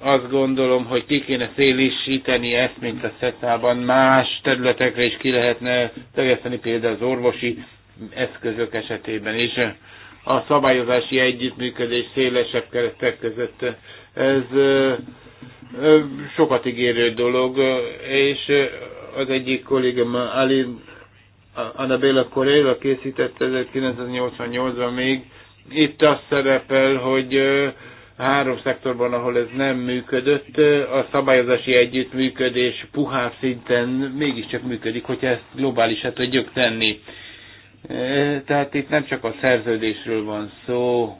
azt gondolom, hogy ki kéne szélisíteni ezt, mint a szeta más területekre is ki lehetne terjeszteni, például az orvosi eszközök esetében is. A szabályozási együttműködés szélesebb keretek között ez sokat ígérő dolog, és az egyik kollégám Alin Anabella Correa készítette 1988-ban még, itt azt szerepel, hogy három szektorban, ahol ez nem működött, a szabályozási együttműködés puhább szinten mégiscsak működik, hogyha ezt globálisra tudjuk tenni. E, tehát itt nem csak a szerződésről van szó,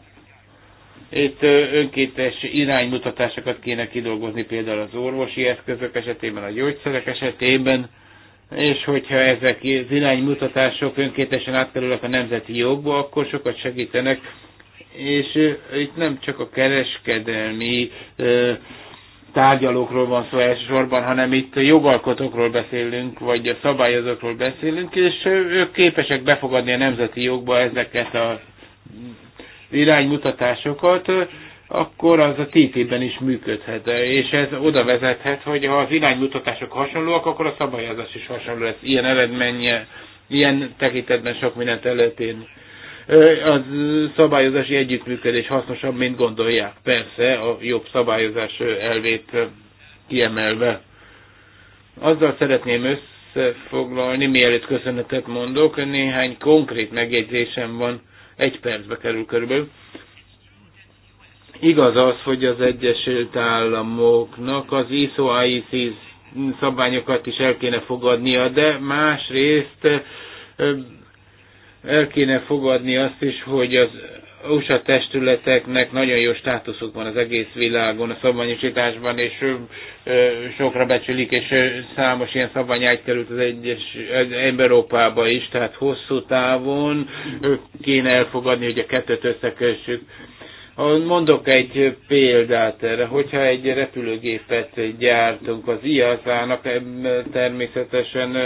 itt önkéntes iránymutatásokat kéne kidolgozni például az orvosi eszközök esetében, a gyógyszerek esetében, és hogyha ezek az iránymutatások önkéntesen átkerülnek a nemzeti jogba, akkor sokat segítenek és itt nem csak a kereskedelmi tárgyalókról van szó elsősorban, hanem itt a jogalkotókról beszélünk, vagy a szabályozókról beszélünk, és ők képesek befogadni a nemzeti jogba ezeket a iránymutatásokat, akkor az a TTIP-ben is működhet. És ez oda vezethet, hogy ha az iránymutatások hasonlóak, akkor a szabályozás is hasonló lesz. Ilyen eredménye, ilyen tekintetben sok mindent előtt a szabályozási együttműködés hasznosabb, mint gondolják. Persze a jobb szabályozás elvét kiemelve. Azzal szeretném összefoglalni, mielőtt köszönetet mondok, néhány konkrét megjegyzésem van, egy percbe kerül körülbelül. Igaz az, hogy az Egyesült Államoknak az ISO-IC szabványokat is el kéne fogadnia, de másrészt el kéne fogadni azt is, hogy az USA testületeknek nagyon jó státuszuk van az egész világon, a szabványosításban, és sokra becsülik, és számos ilyen szabványágy került az egyes Európába is, tehát hosszú távon kéne elfogadni, hogy a kettőt összekössük Mondok egy példát erre, hogyha egy repülőgépet gyártunk az iasa nak természetesen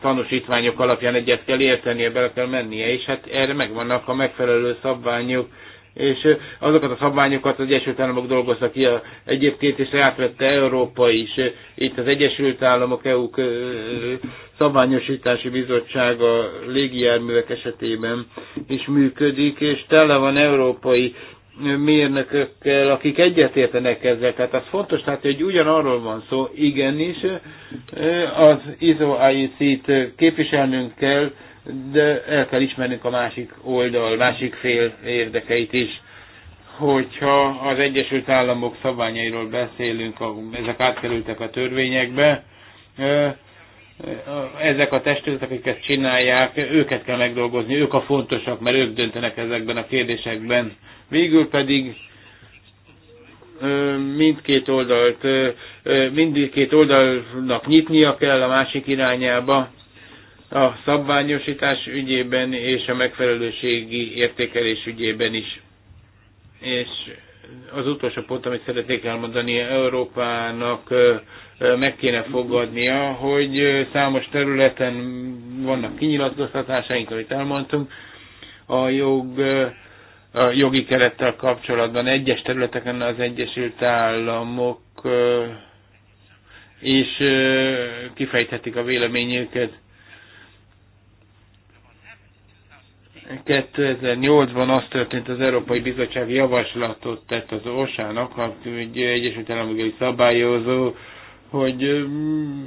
tanúsítványok alapján egyet kell értenie, bele kell mennie, és hát erre megvannak a megfelelő szabványok, és azokat a szabványokat az Egyesült Államok dolgozta ki, a, egyébként is átvette Európa is. Itt az Egyesült Államok EU szabványosítási bizottsága légijárművek esetében is működik, és tele van európai mérnökökkel, akik egyetértenek ezzel. Tehát az fontos, tehát, hogy ugyanarról van szó, igenis, az ISO IEC-t képviselnünk kell, de el kell ismernünk a másik oldal, másik fél érdekeit is. Hogyha az Egyesült Államok szabványairól beszélünk, ezek átkerültek a törvényekbe, ezek a akik ezt csinálják, őket kell megdolgozni, ők a fontosak, mert ők döntenek ezekben a kérdésekben. Végül pedig mindkét oldalt, mindkét oldalnak nyitnia kell a másik irányába a szabványosítás ügyében és a megfelelőségi értékelés ügyében is. És az utolsó pont, amit szeretnék elmondani, Európának meg kéne fogadnia, hogy számos területen vannak kinyilatkoztatásaink, amit elmondtunk, a jog a jogi kerettel kapcsolatban egyes területeken az Egyesült Államok is kifejthetik a véleményüket. 2008-ban az történt, az Európai Bizottság javaslatot tett az OSA-nak, egy Egyesült Államokai szabályozó, hogy mm,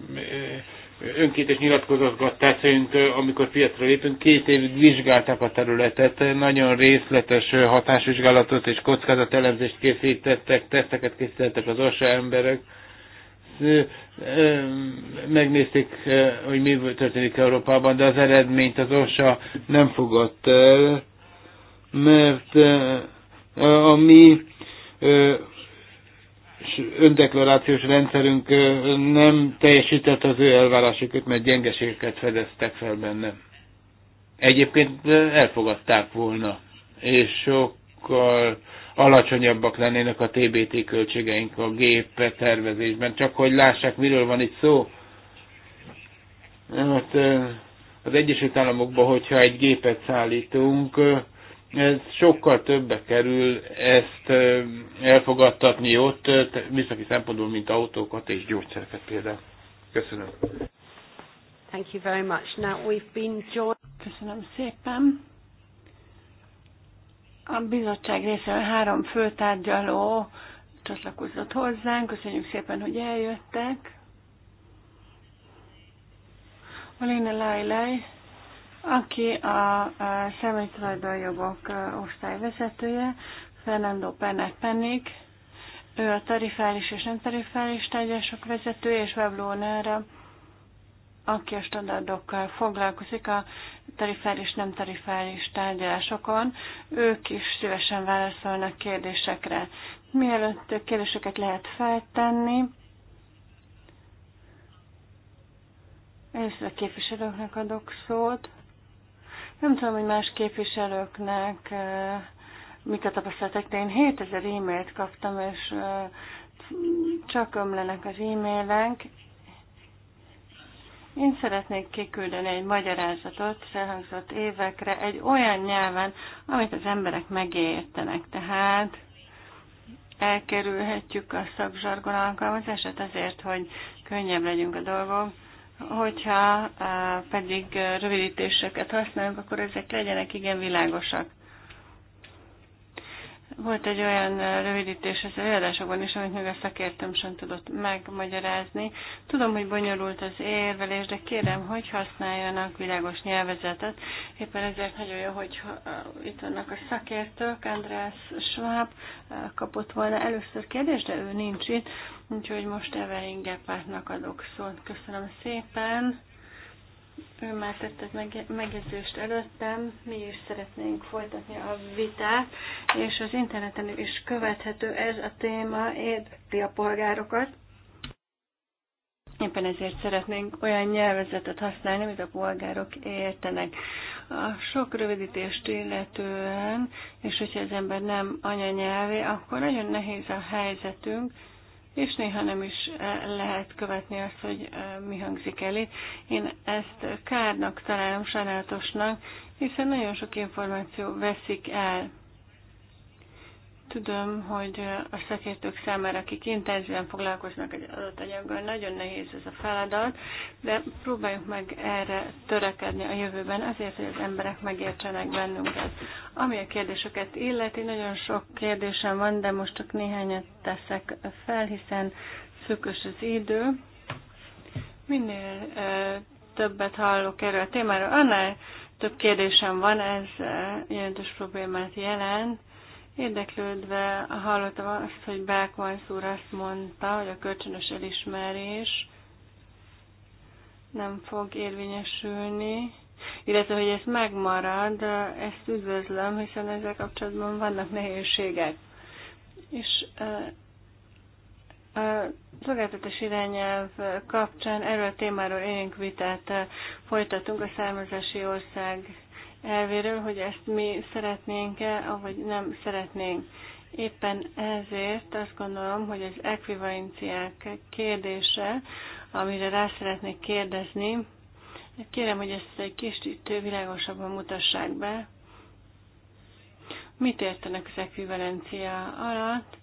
önkéntes nyilatkozatkat teszünk, amikor piacra lépünk. Két évig vizsgálták a területet, nagyon részletes hatásvizsgálatot és kockázatelemzést készítettek, teszteket készítettek az OSA emberek megnézték, hogy mi történik Európában, de az eredményt az OSA nem fogadta el, mert a mi öndeklarációs rendszerünk nem teljesített az ő elvárásokat, mert gyengeségeket fedeztek fel benne. Egyébként elfogadták volna, és sokkal alacsonyabbak lennének a TBT költségeink a gép tervezésben. Csak hogy lássák, miről van itt szó. Hát, az Egyesült Államokban, hogyha egy gépet szállítunk, ez sokkal többe kerül ezt elfogadtatni ott, műszaki szempontból, mint autókat és gyógyszereket például. Köszönöm. Thank you very much. Now we've been joined. Köszönöm szépen. A bizottság részéről három főtárgyaló csatlakozott hozzánk. Köszönjük szépen, hogy eljöttek. Alina Lajlaj, aki a személyi tulajdonjogok osztályvezetője, Fernando Pernet penik. ő a tarifális és nem tarifális tárgyások vezetője, és weblónára aki a standardokkal foglalkozik a tarifális, nem tarifális tárgyalásokon, ők is szívesen válaszolnak kérdésekre. Mielőtt kérdéseket lehet feltenni, először a képviselőknek adok szót. Nem tudom, hogy más képviselőknek mik a tapasztalatok, de én 7000 e-mailt kaptam, és csak ömlenek az e-mailek, én szeretnék kiküldeni egy magyarázatot elhangzott évekre egy olyan nyelven, amit az emberek megértenek. Tehát elkerülhetjük a szakzsargon alkalmazását azért, hogy könnyebb legyünk a dolgok. Hogyha pedig rövidítéseket használunk, akkor ezek legyenek igen világosak. Volt egy olyan rövidítés az előadásokban is, amit még a szakértőm sem tudott megmagyarázni. Tudom, hogy bonyolult az érvelés, de kérem, hogy használjanak világos nyelvezetet. Éppen ezért nagyon jó, hogy itt vannak a szakértők. András Schwab kapott volna először kérdést, de ő nincs itt, úgyhogy most Evelyn Gepártnak adok szót. Köszönöm szépen. Ön már tette megjegyzést előttem, mi is szeretnénk folytatni a vitát, és az interneten is követhető ez a téma, érdekli a polgárokat. Éppen ezért szeretnénk olyan nyelvezetet használni, amit a polgárok értenek. A sok rövidítést illetően, és hogyha az ember nem anyanyelvé, akkor nagyon nehéz a helyzetünk, és néha nem is eh, lehet követni azt, hogy eh, mi hangzik el itt. Én ezt kárnak találom, sajnálatosnak, hiszen nagyon sok információ veszik el. Tudom, hogy a szakértők számára, akik intenzíven foglalkoznak egy adott anyaggal, nagyon nehéz ez a feladat, de próbáljuk meg erre törekedni a jövőben, azért, hogy az emberek megértsenek bennünket. Ami a kérdéseket illeti, nagyon sok kérdésem van, de most csak néhányat teszek fel, hiszen szűkös az idő. Minél többet hallok erről a témáról, annál több kérdésem van, ez jelentős problémát jelent Érdeklődve hallottam azt, hogy Bákvajsz úr azt mondta, hogy a kölcsönös elismerés nem fog érvényesülni, illetve hogy ez megmarad, ezt üdvözlöm, hiszen ezzel kapcsolatban vannak nehézségek. És a szolgáltatás irányelv kapcsán erről a témáról élénk vitát folytatunk a származási ország elvéről, hogy ezt mi szeretnénk-e, vagy nem szeretnénk. Éppen ezért azt gondolom, hogy az ekvivalenciák kérdése, amire rá szeretnék kérdezni, kérem, hogy ezt egy kicsit világosabban mutassák be. Mit értenek az ekvivalencia alatt?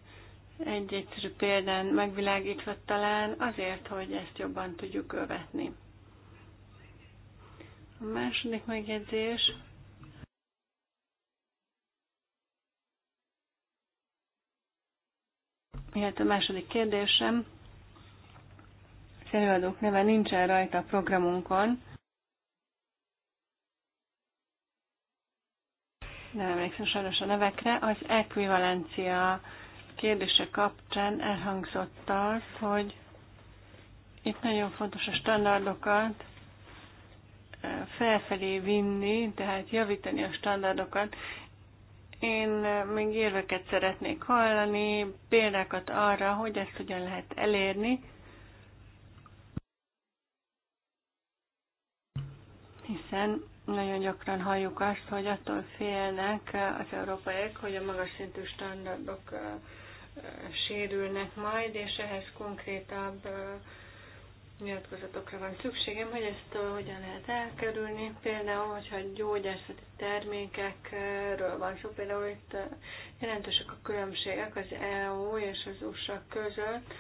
Egy egyszerű példán megvilágítva talán azért, hogy ezt jobban tudjuk követni. A második megjegyzés, Illetve a második kérdésem, az előadók neve nincsen rajta a programunkon, nem emlékszem sajnos a nevekre, az ekvivalencia kérdése kapcsán elhangzott az, hogy itt nagyon fontos a standardokat eh, felfelé vinni, tehát javítani a standardokat, én még érveket szeretnék hallani, példákat arra, hogy ezt hogyan lehet elérni, hiszen nagyon gyakran halljuk azt, hogy attól félnek az európaiak, hogy a magas szintű standardok sérülnek majd, és ehhez konkrétabb nyilatkozatokra van szükségem, hogy ezt hogyan lehet elkerülni. Például, hogyha gyógyászati termékekről van szó, például itt eh, jelentősek a különbségek az EU és az USA között,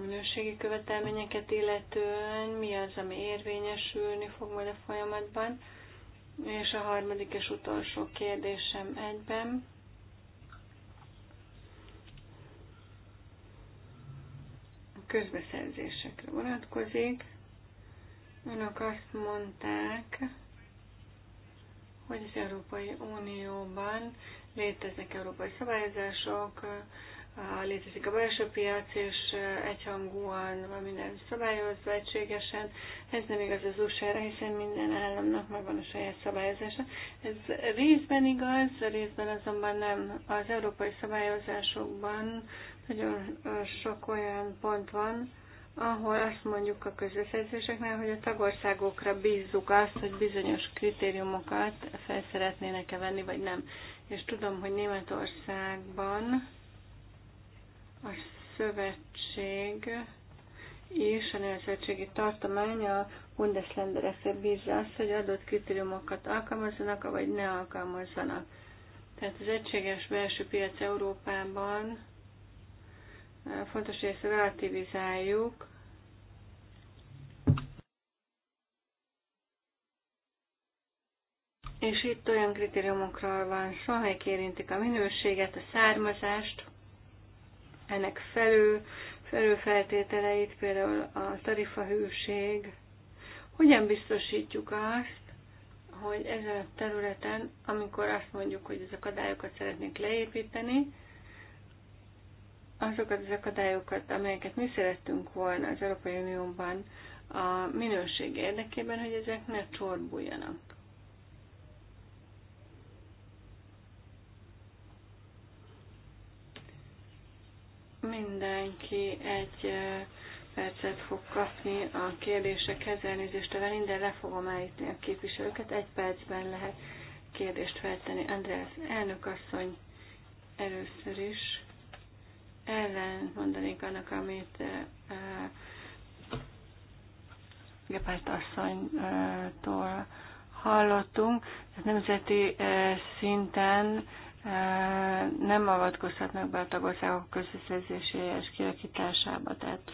minőségi követelményeket illetően, mi az, ami érvényesülni fog majd a folyamatban. És a harmadik és utolsó kérdésem egyben. közbeszerzésekre vonatkozik. Önök azt mondták, hogy az Európai Unióban léteznek európai szabályozások, létezik a belső piac, és egyhangúan van minden szabályozva egységesen. Ez nem igaz az usa hiszen minden államnak megvan a saját szabályozása. Ez részben igaz, részben azonban nem. Az európai szabályozásokban nagyon sok olyan pont van, ahol azt mondjuk a közbeszerzéseknél, hogy a tagországokra bízzuk azt, hogy bizonyos kritériumokat fel szeretnének-e venni, vagy nem. És tudom, hogy Németországban a szövetség és a nemzetségi tartomány a Bundesländerekre bízza azt, hogy adott kritériumokat alkalmazzanak, vagy ne alkalmazzanak. Tehát az egységes belső piac Európában Fontos, hogy ezt relativizáljuk. És itt olyan kritériumokról van szó, amelyek érintik a minőséget, a származást, ennek felül, feltételeit, például a tarifahűség. Hogyan biztosítjuk azt, hogy ezen a területen, amikor azt mondjuk, hogy ezek a szeretnénk leépíteni, azokat az akadályokat, amelyeket mi szerettünk volna az Európai Unióban a minőség érdekében, hogy ezek ne csorbuljanak. Mindenki egy percet fog kapni a kérdésekhez, elnézést a velünk, de le fogom állítani a képviselőket. Egy percben lehet kérdést feltenni. András elnök asszony először is ellen mondanék annak, amit eh, eh, Gepárt asszonytól hallottunk. Tehát nemzeti eh, szinten nem avatkozhatnak be a tagországok közösszerzéséhez kialakításába. Tehát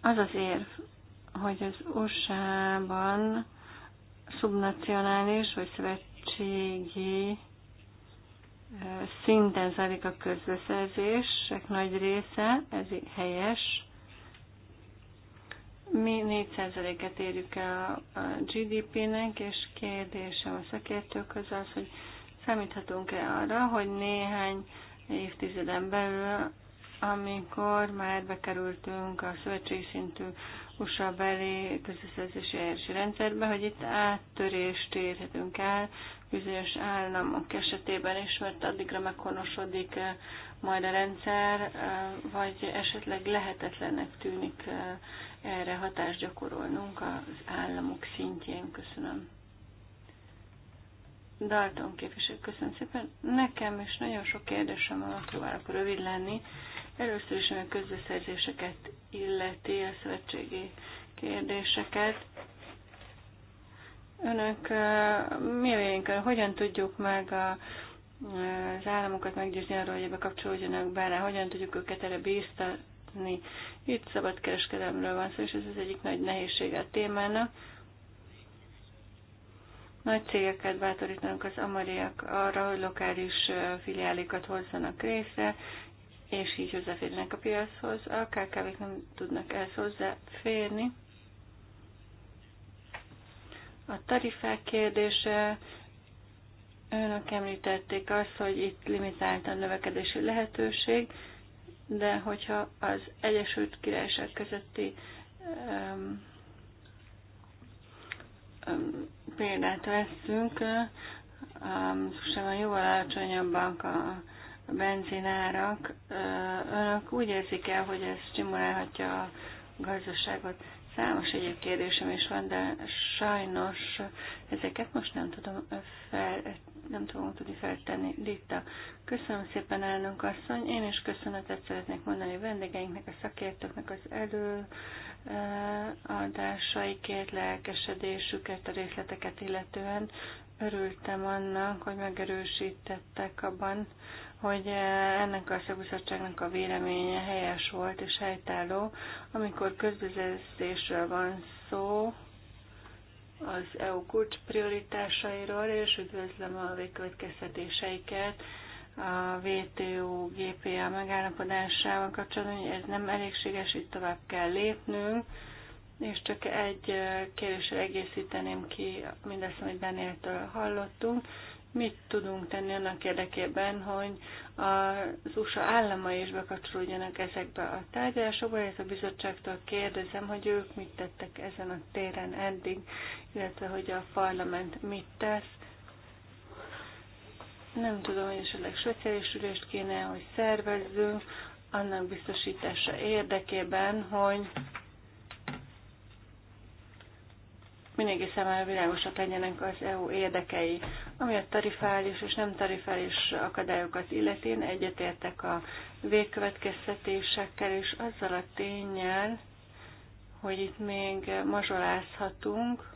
az az érv, hogy az USA-ban szubnacionális vagy szövetségi szinten zajlik a közbeszerzések nagy része, ez helyes. Mi 4%-et érjük el a GDP-nek, és kérdésem a szakértőkhöz az, hogy számíthatunk-e arra, hogy néhány évtizeden belül, amikor már bekerültünk a szövetségi szintű USA beli közbeszerzési rendszerbe, hogy itt áttörést érhetünk el, bizonyos államok esetében is, mert addigra meghonosodik eh, majd a rendszer, eh, vagy esetleg lehetetlennek tűnik eh, erre hatást gyakorolnunk az államok szintjén. Köszönöm. Dalton képviselő, köszönöm szépen. Nekem is nagyon sok kérdésem van, próbálok rövid lenni. Először is, ami a közbeszerzéseket illeti, a szövetségi kérdéseket önök mi a hogyan tudjuk meg a, az államokat meggyőzni arról, hogy ebbe kapcsolódjanak bele, hogyan tudjuk őket erre bíztatni. Itt szabadkereskedelemről van szó, és ez az egyik nagy nehézsége a témának. Nagy cégeket bátorítanak az amariak arra, hogy lokális filiálikat hozzanak részre, és így hozzáférnek a piachoz. A KKV-k nem tudnak ehhez hozzáférni. A tarifák kérdése, önök említették azt, hogy itt limitált a növekedési lehetőség, de hogyha az Egyesült Királyság közötti um, um, példát veszünk, um, sem jóval alacsonyabbak a benzinárak. Önök úgy érzik el, hogy ez stimulálhatja a gazdaságot. Számos egyéb kérdésem is van, de sajnos ezeket most nem tudom fel, nem tudom tudni feltenni. Dita, köszönöm szépen elnök asszony, én is köszönetet szeretnék mondani a vendégeinknek, a szakértőknek az előadásaikért, eh, lelkesedésüket, a részleteket illetően. Örültem annak, hogy megerősítettek abban, hogy eh, ennek a szakbizottságnak a véleménye helyes volt és helytálló, amikor közbizetésről van szó, az EU kulcs prioritásairól, és üdvözlöm a végkövetkeztetéseiket a WTO GPA megállapodásával kapcsolatban, hogy ez nem elégséges, itt tovább kell lépnünk, és csak egy eh, kérdésre egészíteném ki mindezt, amit Danieltől hallottunk mit tudunk tenni annak érdekében, hogy az USA államai is bekapcsolódjanak ezekbe a tárgyalásokba, és a bizottságtól kérdezem, hogy ők mit tettek ezen a téren eddig, illetve hogy a parlament mit tesz. Nem tudom, hogy esetleg speciális ülést kéne, hogy szervezzünk, annak biztosítása érdekében, hogy mindenki számára világosak legyenek az EU érdekei. Ami a tarifális és nem tarifális akadályokat illeti, én egyetértek a végkövetkeztetésekkel és azzal a tényel, hogy itt még mazsolázhatunk,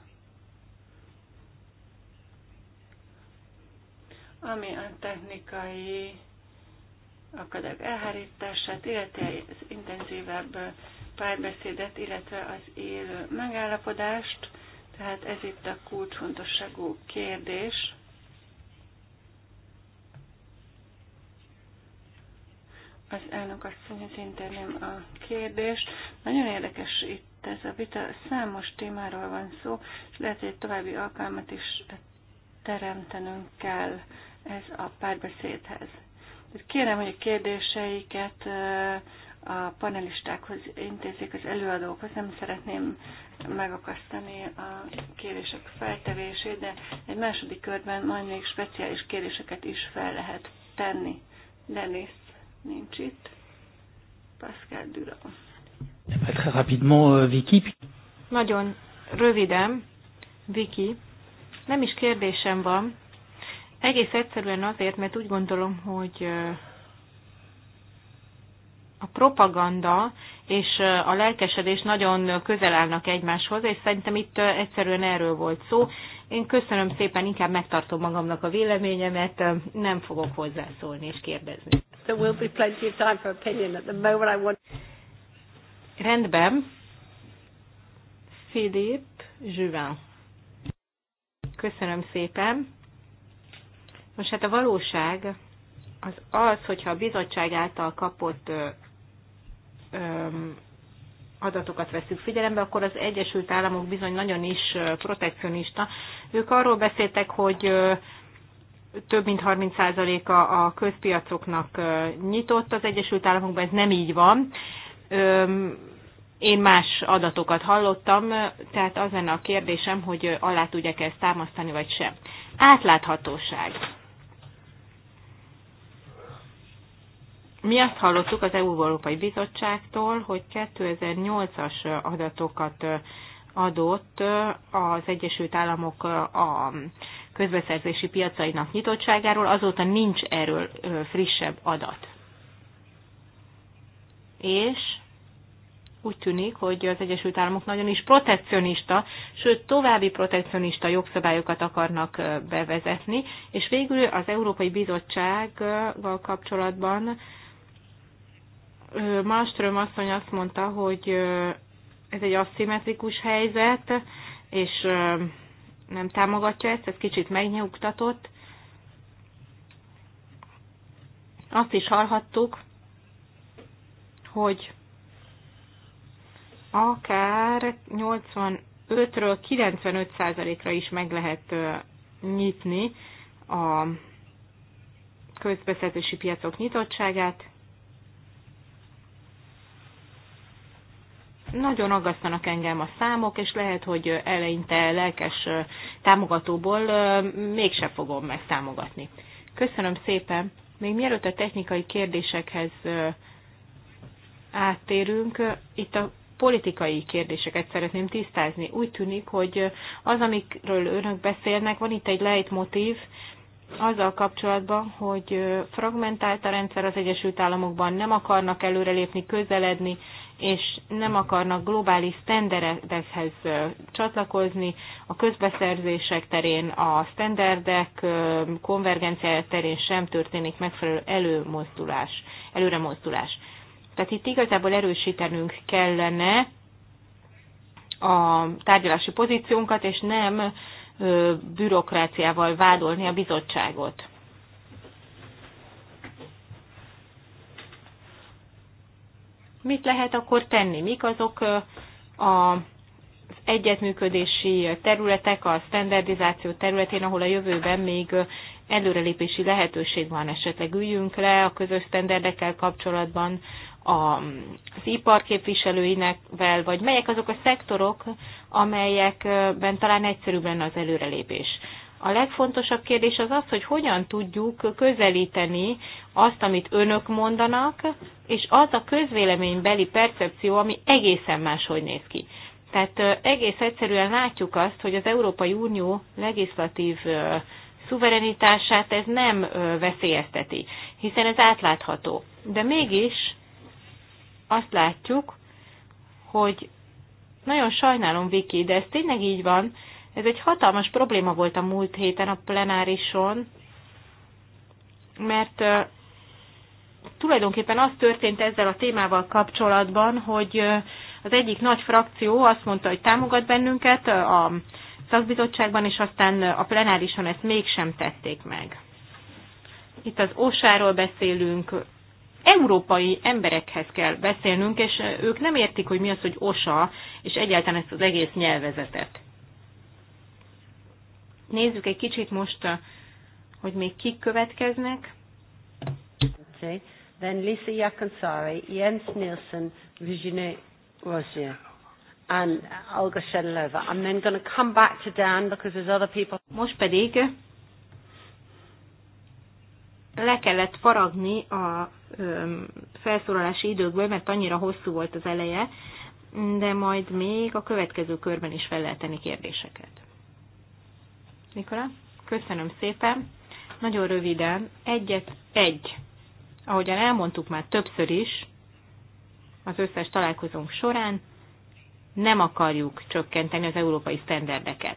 ami a technikai akadályok elhárítását, illetve az intenzívebb párbeszédet, illetve az élő megállapodást. Tehát ez itt a kulcsfontosságú kérdés. az elnök asszony, az interném a kérdést. Nagyon érdekes itt ez a vita, számos témáról van szó, és lehet, hogy egy további alkalmat is teremtenünk kell ez a párbeszédhez. Kérem, hogy a kérdéseiket a panelistákhoz intézzék, az előadókhoz. Nem szeretném megakasztani a kérések feltevését, de egy második körben majd még speciális kéréseket is fel lehet tenni. Denis. Nincs itt. Pascal Durand. rapidement, euh, Vicky. Nagyon röviden, Viki, nem is kérdésem van. Egész egyszerűen azért, mert úgy gondolom, hogy a propaganda és a lelkesedés nagyon közel állnak egymáshoz, és szerintem itt egyszerűen erről volt szó. Én köszönöm szépen, inkább megtartom magamnak a véleményemet, nem fogok hozzászólni és kérdezni. will be plenty of time for opinion. At the moment I want... Rendben. Philip Juvin. Köszönöm szépen. Most hát a valóság az az, hogyha a bizottság által kapott adatokat veszünk figyelembe, akkor az Egyesült Államok bizony nagyon is protekcionista. Ők arról beszéltek, hogy több mint 30%-a a közpiacoknak nyitott az Egyesült Államokban, ez nem így van. Én más adatokat hallottam, tehát az lenne a kérdésem, hogy alá tudják ezt támasztani, vagy sem. Átláthatóság. mi azt hallottuk az e Európai Bizottságtól, hogy 2008-as adatokat adott az Egyesült Államok a közbeszerzési piacainak nyitottságáról, azóta nincs erről frissebb adat. És úgy tűnik, hogy az Egyesült Államok nagyon is protekcionista, sőt további protekcionista jogszabályokat akarnak bevezetni, és végül az Európai Bizottsággal kapcsolatban Malmström asszony azt mondta, hogy ez egy aszimmetrikus helyzet, és nem támogatja ezt, ez kicsit megnyugtatott. Azt is hallhattuk, hogy akár 85-ről 95%-ra is meg lehet nyitni a közbeszerzési piacok nyitottságát, Nagyon aggasztanak engem a számok, és lehet, hogy eleinte lelkes támogatóból mégse fogom megtámogatni. Köszönöm szépen. Még mielőtt a technikai kérdésekhez áttérünk, itt a politikai kérdéseket szeretném tisztázni. Úgy tűnik, hogy az, amikről önök beszélnek, van itt egy lejtmotív, azzal kapcsolatban, hogy fragmentált a rendszer az Egyesült Államokban, nem akarnak előrelépni, közeledni és nem akarnak globális sztenderekhez csatlakozni. A közbeszerzések terén, a sztenderdek konvergenciája terén sem történik megfelelő előmozdulás, előremozdulás. Tehát itt igazából erősítenünk kellene a tárgyalási pozíciónkat, és nem bürokráciával vádolni a bizottságot. Mit lehet akkor tenni? Mik azok a az egyetműködési területek, a standardizáció területén, ahol a jövőben még előrelépési lehetőség van, esetleg üljünk le a közös standardekkel kapcsolatban, az ipar vagy melyek azok a szektorok, amelyekben talán egyszerűbb lenne az előrelépés. A legfontosabb kérdés az az, hogy hogyan tudjuk közelíteni azt, amit önök mondanak, és az a közvéleménybeli percepció, ami egészen máshogy néz ki. Tehát egész egyszerűen látjuk azt, hogy az Európai Unió legislatív szuverenitását ez nem veszélyezteti, hiszen ez átlátható. De mégis azt látjuk, hogy nagyon sajnálom, Viki, de ez tényleg így van, ez egy hatalmas probléma volt a múlt héten a plenárison, mert tulajdonképpen az történt ezzel a témával kapcsolatban, hogy az egyik nagy frakció azt mondta, hogy támogat bennünket a szakbizottságban, és aztán a plenárison ezt mégsem tették meg. Itt az osáról beszélünk, európai emberekhez kell beszélnünk, és ők nem értik, hogy mi az, hogy osa, és egyáltalán ezt az egész nyelvezetet nézzük egy kicsit most, hogy még kik következnek. Okay. Then Lisa Yakansari, Jens Nielsen, Virginie Rozier and Olga Shenlova. I'm then going to come back to Dan because there's other people. Most pedig le kellett faragni a um, felszólalási időkből, mert annyira hosszú volt az eleje, de majd még a következő körben is fel lehet tenni kérdéseket. Nikola? Köszönöm szépen. Nagyon röviden, egyet, egy. Ahogyan elmondtuk már többször is, az összes találkozónk során, nem akarjuk csökkenteni az európai sztenderdeket.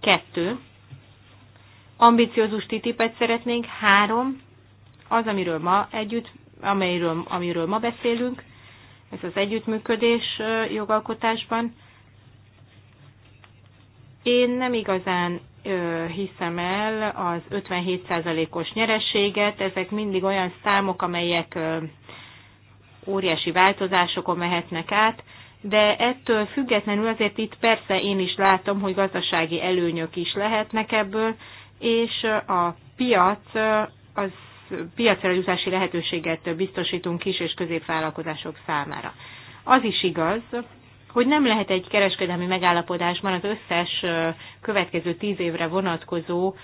Kettő, ambiciózus titipet szeretnénk. Három, az, amiről ma együtt, amelyről, amiről ma beszélünk, ez az együttműködés jogalkotásban. Én nem igazán hiszem el az 57%-os nyerességet. Ezek mindig olyan számok, amelyek óriási változásokon mehetnek át, de ettől függetlenül azért itt persze én is látom, hogy gazdasági előnyök is lehetnek ebből, és a piac, az piacra jutási lehetőséget biztosítunk kis és középvállalkozások számára. Az is igaz, hogy nem lehet egy kereskedelmi megállapodásban az összes következő tíz évre vonatkozó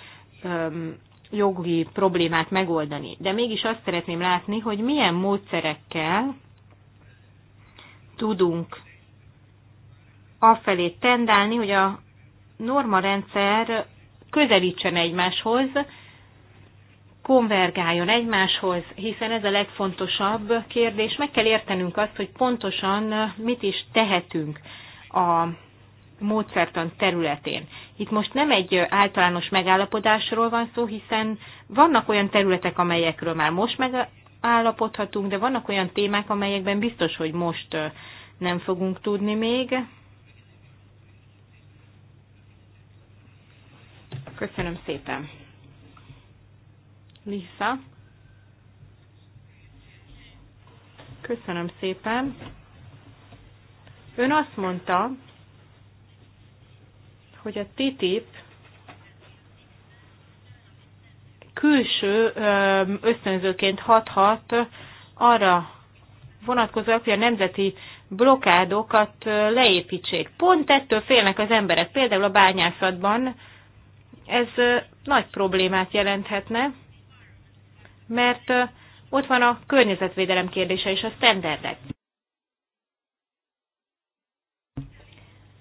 jogi problémát megoldani. De mégis azt szeretném látni, hogy milyen módszerekkel tudunk afelé tendálni, hogy a norma rendszer közelítsen egymáshoz, konvergáljon egymáshoz, hiszen ez a legfontosabb kérdés. Meg kell értenünk azt, hogy pontosan mit is tehetünk a módszertan területén. Itt most nem egy általános megállapodásról van szó, hiszen vannak olyan területek, amelyekről már most megállapodhatunk, de vannak olyan témák, amelyekben biztos, hogy most nem fogunk tudni még. Köszönöm szépen! Lisa. Köszönöm szépen. Ön azt mondta, hogy a TTIP külső ösztönzőként hathat arra vonatkozóak, hogy a nemzeti blokádokat leépítsék. Pont ettől félnek az emberek. Például a bányászatban ez nagy problémát jelenthetne mert ott van a környezetvédelem kérdése és a standardek.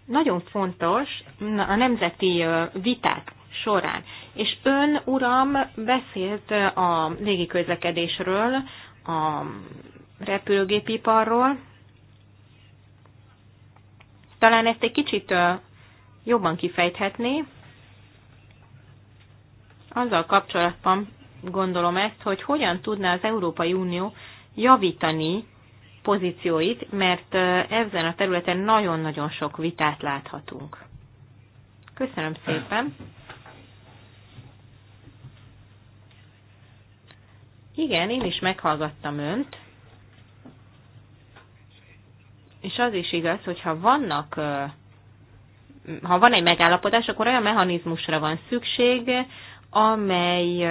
Nagyon fontos a nemzeti viták során. És ön, uram, beszélt a légiközlekedésről, a repülőgépiparról. Talán ezt egy kicsit jobban kifejthetné, azzal kapcsolatban gondolom ezt, hogy hogyan tudná az Európai Unió javítani pozícióit, mert ezen a területen nagyon-nagyon sok vitát láthatunk. Köszönöm szépen! Igen, én is meghallgattam önt, és az is igaz, hogy ha vannak ha van egy megállapodás, akkor olyan mechanizmusra van szükség, amely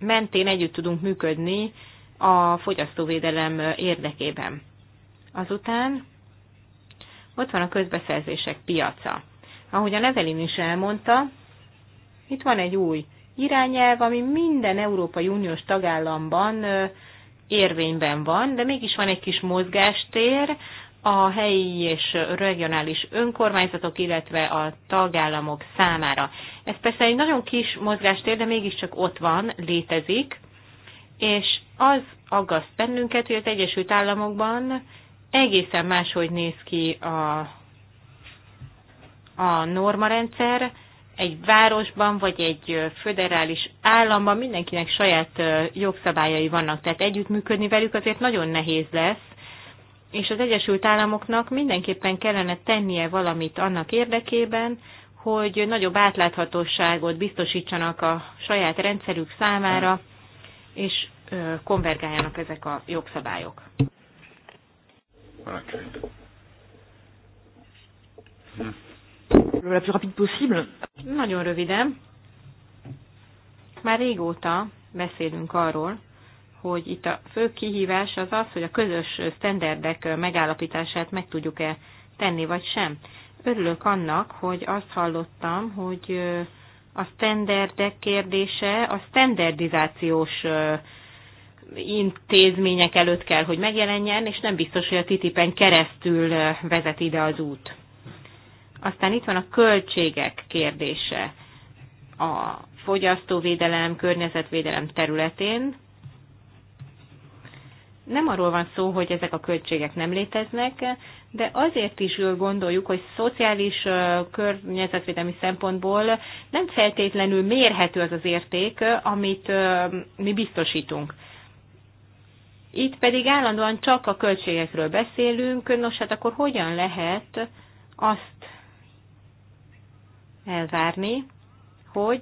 mentén együtt tudunk működni a fogyasztóvédelem érdekében. Azután ott van a közbeszerzések piaca. Ahogy a Nevelin is elmondta, itt van egy új irányelv, ami minden Európai Uniós tagállamban érvényben van, de mégis van egy kis mozgástér a helyi és regionális önkormányzatok, illetve a tagállamok számára. Ez persze egy nagyon kis mozgástér, de mégiscsak ott van, létezik, és az aggaszt bennünket, hogy az Egyesült Államokban egészen máshogy néz ki a, a normarendszer, egy városban vagy egy föderális államban mindenkinek saját jogszabályai vannak, tehát együttműködni velük azért nagyon nehéz lesz, és az Egyesült Államoknak mindenképpen kellene tennie valamit annak érdekében, hogy nagyobb átláthatóságot biztosítsanak a saját rendszerük számára, és konvergáljanak ezek a jogszabályok. Hm. Nagyon röviden. Már régóta beszélünk arról, hogy itt a fő kihívás az az, hogy a közös sztenderdek megállapítását meg tudjuk-e tenni, vagy sem. Örülök annak, hogy azt hallottam, hogy a sztenderdek kérdése a standardizációs intézmények előtt kell, hogy megjelenjen, és nem biztos, hogy a titipen keresztül vezet ide az út. Aztán itt van a költségek kérdése a fogyasztóvédelem, környezetvédelem területén nem arról van szó, hogy ezek a költségek nem léteznek, de azért is gondoljuk, hogy szociális környezetvédelmi szempontból nem feltétlenül mérhető az az érték, amit mi biztosítunk. Itt pedig állandóan csak a költségekről beszélünk, nos hát akkor hogyan lehet azt elvárni, hogy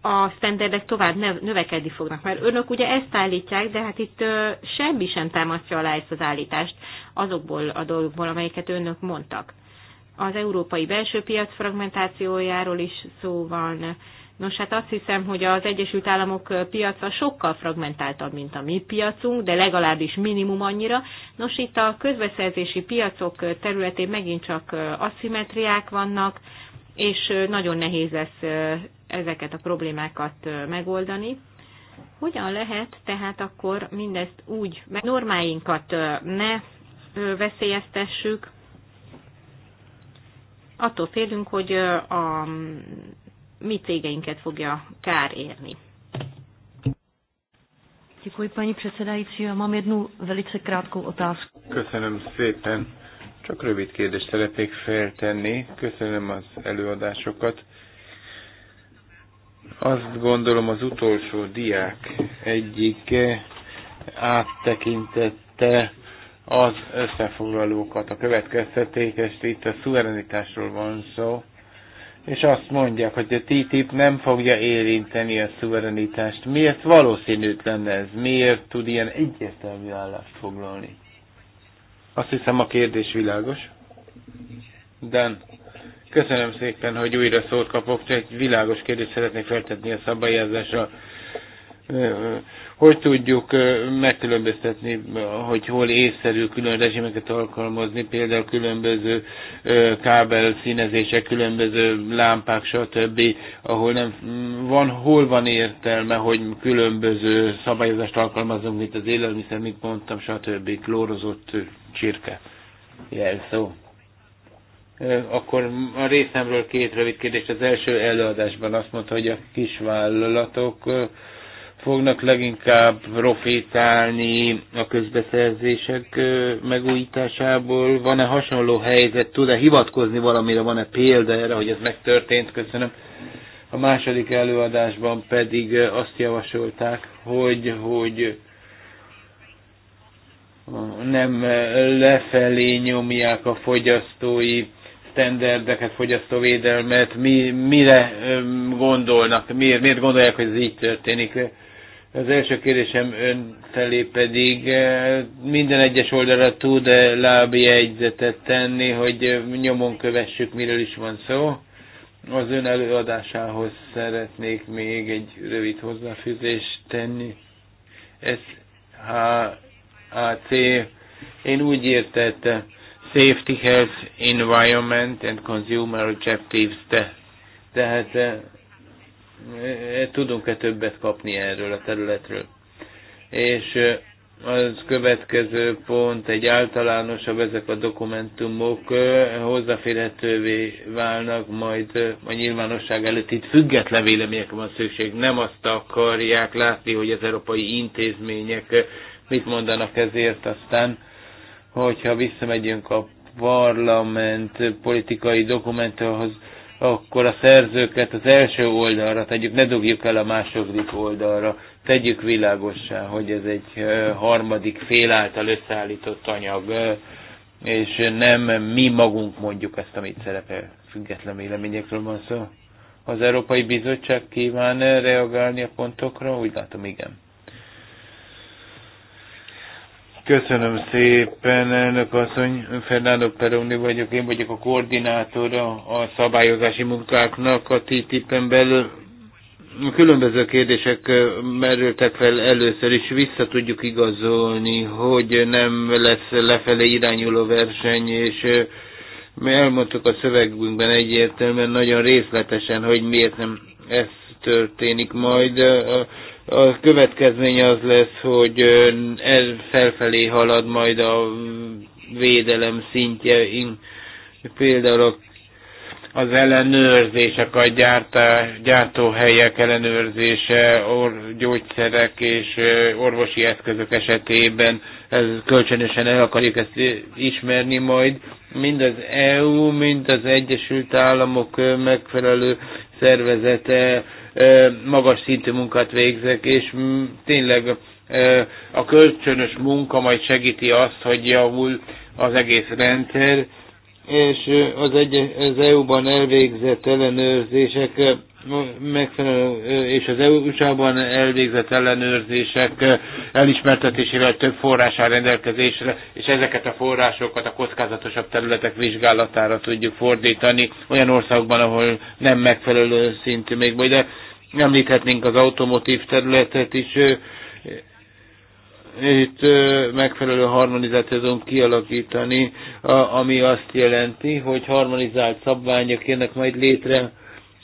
a standardek tovább növekedni fognak. Mert önök ugye ezt állítják, de hát itt semmi sem támasztja alá ezt az állítást azokból a dolgokból, amelyeket önök mondtak. Az európai belső piac fragmentációjáról is szó van. Nos, hát azt hiszem, hogy az Egyesült Államok piaca sokkal fragmentáltabb, mint a mi piacunk, de legalábbis minimum annyira. Nos, itt a közbeszerzési piacok területén megint csak aszimetriák vannak, és nagyon nehéz lesz ezeket a problémákat megoldani. Hogyan lehet tehát akkor mindezt úgy, mert normáinkat ne veszélyeztessük, attól félünk, hogy a mi cégeinket fogja kár érni. Děkuji, paní předsedající. Já mám jednu velice krátkou otázku. Köszönöm szépen. Csak rövid kérdést szeretnék feltenni. Köszönöm az előadásokat. Azt gondolom az utolsó diák egyik áttekintette az összefoglalókat, a következtetést, itt a szuverenitásról van szó, és azt mondják, hogy a TTIP nem fogja érinteni a szuverenitást. Miért valószínűtlen ez? Miért tud ilyen egyértelmű állást foglalni? Azt hiszem a kérdés világos. Dan, köszönöm szépen, hogy újra szót kapok, csak egy világos kérdést szeretnék feltetni a szabályozásra hogy tudjuk megkülönböztetni, hogy hol észszerű külön rezsimeket alkalmazni, például különböző kábel színezések, különböző lámpák, stb., ahol nem mm, van, hol van értelme, hogy különböző szabályozást alkalmazunk, mint az élelmiszer, mint mondtam, stb. klórozott csirke jelszó. Akkor a részemről két rövid kérdés. Az első előadásban azt mondta, hogy a kisvállalatok fognak leginkább profétálni a közbeszerzések megújításából? Van-e hasonló helyzet? Tud-e hivatkozni valamire? Van-e példa erre, hogy ez megtörtént? Köszönöm. A második előadásban pedig azt javasolták, hogy, hogy nem lefelé nyomják a fogyasztói standardeket, fogyasztóvédelmet, mi, mire gondolnak, miért, miért gondolják, hogy ez így történik. Az első kérdésem ön felé pedig eh, minden egyes oldalra tud jegyzetet tenni, hogy eh, nyomon kövessük, miről is van szó. Az ön előadásához szeretnék még egy rövid hozzáfűzést tenni. Ez HAC, én úgy értettem, Safety, Health, Environment and Consumer Objectives, de, tehát eh, Eh, tudunk-e többet kapni erről a területről. És eh, az következő pont, egy általánosabb ezek a dokumentumok eh, hozzáférhetővé válnak majd a nyilvánosság előtt. Itt független vélemények van szükség. Nem azt akarják látni, hogy az európai intézmények mit mondanak ezért aztán, hogyha visszamegyünk a parlament politikai dokumentumhoz, akkor a szerzőket az első oldalra tegyük, ne dobjuk el a második oldalra, tegyük világossá, hogy ez egy harmadik fél által összeállított anyag, és nem mi magunk mondjuk ezt, amit szerepel. Független véleményekről van szó. Az Európai Bizottság kíván reagálni a pontokra? Úgy látom, igen. Köszönöm szépen, elnök asszony. Fernando Peroni vagyok, én vagyok a koordinátora a szabályozási munkáknak a TTIP-en belül. Különböző kérdések merültek fel először is, vissza tudjuk igazolni, hogy nem lesz lefelé irányuló verseny, és mi elmondtuk a szövegünkben egyértelműen nagyon részletesen, hogy miért nem ez történik majd. A a következménye az lesz, hogy el felfelé halad majd a védelem szintje, például az ellenőrzések, a gyártá, gyártóhelyek ellenőrzése, or, gyógyszerek és orvosi eszközök esetében ez kölcsönösen el akarjuk ezt ismerni majd. Mind az EU, mind az Egyesült Államok megfelelő szervezete magas szintű munkát végzek, és mm, tényleg a kölcsönös munka majd segíti azt, hogy javul az egész rendszer, és az, egy, az EU-ban elvégzett ellenőrzések megfelelő, és az EU-ban elvégzett ellenőrzések elismertetésével több forrás áll rendelkezésre, és ezeket a forrásokat a kockázatosabb területek vizsgálatára tudjuk fordítani olyan országokban, ahol nem megfelelő szintű még, de Említhetnénk az automotív területet is, itt megfelelő harmonizált tudunk kialakítani, ami azt jelenti, hogy harmonizált szabványok jönnek majd létre.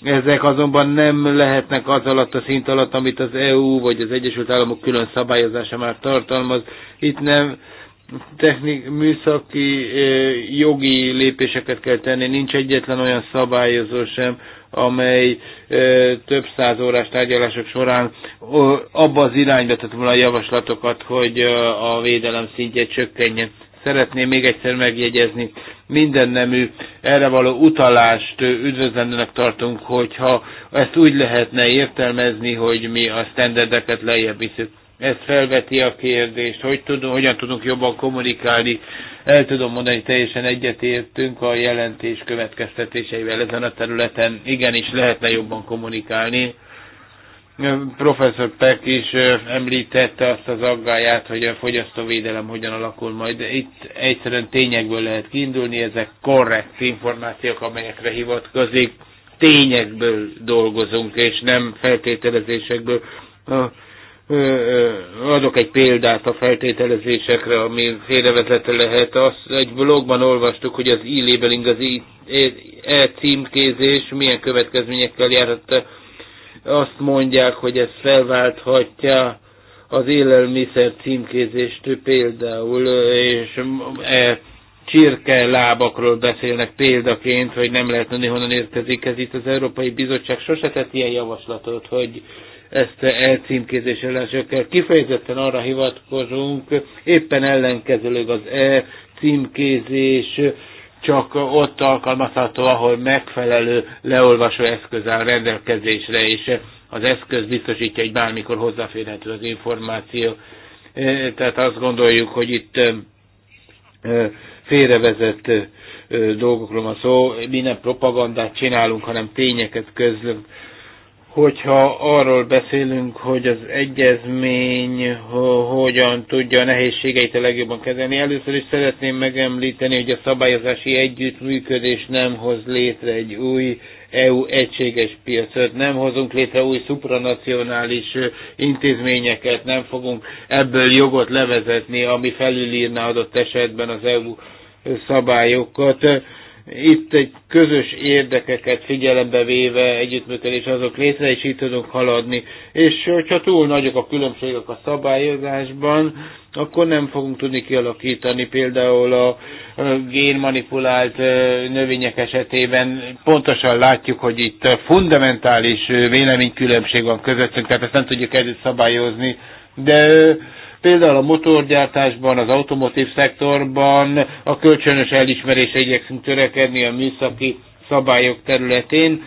Ezek azonban nem lehetnek az alatt a szint alatt, amit az EU vagy az Egyesült Államok külön szabályozása már tartalmaz. Itt nem technik, műszaki, jogi lépéseket kell tenni, nincs egyetlen olyan szabályozó sem, amely több száz órás tárgyalások során abba az irányba tett volna a javaslatokat, hogy a védelem szintje csökkenjen. Szeretném még egyszer megjegyezni, minden nemű erre való utalást üdvözlendőnek tartunk, hogyha ezt úgy lehetne értelmezni, hogy mi a standardeket lejjebb viszük ez felveti a kérdést, hogy tudom, hogyan tudunk jobban kommunikálni. El tudom mondani, hogy teljesen egyetértünk a jelentés következtetéseivel ezen a területen. Igenis lehetne jobban kommunikálni. Professzor Peck is említette azt az aggáját, hogy a fogyasztóvédelem hogyan alakul majd. Itt egyszerűen tényekből lehet kiindulni, ezek korrekt információk, amelyekre hivatkozik. Tényekből dolgozunk, és nem feltételezésekből adok egy példát a feltételezésekre, ami félrevezete lehet. Azt egy blogban olvastuk, hogy az e-labeling, az e-, e-címkézés milyen következményekkel járhat. Azt mondják, hogy ez felválthatja az élelmiszer címkézést például, és e csirke lábakról beszélnek példaként, hogy nem lehet tudni, honnan érkezik ez itt. Az Európai Bizottság sose tett ilyen javaslatot, hogy ezt elcímkézésre lássak. Kifejezetten arra hivatkozunk, éppen ellenkezőleg az e címkézés csak ott alkalmazható, ahol megfelelő leolvasó eszköz áll rendelkezésre, és az eszköz biztosítja, hogy bármikor hozzáférhető az információ. E, tehát azt gondoljuk, hogy itt e, e, félrevezett dolgokról van szó, mi nem propagandát csinálunk, hanem tényeket közlünk hogyha arról beszélünk, hogy az egyezmény hogyan tudja a nehézségeit a legjobban kezelni, először is szeretném megemlíteni, hogy a szabályozási együttműködés nem hoz létre egy új EU egységes piacot, nem hozunk létre új supranacionális intézményeket, nem fogunk ebből jogot levezetni, ami felülírna adott esetben az EU szabályokat itt egy közös érdekeket figyelembe véve együttműködés azok létre, és így tudunk haladni. És ha túl nagyok a különbségek a szabályozásban, akkor nem fogunk tudni kialakítani például a génmanipulált növények esetében. Pontosan látjuk, hogy itt fundamentális véleménykülönbség van közöttünk, tehát ezt nem tudjuk együtt szabályozni, de Például a motorgyártásban, az automotív szektorban a kölcsönös elismerésre igyekszünk törekedni a műszaki szabályok területén,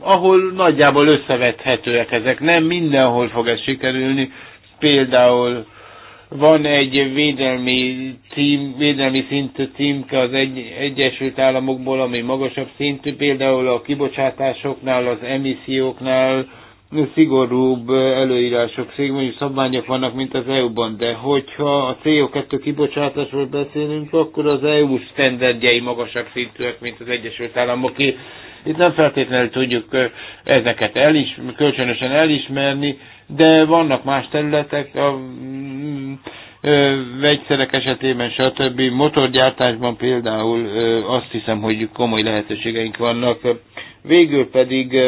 ahol nagyjából összevethetőek ezek. Nem mindenhol fog ez sikerülni. Például van egy védelmi, cím, védelmi szintű címke az egy, Egyesült Államokból, ami magasabb szintű, például a kibocsátásoknál, az emisszióknál, szigorúbb előírások, szigorúbb szabványok vannak, mint az EU-ban, de hogyha a CO2 kibocsátásról beszélünk, akkor az EU standardjei magasabb szintűek, mint az Egyesült Államoké. Itt nem feltétlenül tudjuk ezeket elis, kölcsönösen elismerni, de vannak más területek, a mm, vegyszerek esetében, stb. motorgyártásban például azt hiszem, hogy komoly lehetőségeink vannak. Végül pedig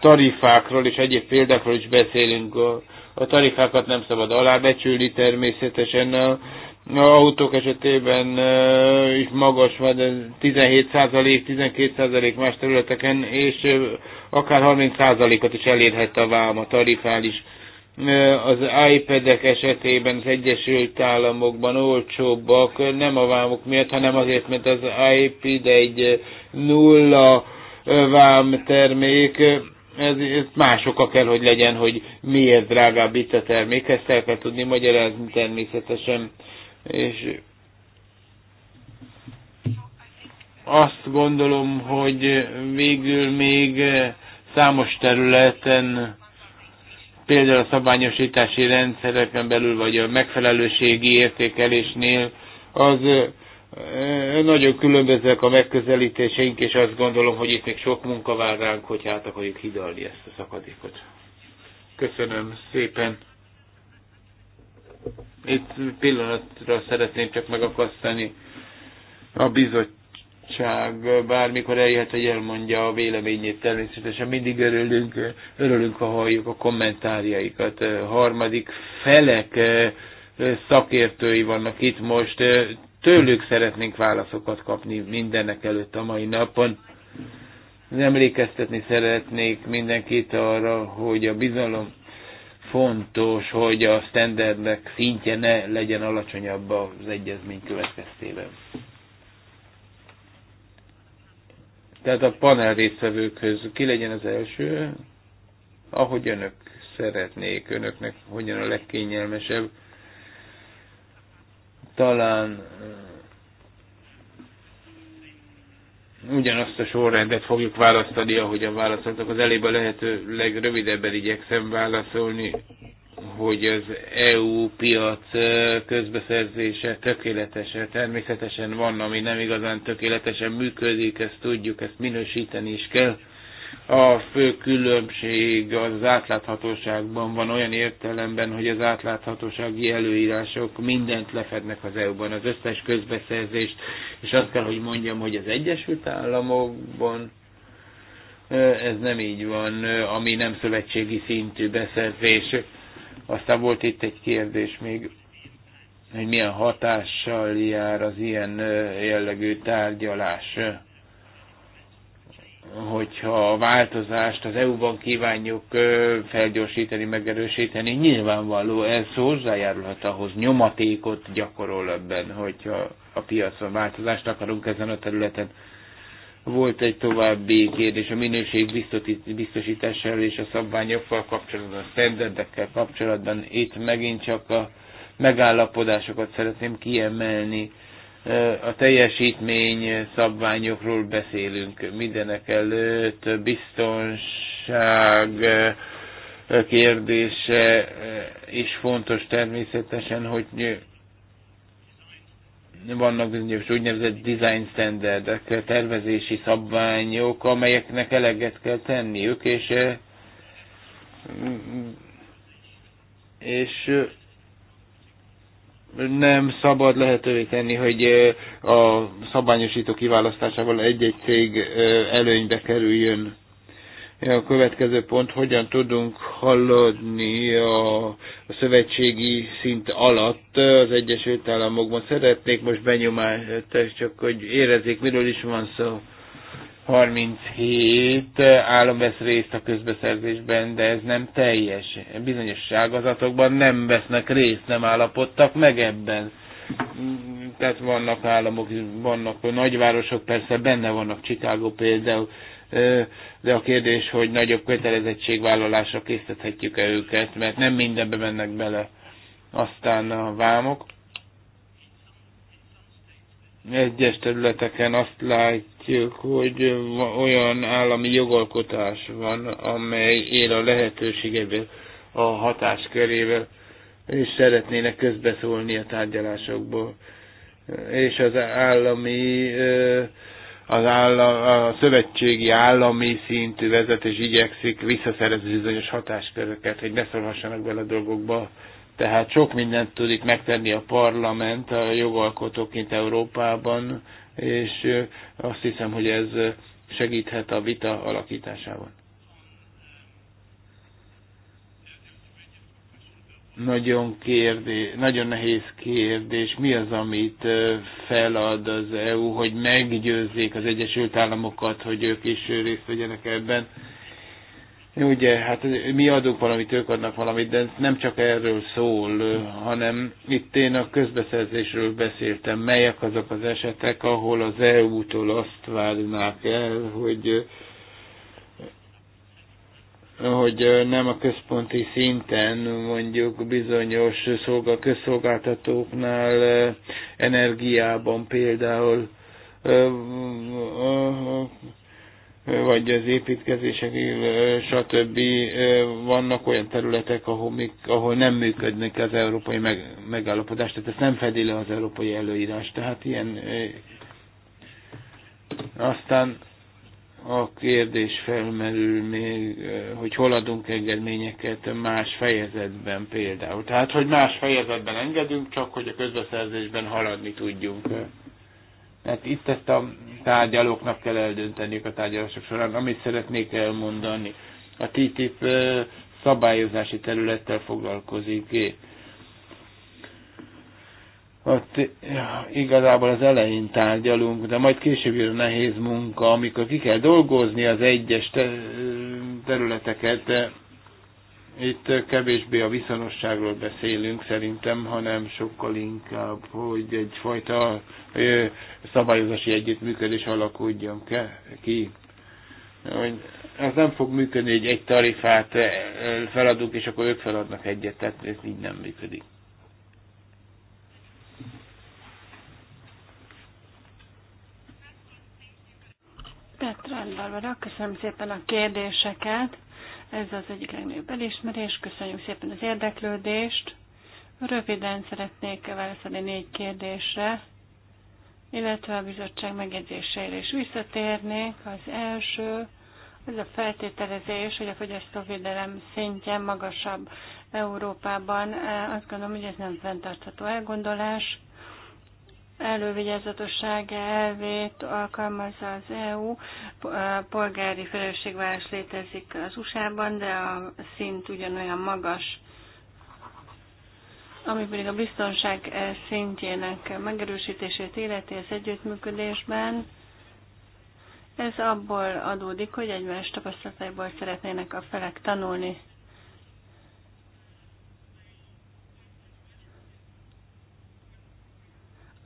tarifákról és egyéb példákról is beszélünk. A tarifákat nem szabad alábecsülni természetesen. A, autók esetében is magas, vagy 17-12% más területeken, és akár 30%-ot is elérhet a vám, a tarifális. az iPad-ek esetében az Egyesült Államokban olcsóbbak, nem a vámok miatt, hanem azért, mert az iPad egy nulla vám termék, ez más oka kell, hogy legyen, hogy miért drágább itt a termék. Ezt el kell tudni magyarázni természetesen. És azt gondolom, hogy végül még számos területen, például a szabványosítási rendszereken belül, vagy a megfelelőségi értékelésnél az nagyon különbözőek a megközelítéseink, és azt gondolom, hogy itt még sok munka vár ránk, hogy hát akarjuk hidalni ezt a szakadékot. Köszönöm szépen. Itt pillanatra szeretném csak megakasztani a bizottság. Bármikor eljöhet, hogy elmondja a véleményét, természetesen mindig örülünk, örülünk ha halljuk a kommentárjaikat. A harmadik felek szakértői vannak itt most, Tőlük szeretnénk válaszokat kapni mindenek előtt a mai napon. Emlékeztetni szeretnék mindenkit arra, hogy a bizalom fontos, hogy a standardnek szintje ne legyen alacsonyabb az egyezmény következtében. Tehát a panel résztvevőkhöz ki legyen az első, ahogy önök szeretnék, önöknek hogyan a legkényelmesebb talán ugyanazt a sorrendet fogjuk választani, ahogy a válaszoltak. Az elébe lehető legrövidebben igyekszem válaszolni, hogy az EU piac közbeszerzése tökéletesen, természetesen van, ami nem igazán tökéletesen működik, ezt tudjuk, ezt minősíteni is kell a fő különbség az átláthatóságban van olyan értelemben, hogy az átláthatósági előírások mindent lefednek az EU-ban, az összes közbeszerzést, és azt kell, hogy mondjam, hogy az Egyesült Államokban ez nem így van, ami nem szövetségi szintű beszerzés. Aztán volt itt egy kérdés még, hogy milyen hatással jár az ilyen jellegű tárgyalás hogyha a változást az EU-ban kívánjuk felgyorsítani, megerősíteni, nyilvánvaló ez hozzájárulhat ahhoz, nyomatékot gyakorol ebben, hogyha a piacon változást akarunk ezen a területen. Volt egy további kérdés a minőség biztosítással és a szabványokkal kapcsolatban, a standardekkel kapcsolatban. Itt megint csak a megállapodásokat szeretném kiemelni a teljesítmény szabványokról beszélünk. Mindenek előtt biztonság kérdése is fontos természetesen, hogy vannak bizonyos úgynevezett design standardek, tervezési szabványok, amelyeknek eleget kell tenniük, és és nem szabad lehetővé tenni, hogy a szabványosító kiválasztásával egy-egy cég előnybe kerüljön. A következő pont, hogyan tudunk haladni a szövetségi szint alatt az Egyesült Államokban. Szeretnék most benyomást, csak hogy érezzék, miről is van szó 37 eh, állam vesz részt a közbeszerzésben, de ez nem teljes. Bizonyos ágazatokban nem vesznek részt, nem állapodtak meg ebben. Mm, tehát vannak államok, vannak nagyvárosok, persze benne vannak Chicago például, eh, de a kérdés, hogy nagyobb kötelezettségvállalásra készíthetjük-e őket, mert nem mindenbe mennek bele aztán a vámok. Egyes területeken azt látjuk, látjuk, hogy olyan állami jogalkotás van, amely él a lehetőségekből, a hatáskörével, és szeretnének közbeszólni a tárgyalásokból. És az állami, az állam, a szövetségi állami szintű vezetés igyekszik visszaszerezni bizonyos hatásköröket, hogy ne szólhassanak bele a dolgokba. Tehát sok mindent tudik megtenni a parlament, a jogalkotóként Európában, és azt hiszem, hogy ez segíthet a vita alakításában. Nagyon, kérdés, nagyon nehéz kérdés, mi az, amit felad az EU, hogy meggyőzzék az Egyesült Államokat, hogy ők is részt vegyenek ebben Ugye, hát mi adunk valamit, ők adnak valamit, de ez nem csak erről szól, hanem itt én a közbeszerzésről beszéltem, melyek azok az esetek, ahol az EU-tól azt várnák el, hogy hogy nem a központi szinten, mondjuk bizonyos szolga, közszolgáltatóknál, eh, energiában például eh, vagy az építkezéseknél, stb. vannak olyan területek, ahol, még, ahol nem működnek az európai meg, megállapodás, tehát ezt nem fedi le az európai előírás. Tehát ilyen aztán a kérdés felmerül még, hogy hol adunk engedményeket más fejezetben például. Tehát, hogy más fejezetben engedünk, csak hogy a közbeszerzésben haladni tudjunk mert hát itt ezt a tárgyalóknak kell eldönteniük a tárgyalások során. Amit szeretnék elmondani, a TTIP szabályozási területtel foglalkozik. Ott igazából az elején tárgyalunk, de majd később jön a nehéz munka, amikor ki kell dolgozni az egyes területeket, itt kevésbé a viszonosságról beszélünk szerintem, hanem sokkal inkább, hogy egyfajta szabályozási együttműködés alakuljon ki. az nem fog működni, hogy egy tarifát feladunk, és akkor ők feladnak egyet, tehát ez így nem működik. Petra, Barbara, köszönöm szépen a kérdéseket. Ez az egyik legnagyobb elismerés. Köszönjük szépen az érdeklődést. Röviden szeretnék válaszolni négy kérdésre, illetve a bizottság megjegyzéseire is visszatérnék. Az első, az a feltételezés, hogy a fogyasztóvédelem szintje magasabb Európában. Azt gondolom, hogy ez nem fenntartható elgondolás elővigyázatosság elvét alkalmazza az EU, polgári felelősségvárás létezik az USA-ban, de a szint ugyanolyan magas. Ami pedig a biztonság szintjének megerősítését életi az együttműködésben, ez abból adódik, hogy egymás tapasztalataiból szeretnének a felek tanulni.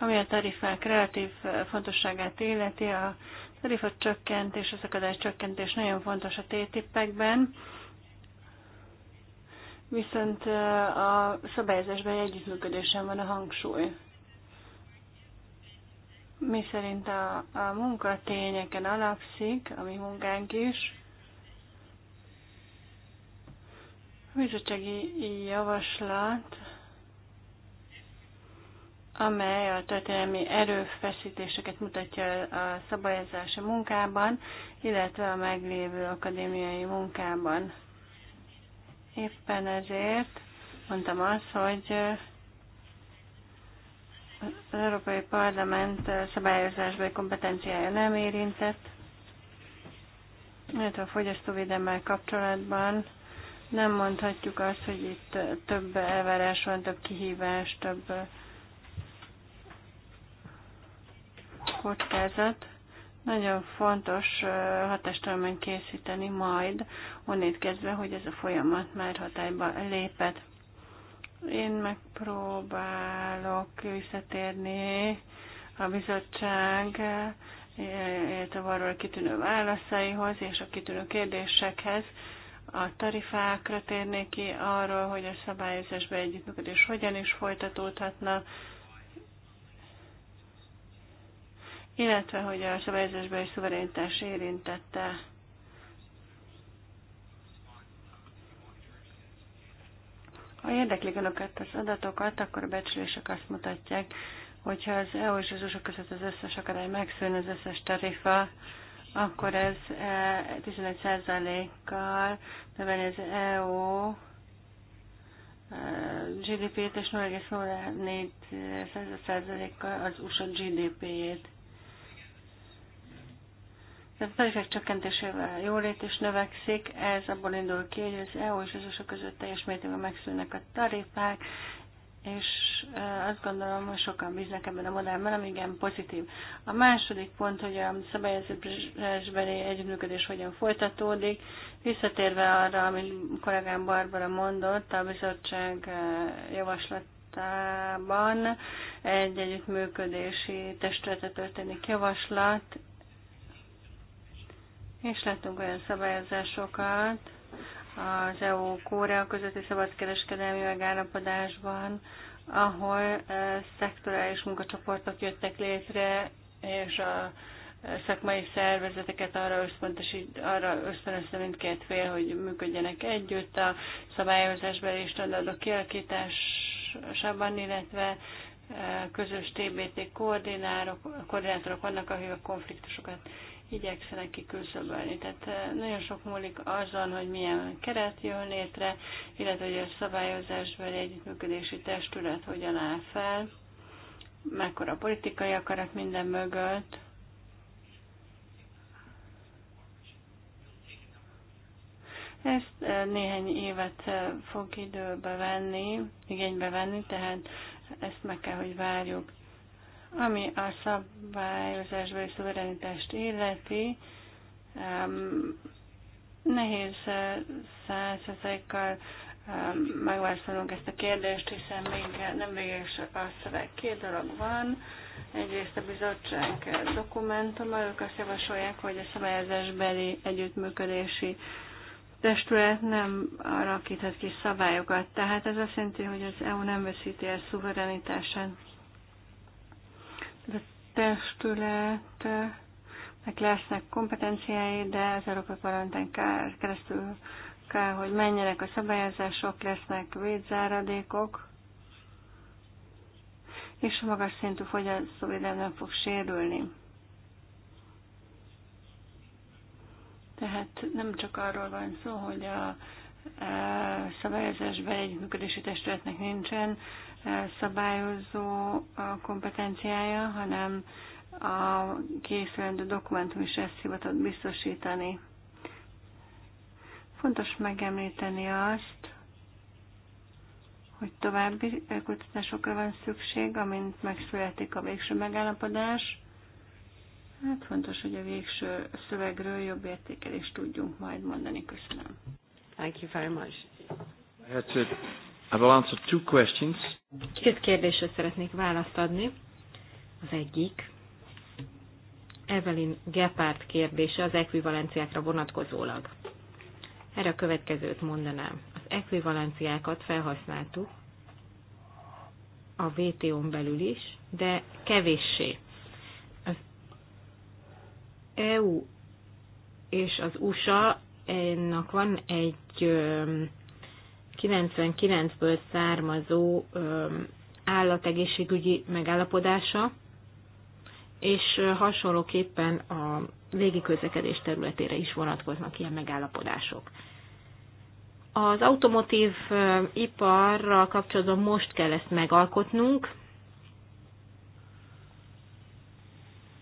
Ami a tarifák relatív fontosságát illeti, a tarifa csökkentés, az akadály csökkentés nagyon fontos a TTIP-ekben, viszont a szabályozásban együttműködésen van a hangsúly. Mi szerint a, a munkatényeken alapszik, a mi munkánk is, a bizottsági javaslat amely a történelmi erőfeszítéseket mutatja a szabályozási munkában, illetve a meglévő akadémiai munkában. Éppen ezért mondtam azt, hogy az Európai Parlament szabályozásbeli kompetenciája nem érintett, illetve a fogyasztóvédelmel kapcsolatban nem mondhatjuk azt, hogy itt több elvárás van, több kihívás, több kockázat. Nagyon fontos hatástalományt készíteni majd, onnét kezdve, hogy ez a folyamat már hatályba lépett. Én megpróbálok visszatérni a bizottság illetve a kitűnő válaszaihoz és a kitűnő kérdésekhez. A tarifákra térnék ki arról, hogy a szabályozásba együttműködés hogyan is folytatódhatna, illetve hogy a szabályozásban is szuverenitás érintette Ha érdeklik önöket az adatokat, akkor a becslések azt mutatják, hogyha az EU és az USA között az összes akadály megszűn, az összes tarifa, akkor ez 11%-kal e, növeli az EU e, GDP-t és 0,04%-kal az USA GDP-jét a tarifák csökkentésével jólét is növekszik, ez abból indul ki, hogy az EU és az USA között teljes mértékben megszűnnek a tarifák, és azt gondolom, hogy sokan bíznak ebben a modellben, ami igen pozitív. A második pont, hogy a szabályozásbeli együttműködés hogyan folytatódik, visszatérve arra, amit kollégám Barbara mondott, a bizottság javaslatában egy együttműködési testületre történik javaslat, és láttunk olyan szabályozásokat az EU-Korea közötti szabadkereskedelmi megállapodásban, ahol szektorális munkacsoportok jöttek létre, és a szakmai szervezeteket arra, arra ösztönözte mindkét fél, hogy működjenek együtt a szabályozásbeli és standardok kialakításában, illetve közös TBT koordinátorok vannak, akik a konfliktusokat igyekszenek kiküszöbölni. Tehát eh, nagyon sok múlik azon, hogy milyen keret jön létre, illetve hogy a szabályozásbeli együttműködési testület hogyan áll fel, mekkora politikai akarat minden mögött, Ezt eh, néhány évet eh, fog időbe venni, igénybe venni, tehát ezt meg kell, hogy várjuk. Ami a szabályozásbeli szuverenitást illeti, um, nehéz eh, százszerzékkal um, megválaszolunk ezt a kérdést, hiszen még nem végés a szöveg. Két dolog van. Egyrészt a bizottság dokumentuma, ők azt javasolják, hogy a szabályozásbeli együttműködési testület nem alakíthat ki szabályokat. Tehát ez azt jelenti, hogy az EU nem veszíti el szuverenitását a testületnek eh, lesznek kompetenciái, de az Európai Parlamenten keresztül kell, hogy menjenek a szabályozások, lesznek védzáradékok, és a magas szintű fogyasztóvédelem nem fog sérülni. Tehát nem csak arról van szó, hogy a szabályozásban egy működési testületnek nincsen szabályozó kompetenciája, hanem a készülendő dokumentum is ezt hivatott biztosítani. Fontos megemlíteni azt, hogy további kutatásokra van szükség, amint megszületik a végső megállapodás. Hát fontos, hogy a végső szövegről jobb értékelést tudjunk majd mondani. Köszönöm. Thank you very much. I had to, I will answer two questions. Két kérdésre szeretnék választ adni. Az egyik, Evelyn Gepard kérdése az ekvivalenciákra vonatkozólag. Erre a következőt mondanám. Az ekvivalenciákat felhasználtuk a VTO-n belül is, de kevéssé. Az EU és az USA ennek van egy 99-ből származó állategészségügyi megállapodása, és hasonlóképpen a légiközlekedés területére is vonatkoznak ilyen megállapodások. Az automotív iparral kapcsolatban most kell ezt megalkotnunk.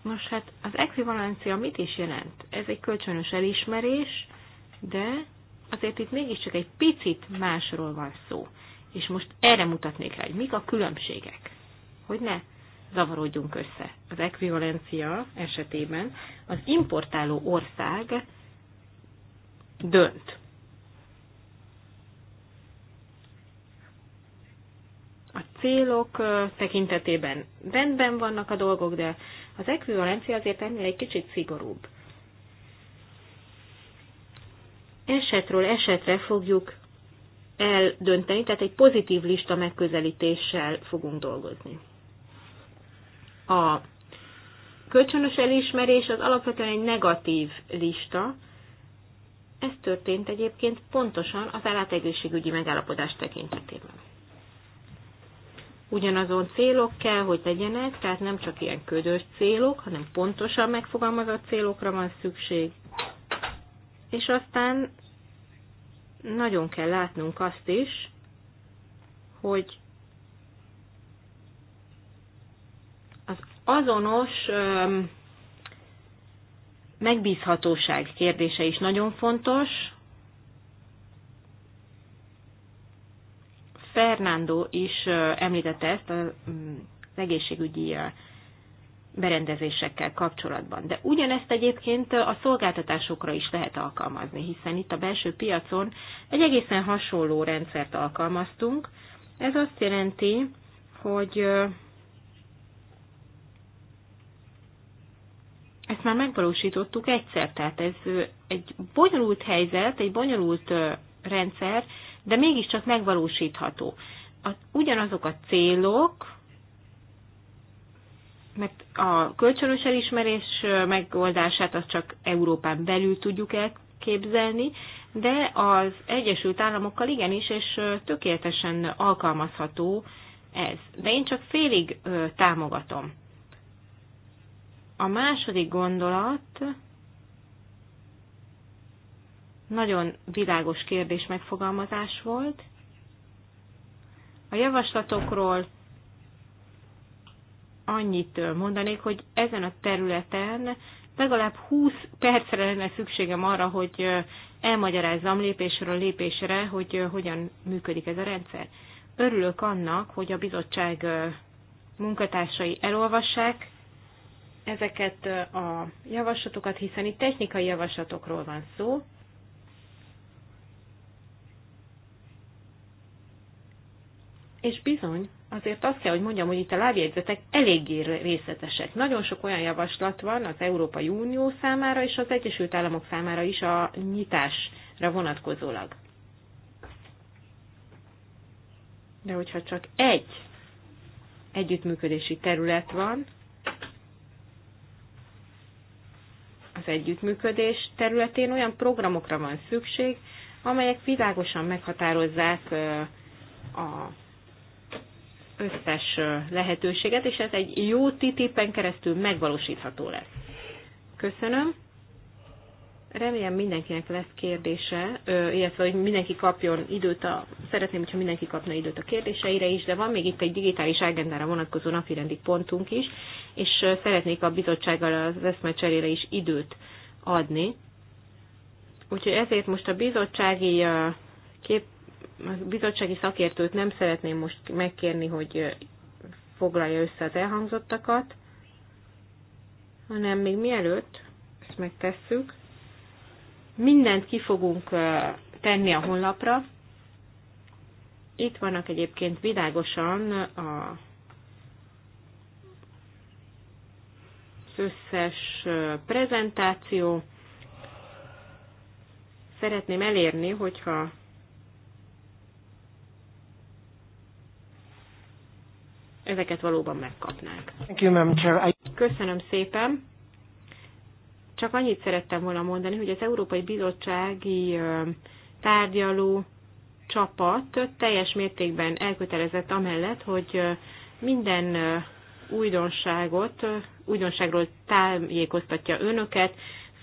Most hát az ekvivalencia mit is jelent? Ez egy kölcsönös elismerés, de azért itt mégiscsak egy picit másról van szó. És most erre mutatnék rá, hogy mik a különbségek, hogy ne zavarodjunk össze. Az ekvivalencia esetében az importáló ország dönt. A célok tekintetében rendben vannak a dolgok, de az ekvivalencia azért ennél egy kicsit szigorúbb. esetről esetre fogjuk eldönteni, tehát egy pozitív lista megközelítéssel fogunk dolgozni. A kölcsönös elismerés az alapvetően egy negatív lista, ez történt egyébként pontosan az állategészségügyi megállapodás tekintetében. Ugyanazon célok kell, hogy legyenek, tehát nem csak ilyen ködös célok, hanem pontosan megfogalmazott célokra van szükség. És aztán nagyon kell látnunk azt is, hogy az azonos megbízhatóság kérdése is nagyon fontos. Fernando is említette ezt az egészségügyi berendezésekkel kapcsolatban. De ugyanezt egyébként a szolgáltatásokra is lehet alkalmazni, hiszen itt a belső piacon egy egészen hasonló rendszert alkalmaztunk. Ez azt jelenti, hogy ezt már megvalósítottuk egyszer, tehát ez egy bonyolult helyzet, egy bonyolult rendszer, de mégiscsak megvalósítható. A, ugyanazok a célok, mert a kölcsönös elismerés megoldását azt csak Európán belül tudjuk elképzelni, de az Egyesült Államokkal igenis, és tökéletesen alkalmazható ez. De én csak félig támogatom. A második gondolat nagyon világos kérdés megfogalmazás volt. A javaslatokról annyit mondanék, hogy ezen a területen legalább 20 percre lenne szükségem arra, hogy elmagyarázzam lépésről lépésre, hogy hogyan működik ez a rendszer. Örülök annak, hogy a bizottság munkatársai elolvassák ezeket a javaslatokat, hiszen itt technikai javaslatokról van szó. És bizony, azért azt kell, hogy mondjam, hogy itt a lábjegyzetek eléggé részletesek. Nagyon sok olyan javaslat van az Európai Unió számára és az Egyesült Államok számára is a nyitásra vonatkozólag. De hogyha csak egy együttműködési terület van, az együttműködés területén olyan programokra van szükség, amelyek világosan meghatározzák a összes lehetőséget, és ez egy jó titipen keresztül megvalósítható lesz. Köszönöm. Remélem mindenkinek lesz kérdése, illetve hogy mindenki kapjon időt a, szeretném, hogyha mindenki kapna időt a kérdéseire is, de van még itt egy digitális agendára vonatkozó napirendi pontunk is, és szeretnék a bizottsággal az eszmecserére is időt adni. Úgyhogy ezért most a bizottsági kép, a bizottsági szakértőt nem szeretném most megkérni, hogy foglalja össze az elhangzottakat, hanem még mielőtt ezt megtesszük, mindent ki fogunk tenni a honlapra. Itt vannak egyébként világosan a összes prezentáció. Szeretném elérni, hogyha ezeket valóban megkapnánk. Köszönöm szépen. Csak annyit szerettem volna mondani, hogy az Európai Bizottsági tárgyaló csapat teljes mértékben elkötelezett amellett, hogy minden újdonságot, újdonságról tájékoztatja önöket.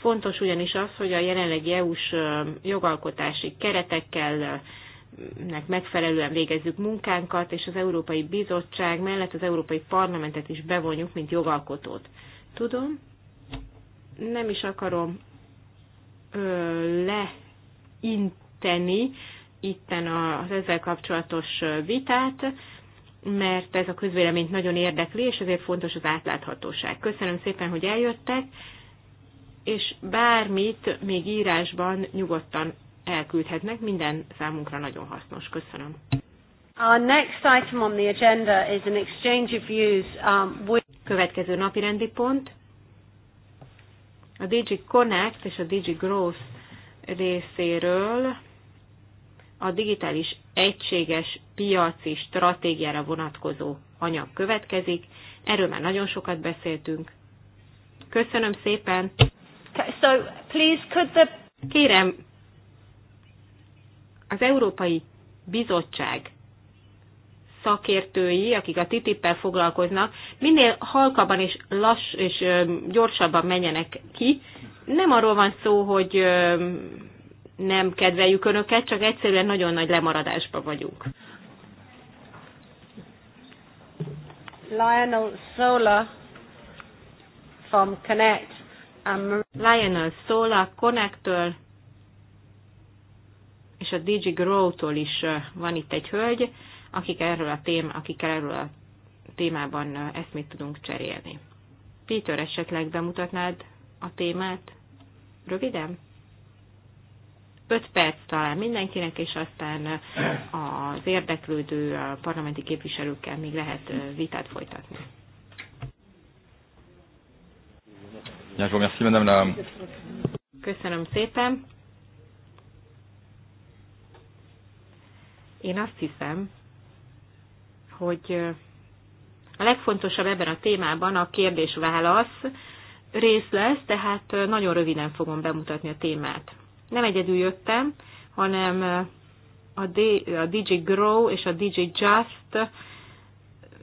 Fontos ugyanis az, hogy a jelenlegi EU-s jogalkotási keretekkel ennek megfelelően végezzük munkánkat, és az Európai Bizottság mellett az Európai Parlamentet is bevonjuk, mint jogalkotót. Tudom, nem is akarom ö, leinteni itten az ezzel kapcsolatos vitát, mert ez a közvéleményt nagyon érdekli, és ezért fontos az átláthatóság. Köszönöm szépen, hogy eljöttek, és bármit még írásban nyugodtan elküldhetnek, minden számunkra nagyon hasznos. Köszönöm. Our next item on the agenda is an exchange of views um, with... Következő napi rendi pont. A Digi Connect és a Digi Growth részéről a digitális egységes piaci stratégiára vonatkozó anyag következik. Erről már nagyon sokat beszéltünk. Köszönöm szépen. So, please, could the... Kérem, az Európai Bizottság szakértői, akik a ttip el foglalkoznak, minél halkabban és lass és gyorsabban menjenek ki. Nem arról van szó, hogy nem kedveljük önöket, csak egyszerűen nagyon nagy lemaradásban vagyunk. Lionel Sola from Connect. Um, Lionel Sola Connect-től és a DJ Grow-tól is van itt egy hölgy, akik erről a tém, akik erről a témában eszmét tudunk cserélni. Péter, esetleg bemutatnád a témát röviden? 5 perc talán mindenkinek, és aztán az érdeklődő parlamenti képviselőkkel még lehet vitát folytatni. Köszönöm szépen. Én azt hiszem, hogy a legfontosabb ebben a témában a kérdés-válasz rész lesz, tehát nagyon röviden fogom bemutatni a témát. Nem egyedül jöttem, hanem a, DJ Grow és a DJ Just,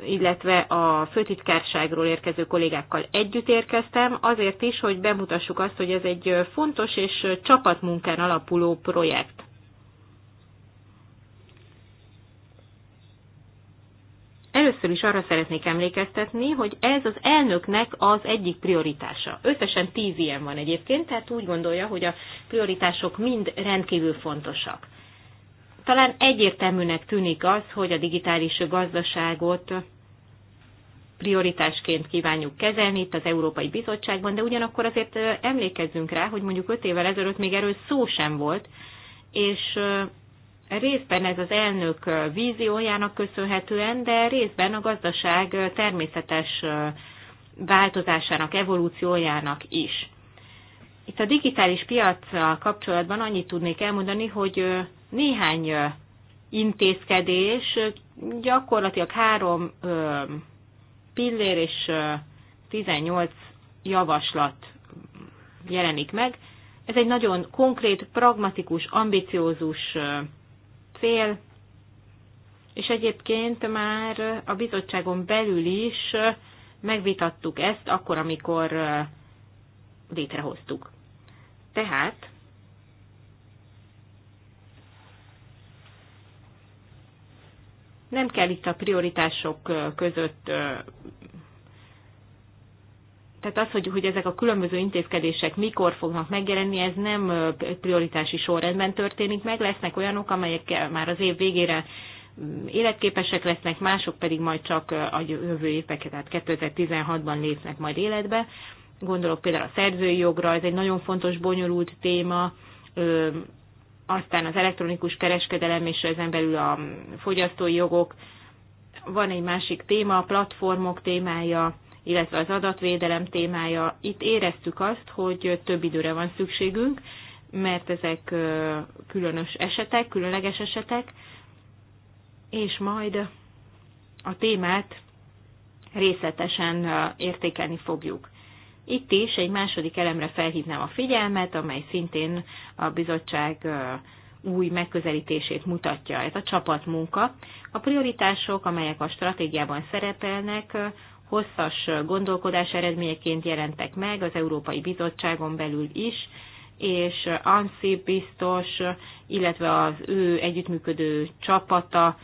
illetve a főtitkárságról érkező kollégákkal együtt érkeztem, azért is, hogy bemutassuk azt, hogy ez egy fontos és csapatmunkán alapuló projekt. Először is arra szeretnék emlékeztetni, hogy ez az elnöknek az egyik prioritása. Összesen tíz ilyen van egyébként, tehát úgy gondolja, hogy a prioritások mind rendkívül fontosak. Talán egyértelműnek tűnik az, hogy a digitális gazdaságot prioritásként kívánjuk kezelni itt az Európai Bizottságban, de ugyanakkor azért emlékezzünk rá, hogy mondjuk öt évvel ezelőtt még erről szó sem volt, és Részben ez az elnök víziójának köszönhetően, de részben a gazdaság természetes változásának, evolúciójának is. Itt a digitális piac kapcsolatban annyit tudnék elmondani, hogy néhány intézkedés gyakorlatilag három pillér és 18 javaslat jelenik meg. Ez egy nagyon konkrét, pragmatikus, ambiciózus cél, és egyébként már a bizottságon belül is megvitattuk ezt akkor, amikor létrehoztuk. Tehát nem kell itt a prioritások között tehát az, hogy, hogy ezek a különböző intézkedések mikor fognak megjelenni, ez nem prioritási sorrendben történik meg. Lesznek olyanok, amelyek már az év végére mm, életképesek lesznek, mások pedig majd csak a jövő éveket, tehát 2016-ban lépnek majd életbe. Gondolok például a szerzői jogra, ez egy nagyon fontos, bonyolult téma, aztán az elektronikus kereskedelem és ezen belül a mm, fogyasztói jogok. Van egy másik téma, a platformok témája, illetve az adatvédelem témája. Itt éreztük azt, hogy több időre van szükségünk, mert ezek különös esetek, különleges esetek, és majd a témát részletesen értékelni fogjuk. Itt is egy második elemre felhívnám a figyelmet, amely szintén a bizottság új megközelítését mutatja. Ez a csapatmunka. A prioritások, amelyek a stratégiában szerepelnek, hosszas gondolkodás eredményeként jelentek meg az Európai Bizottságon belül is, és ANSZI biztos, illetve az ő együttműködő csapata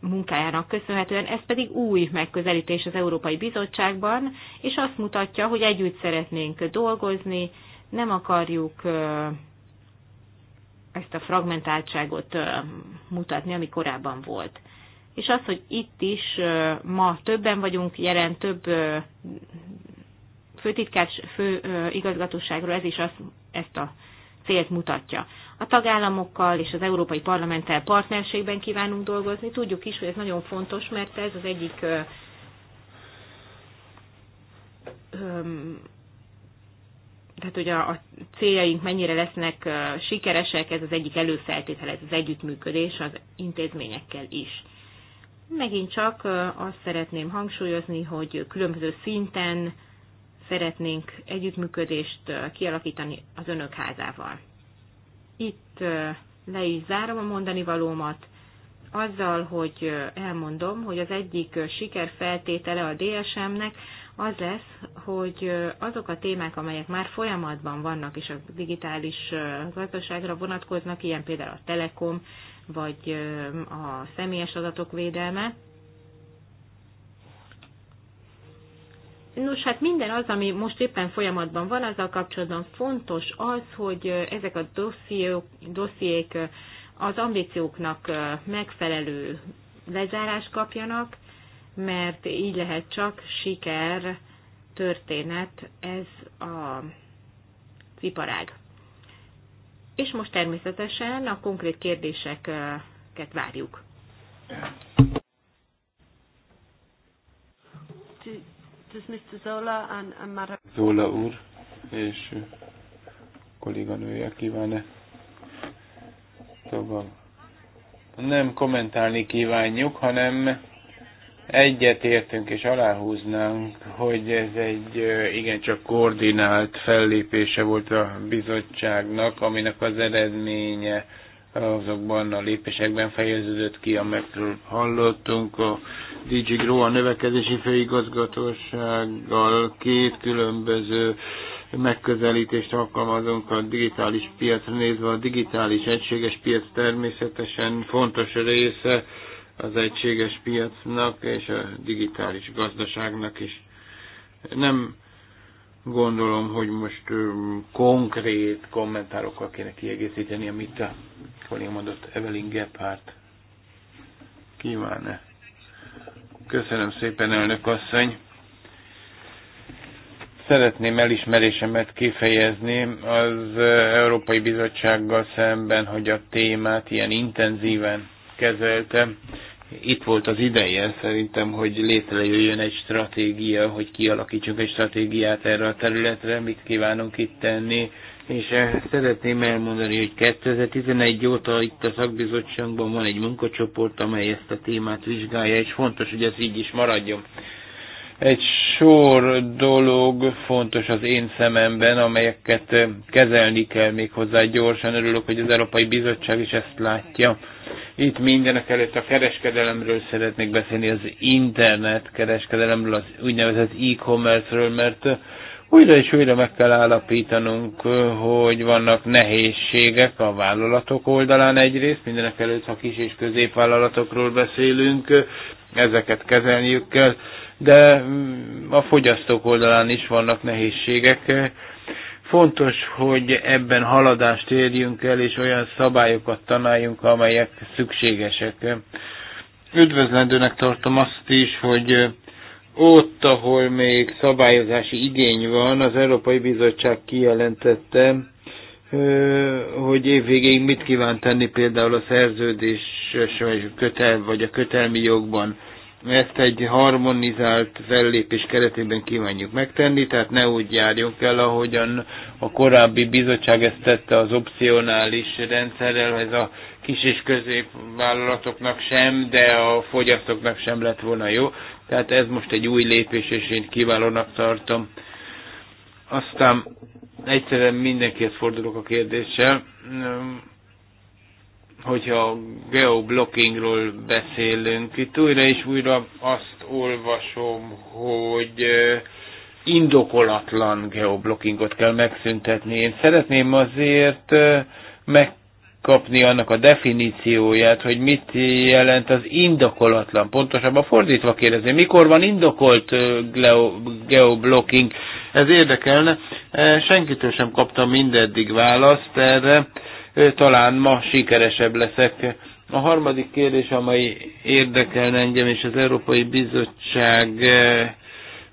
munkájának köszönhetően, ez pedig új megközelítés az Európai Bizottságban, és azt mutatja, hogy együtt szeretnénk dolgozni, nem akarjuk ezt a fragmentáltságot mutatni, ami korábban volt és az, hogy itt is ma többen vagyunk, jelen több fő főigazgatóságról, ez is azt, ezt a célt mutatja. A tagállamokkal és az Európai Parlamenttel partnerségben kívánunk dolgozni. Tudjuk is, hogy ez nagyon fontos, mert ez az egyik tehát hogy a, a céljaink mennyire lesznek sikeresek, ez az egyik előfeltétel, ez az együttműködés az intézményekkel is. Megint csak azt szeretném hangsúlyozni, hogy különböző szinten szeretnénk együttműködést kialakítani az önök házával. Itt le is zárom a mondani valómat azzal, hogy elmondom, hogy az egyik sikerfeltétele a DSM-nek az lesz, hogy azok a témák, amelyek már folyamatban vannak és a digitális gazdaságra vonatkoznak, ilyen például a telekom vagy a személyes adatok védelme. Nos, hát minden az, ami most éppen folyamatban van, azzal kapcsolatban fontos az, hogy ezek a dossziék, dossziék az ambícióknak megfelelő lezárást kapjanak, mert így lehet csak siker történet ez a iparág és most természetesen a konkrét kérdéseket várjuk. Zola, úr és kolléganője kíván-e tovább? Szóval? Nem kommentálni kívánjuk, hanem egyetértünk és aláhúznánk, hogy ez egy igencsak koordinált fellépése volt a bizottságnak, aminek az eredménye azokban a lépésekben fejeződött ki, amikről hallottunk. A DG Grow a növekedési főigazgatósággal két különböző megközelítést alkalmazunk a digitális piacra nézve. A digitális egységes piac természetesen fontos része az egységes piacnak és a digitális gazdaságnak is. Nem gondolom, hogy most konkrét kommentárokkal kéne kiegészíteni, amit a kollégám mondott Evelyn Gephardt. Kíván-e? Köszönöm szépen, elnök asszony. Szeretném elismerésemet kifejezni az Európai Bizottsággal szemben, hogy a témát ilyen intenzíven kezelte. Itt volt az ideje szerintem, hogy létrejöjjön egy stratégia, hogy kialakítsunk egy stratégiát erre a területre, mit kívánunk itt tenni, és eh, szeretném elmondani, hogy 2011 óta itt a szakbizottságban van egy munkacsoport, amely ezt a témát vizsgálja, és fontos, hogy ez így is maradjon. Egy sor dolog fontos az én szememben, amelyeket kezelni kell még hozzá gyorsan. Örülök, hogy az Európai Bizottság is ezt látja. Itt mindenek előtt a kereskedelemről szeretnék beszélni, az internet kereskedelemről, az úgynevezett e-commerce-ről, mert újra és újra meg kell állapítanunk, hogy vannak nehézségek a vállalatok oldalán egyrészt, mindenek előtt, ha kis és középvállalatokról beszélünk, ezeket kezelniük kell, de mm, a fogyasztók oldalán is vannak nehézségek. Fontos, hogy ebben haladást érjünk el, és olyan szabályokat tanáljunk, amelyek szükségesek. Üdvözlendőnek tartom azt is, hogy ott, ahol még szabályozási igény van, az Európai Bizottság kijelentette, hogy évvégéig mit kíván tenni például a szerződés vagy a kötelmi jogban ezt egy harmonizált fellépés keretében kívánjuk megtenni, tehát ne úgy járjunk el, ahogyan a korábbi bizottság ezt tette az opcionális rendszerrel, ez a kis és középvállalatoknak sem, de a fogyasztóknak sem lett volna jó. Tehát ez most egy új lépés, és én kiválónak tartom. Aztán egyszerűen mindenkihez fordulok a kérdéssel hogyha geoblockingról beszélünk. Itt újra és újra azt olvasom, hogy indokolatlan geoblockingot kell megszüntetni. Én szeretném azért megkapni annak a definícióját, hogy mit jelent az indokolatlan. Pontosabban fordítva kérdezni, mikor van indokolt geoblocking? Ez érdekelne. Senkitől sem kaptam mindeddig választ erre talán ma sikeresebb leszek. A harmadik kérdés, amely érdekelne engem, és az Európai Bizottság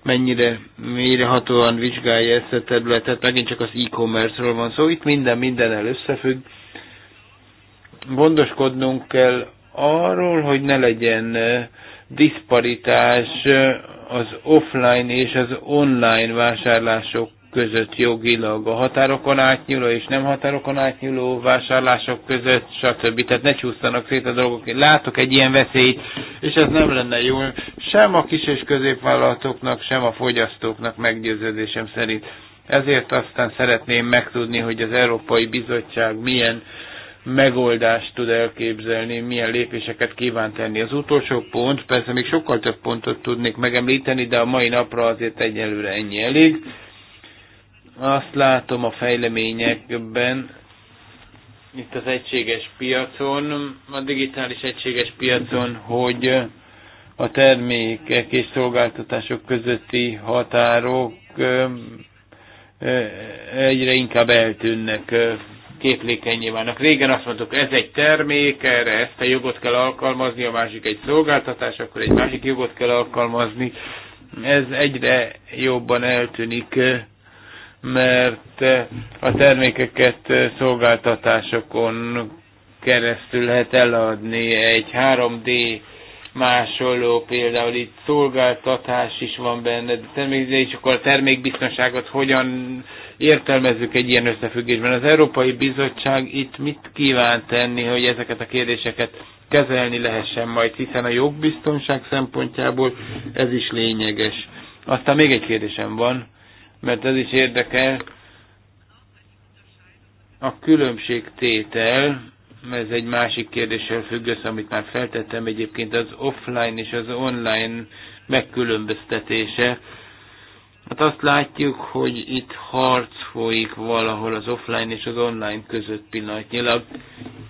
mennyire mélyrehatóan vizsgálja ezt a területet, megint csak az e-commerce-ről van szó, szóval itt minden mindennel összefügg. Gondoskodnunk kell arról, hogy ne legyen diszparitás az offline és az online vásárlások között jogilag, a határokon átnyúló és nem határokon átnyúló vásárlások között, stb. Tehát ne csúsztanak szét a dolgok. Én látok egy ilyen veszélyt, és ez nem lenne jó sem a kis és középvállalatoknak, sem a fogyasztóknak meggyőződésem szerint. Ezért aztán szeretném megtudni, hogy az Európai Bizottság milyen megoldást tud elképzelni, milyen lépéseket kíván tenni. Az utolsó pont, persze még sokkal több pontot tudnék megemlíteni, de a mai napra azért egyelőre ennyi elég. Azt látom a fejleményekben, itt az egységes piacon, a digitális egységes piacon, hogy a termékek és szolgáltatások közötti határok egyre inkább eltűnnek, képlékenyé válnak. Régen azt mondtuk, ez egy termék, erre ezt a jogot kell alkalmazni, a másik egy szolgáltatás, akkor egy másik jogot kell alkalmazni. Ez egyre jobban eltűnik mert eh, a termékeket eh, szolgáltatásokon keresztül lehet eladni. Egy 3D másoló például itt szolgáltatás is van benne, de természetesen és akkor a termékbiztonságot hogyan értelmezzük egy ilyen összefüggésben. Az Európai Bizottság itt mit kíván tenni, hogy ezeket a kérdéseket kezelni lehessen majd, hiszen a jogbiztonság szempontjából ez is lényeges. Aztán még egy kérdésem van mert ez is érdekel. A különbségtétel, ez egy másik kérdéssel függ össze, amit már feltettem egyébként, az offline és az online megkülönböztetése. Hát azt látjuk, hogy itt harc folyik valahol az offline és az online között pillanatnyilag.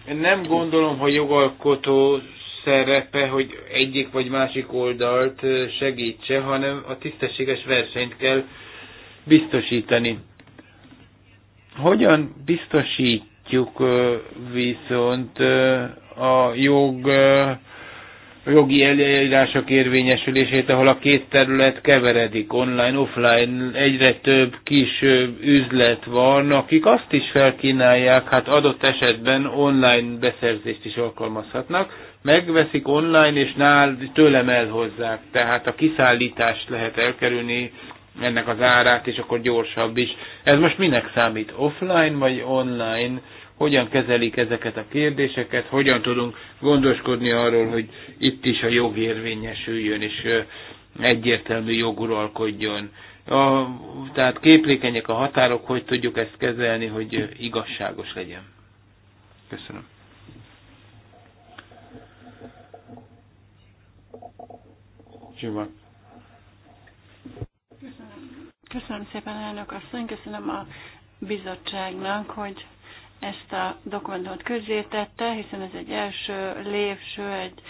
Én nem gondolom, hogy jogalkotó szerepe, hogy egyik vagy másik oldalt segítse, hanem a tisztességes versenyt kell biztosítani. Hogyan biztosítjuk viszont a jog jogi eljárások érvényesülését, ahol a két terület keveredik, online, offline, egyre több kis üzlet van, akik azt is felkínálják, hát adott esetben online beszerzést is alkalmazhatnak, megveszik online, és nál tőlem elhozzák. Tehát a kiszállítást lehet elkerülni, ennek az árát, és akkor gyorsabb is. Ez most minek számít? Offline vagy online? Hogyan kezelik ezeket a kérdéseket? Hogyan tudunk gondoskodni arról, hogy itt is a jog érvényesüljön, és egyértelmű joguralkodjon? A, tehát képlékenyek a határok, hogy tudjuk ezt kezelni, hogy igazságos legyen. Köszönöm. Köszönöm. Köszönöm szépen, elnök asszony, köszönöm a bizottságnak, hogy ezt a dokumentumot közzétette, hiszen ez egy első lépső, egy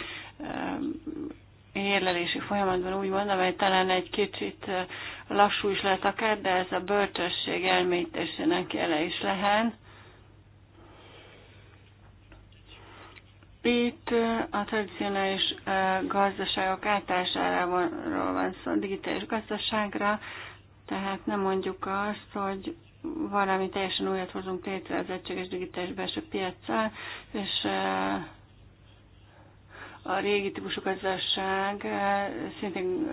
érlelési folyamatban úgy mondom, hogy talán egy kicsit eh, lassú is lehet akár, de ez a bölcsesség elmélyítésének jele is lehet. Itt eh, a tradicionális eh, gazdaságok átásáról van szó, a digitális gazdaságra, tehát nem mondjuk azt, hogy valami teljesen újat hozunk létre az egységes digitális belső piacsal, és a régi típusú gazdaság szintén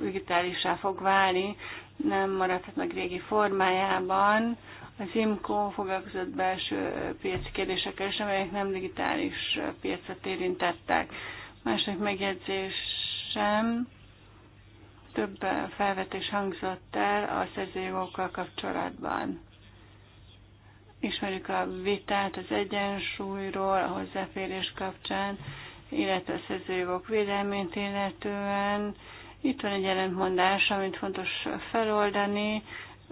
digitálisá fog válni, nem maradhat meg régi formájában. Az IMCO foglalkozott belső piaci kérdésekkel is, amelyek nem digitális piacot érintettek. Másik megjegyzésem, több felvetés hangzott el a szerzőjogokkal kapcsolatban. Ismerjük a vitát az egyensúlyról, a hozzáférés kapcsán, illetve a szerzőjogok védelmét illetően. Itt van egy ellentmondás, amit fontos feloldani.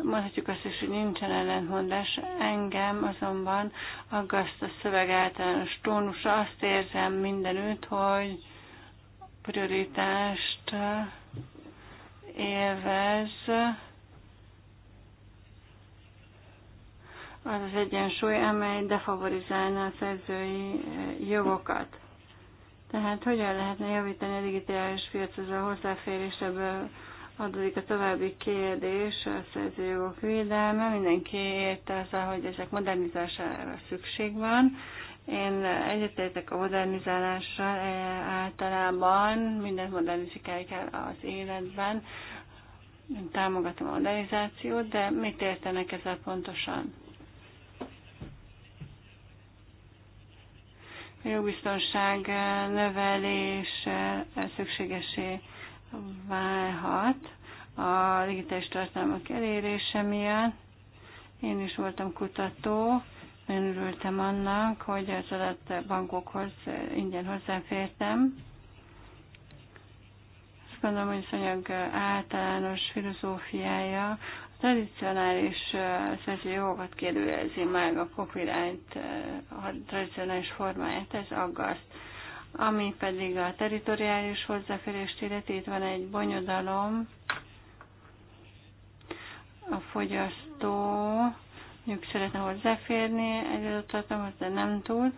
Mondhatjuk azt is, hogy nincsen ellentmondás. Engem azonban aggaszt a szöveg általános tónusa. Azt érzem mindenütt, hogy prioritást élvez az az egyensúly, amely defavorizálna a szerzői eh, jogokat. Tehát hogyan lehetne javítani a digitális piachoz a hozzáférés, ebből adódik a további kérdés, a jogok védelme. Mindenki érte az, hogy ezek modernizására szükség van, én egyetértek a modernizálással e, általában, mindent modernizálni kell az életben. Én támogatom a modernizációt, de mit értenek ezzel pontosan? A jogbiztonság növelése szükségesé válhat a digitális tartalmak elérése miatt. Én is voltam kutató, nagyon örültem annak, hogy az adatbankokhoz eh, ingyen hozzáfértem. Azt gondolom, hogy az anyag eh, általános filozófiája a tradicionális eh, szerzői jogokat kérdőjelzi meg a copyright a tradicionális formáját, ez aggaszt. Ami pedig a teritoriális hozzáférést illeti, itt van egy bonyodalom, a fogyasztó ők szeretne hozzáférni egy adott tartalomhoz, de nem tud.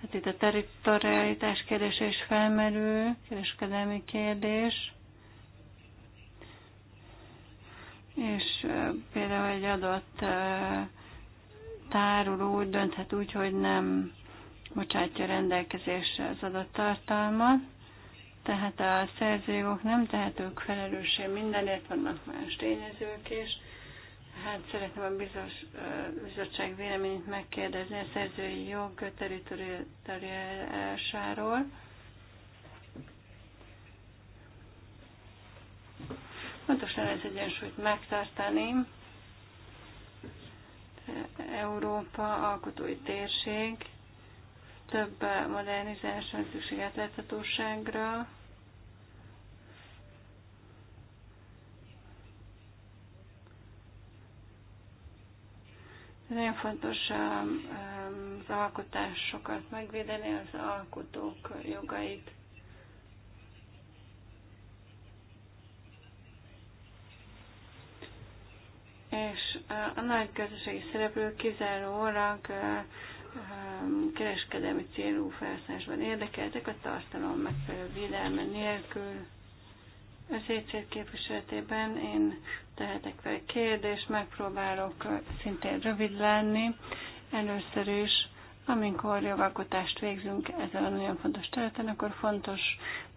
Tehát itt a territorialitás kérdése is felmerül, kereskedelmi kérdés. És például egy adott táruló úgy dönthet úgy, hogy nem bocsátja rendelkezésre az adott tartalmat. Tehát a szerzőjogok nem tehetők felelőssé mindenért, vannak más tényezők is Hát szeretném a bizos, bizottság véleményét megkérdezni a szerzői jog teritoriálásáról. Pontosan ez egyensúlyt megtartani. Európa alkotói térség, több modernizáláson szükséget láthatóságra, Nagyon fontos um, um, az alkotásokat megvédeni, az alkotók jogait. És uh, a nagy közösségi szereplők kizárólag uh, um, kereskedelmi célú felszállásban érdekeltek a tartalom megfelelő védelme nélkül. Az ECR képviseletében én tehetek fel kérdést, megpróbálok szintén rövid lenni. Először is, amikor jogalkotást végzünk ezen a nagyon fontos területen, akkor fontos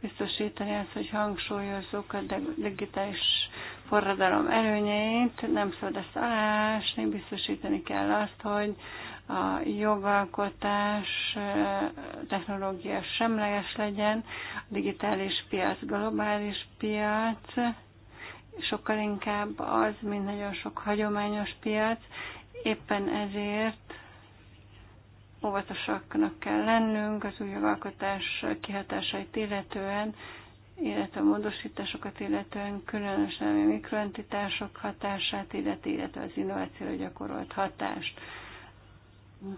biztosítani azt, hogy hangsúlyozzuk a digitális forradalom előnyeit, nem szabad ezt alásni, biztosítani kell azt, hogy a jogalkotás technológia semleges legyen, a digitális piac globális piac, sokkal inkább az, mint nagyon sok hagyományos piac. Éppen ezért óvatosaknak kell lennünk az új jogalkotás kihatásait illetően, illetve a módosításokat illetően, különösen a mikroentitások hatását, illetve, illetve az innováció gyakorolt hatást.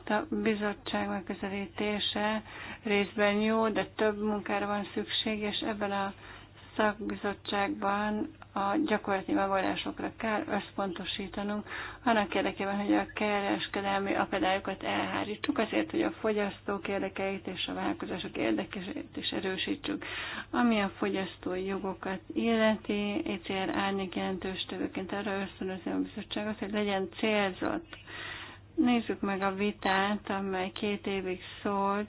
Hát a bizottság megközelítése részben jó, de több munkára van szükség, és ebben a szakbizottságban a gyakorlati megoldásokra kell összpontosítanunk, annak érdekében, hogy a kereskedelmi akadályokat elhárítsuk, azért, hogy a fogyasztók érdekeit és a vállalkozások érdekeit is erősítsük. Ami a fogyasztói jogokat illeti, ECR árnyék jelentős tevőként arra ösztönözi a bizottságot, hogy legyen célzott Nézzük meg a vitát, amely két évig szólt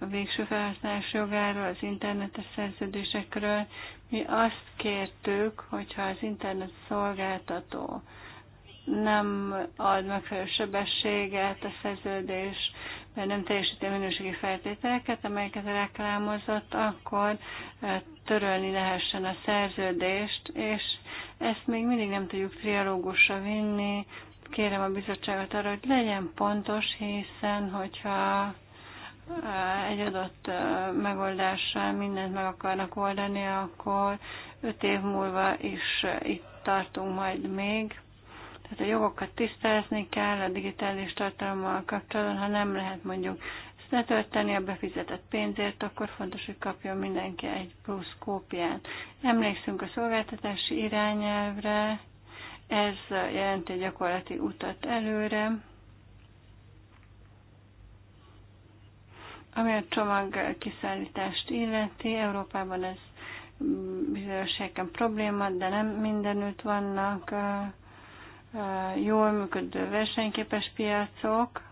a végső felhasználás jogáról, az internetes szerződésekről. Mi azt kértük, hogyha az internet szolgáltató nem ad megfelelő sebességet a szerződés, mert nem teljesíti a minőségi feltételeket, amelyeket reklámozott, akkor e, törölni lehessen a szerződést, és ezt még mindig nem tudjuk trialógusra vinni, kérem a bizottságot arra, hogy legyen pontos, hiszen hogyha eh, egy adott eh, megoldással mindent meg akarnak oldani, akkor öt év múlva is eh, itt tartunk majd még. Tehát a jogokat tisztázni kell a digitális tartalommal kapcsolatban, ha nem lehet mondjuk ezt letölteni a befizetett pénzért, akkor fontos, hogy kapjon mindenki egy plusz kópiát. Emlékszünk a szolgáltatási irányelvre, ez jelenti egy gyakorlati utat előre, ami a csomag kiszállítást illeti. Európában ez bizonyos helyeken probléma, de nem mindenütt vannak jól működő versenyképes piacok.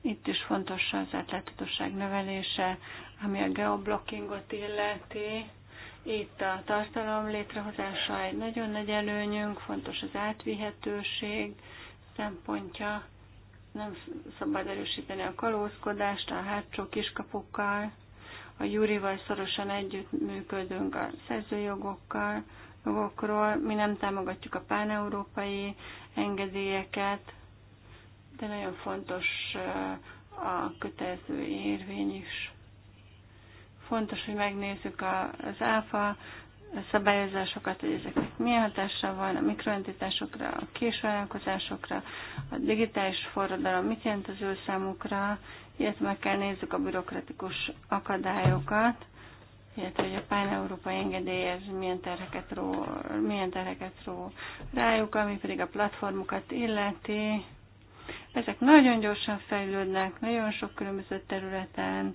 Itt is fontos az átláthatóság növelése, ami a geoblockingot illeti. Itt a tartalom létrehozása egy nagyon nagy előnyünk, fontos az átvihetőség szempontja, nem szabad erősíteni a kalózkodást a hátsó kiskapukkal, a Júrival szorosan együtt működünk a szerzőjogokkal, jogokról, mi nem támogatjuk a páneurópai engedélyeket, de nagyon fontos a kötelező érvény is. Fontos, hogy megnézzük az áfa szabályozásokat, hogy ezeknek milyen hatása van a mikroentitásokra, a késvállalkozásokra, a digitális forradalom mit jelent az ő számukra, illetve meg kell nézzük a bürokratikus akadályokat, illetve hogy a pán-európai engedélyez milyen terheket, ró, milyen terheket ró rájuk, ami pedig a platformokat illeti. Ezek nagyon gyorsan fejlődnek, nagyon sok különböző területen,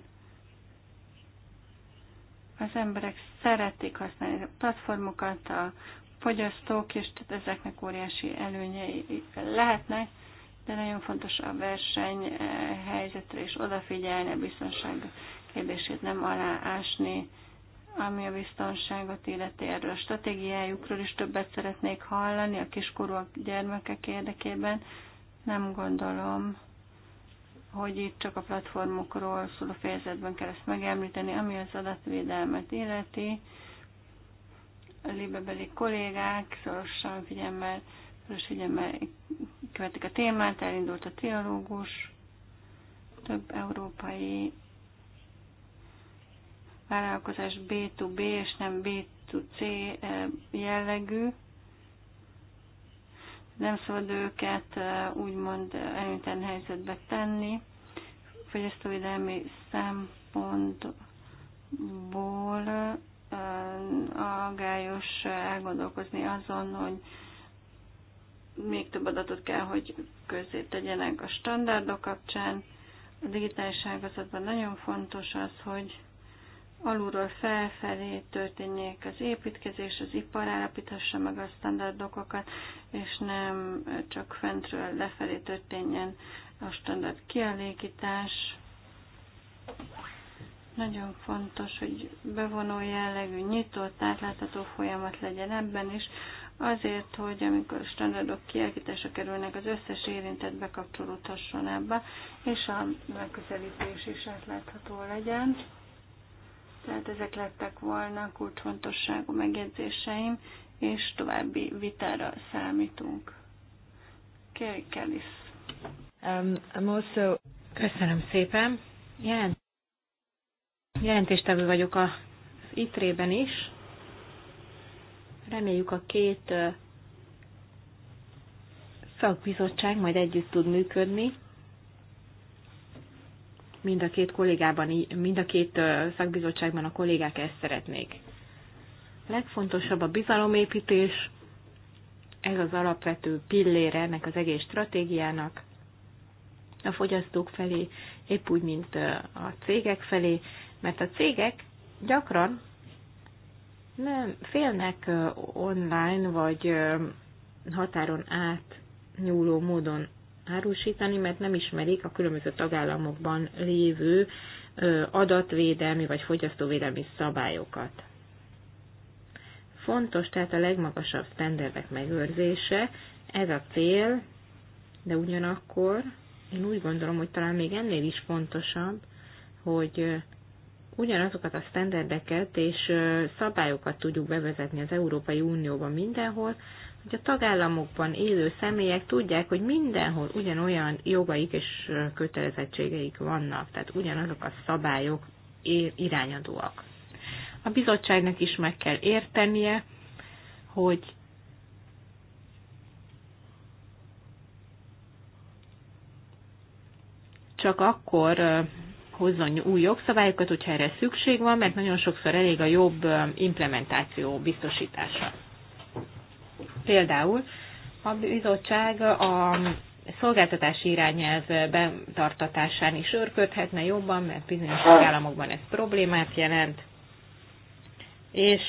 az emberek szeretik használni a platformokat, a fogyasztók és tehát ezeknek óriási előnyei lehetnek, de nagyon fontos a verseny eh, helyzetre is odafigyelni, a biztonság kérdését nem aláásni, ami a biztonságot illeti erről a stratégiájukról is többet szeretnék hallani a kiskorúak gyermekek érdekében. Nem gondolom, hogy itt csak a platformokról szóló fejezetben kell ezt megemlíteni, ami az adatvédelmet illeti. A lébebeli kollégák szorosan figyelmel, szoros figyelmel követik a témát, elindult a trialógus, több európai vállalkozás B2B és nem B2C eh, jellegű nem szabad őket úgymond előnytelen helyzetbe tenni. Fogyasztóvédelmi szempontból aggályos elgondolkozni azon, hogy még több adatot kell, hogy közé tegyenek a standardok kapcsán. A digitális ágazatban nagyon fontos az, hogy alulról felfelé történjék az építkezés, az ipar állapíthassa meg a standardokat, és nem csak fentről lefelé történjen a standard kielégítás. Nagyon fontos, hogy bevonó jellegű, nyitott, átlátható folyamat legyen ebben is, azért, hogy amikor a standardok kielkítésre kerülnek, az összes érintett bekapcsolódhasson ebbe, és a megközelítés is átlátható legyen. Tehát ezek lettek volna kulcsfontosságú megjegyzéseim, és további vitára számítunk. Kéri Kelis. Um, also... Köszönöm szépen. Jelent... Jelentéstevő vagyok az ITRE-ben is. Reméljük a két szakbizottság majd együtt tud működni, mind a két kollégában, mind a két szakbizottságban a kollégák ezt szeretnék. legfontosabb a bizalomépítés, ez az alapvető pillére ennek az egész stratégiának, a fogyasztók felé, épp úgy, mint a cégek felé, mert a cégek gyakran nem félnek online vagy határon át nyúló módon árusítani, mert nem ismerik a különböző tagállamokban lévő adatvédelmi vagy fogyasztóvédelmi szabályokat. Fontos tehát a legmagasabb sztenderdek megőrzése, ez a cél, de ugyanakkor én úgy gondolom, hogy talán még ennél is fontosabb, hogy ugyanazokat a sztenderdeket és szabályokat tudjuk bevezetni az Európai Unióban mindenhol, hogy a tagállamokban élő személyek tudják, hogy mindenhol ugyanolyan jogaik és kötelezettségeik vannak, tehát ugyanazok a szabályok irányadóak. A bizottságnak is meg kell értenie, hogy csak akkor hozzon új jogszabályokat, hogyha erre szükség van, mert nagyon sokszor elég a jobb implementáció biztosítása. Például a bizottság a szolgáltatási irányelv betartatásán is örködhetne jobban, mert bizonyos hát. államokban ez problémát jelent, és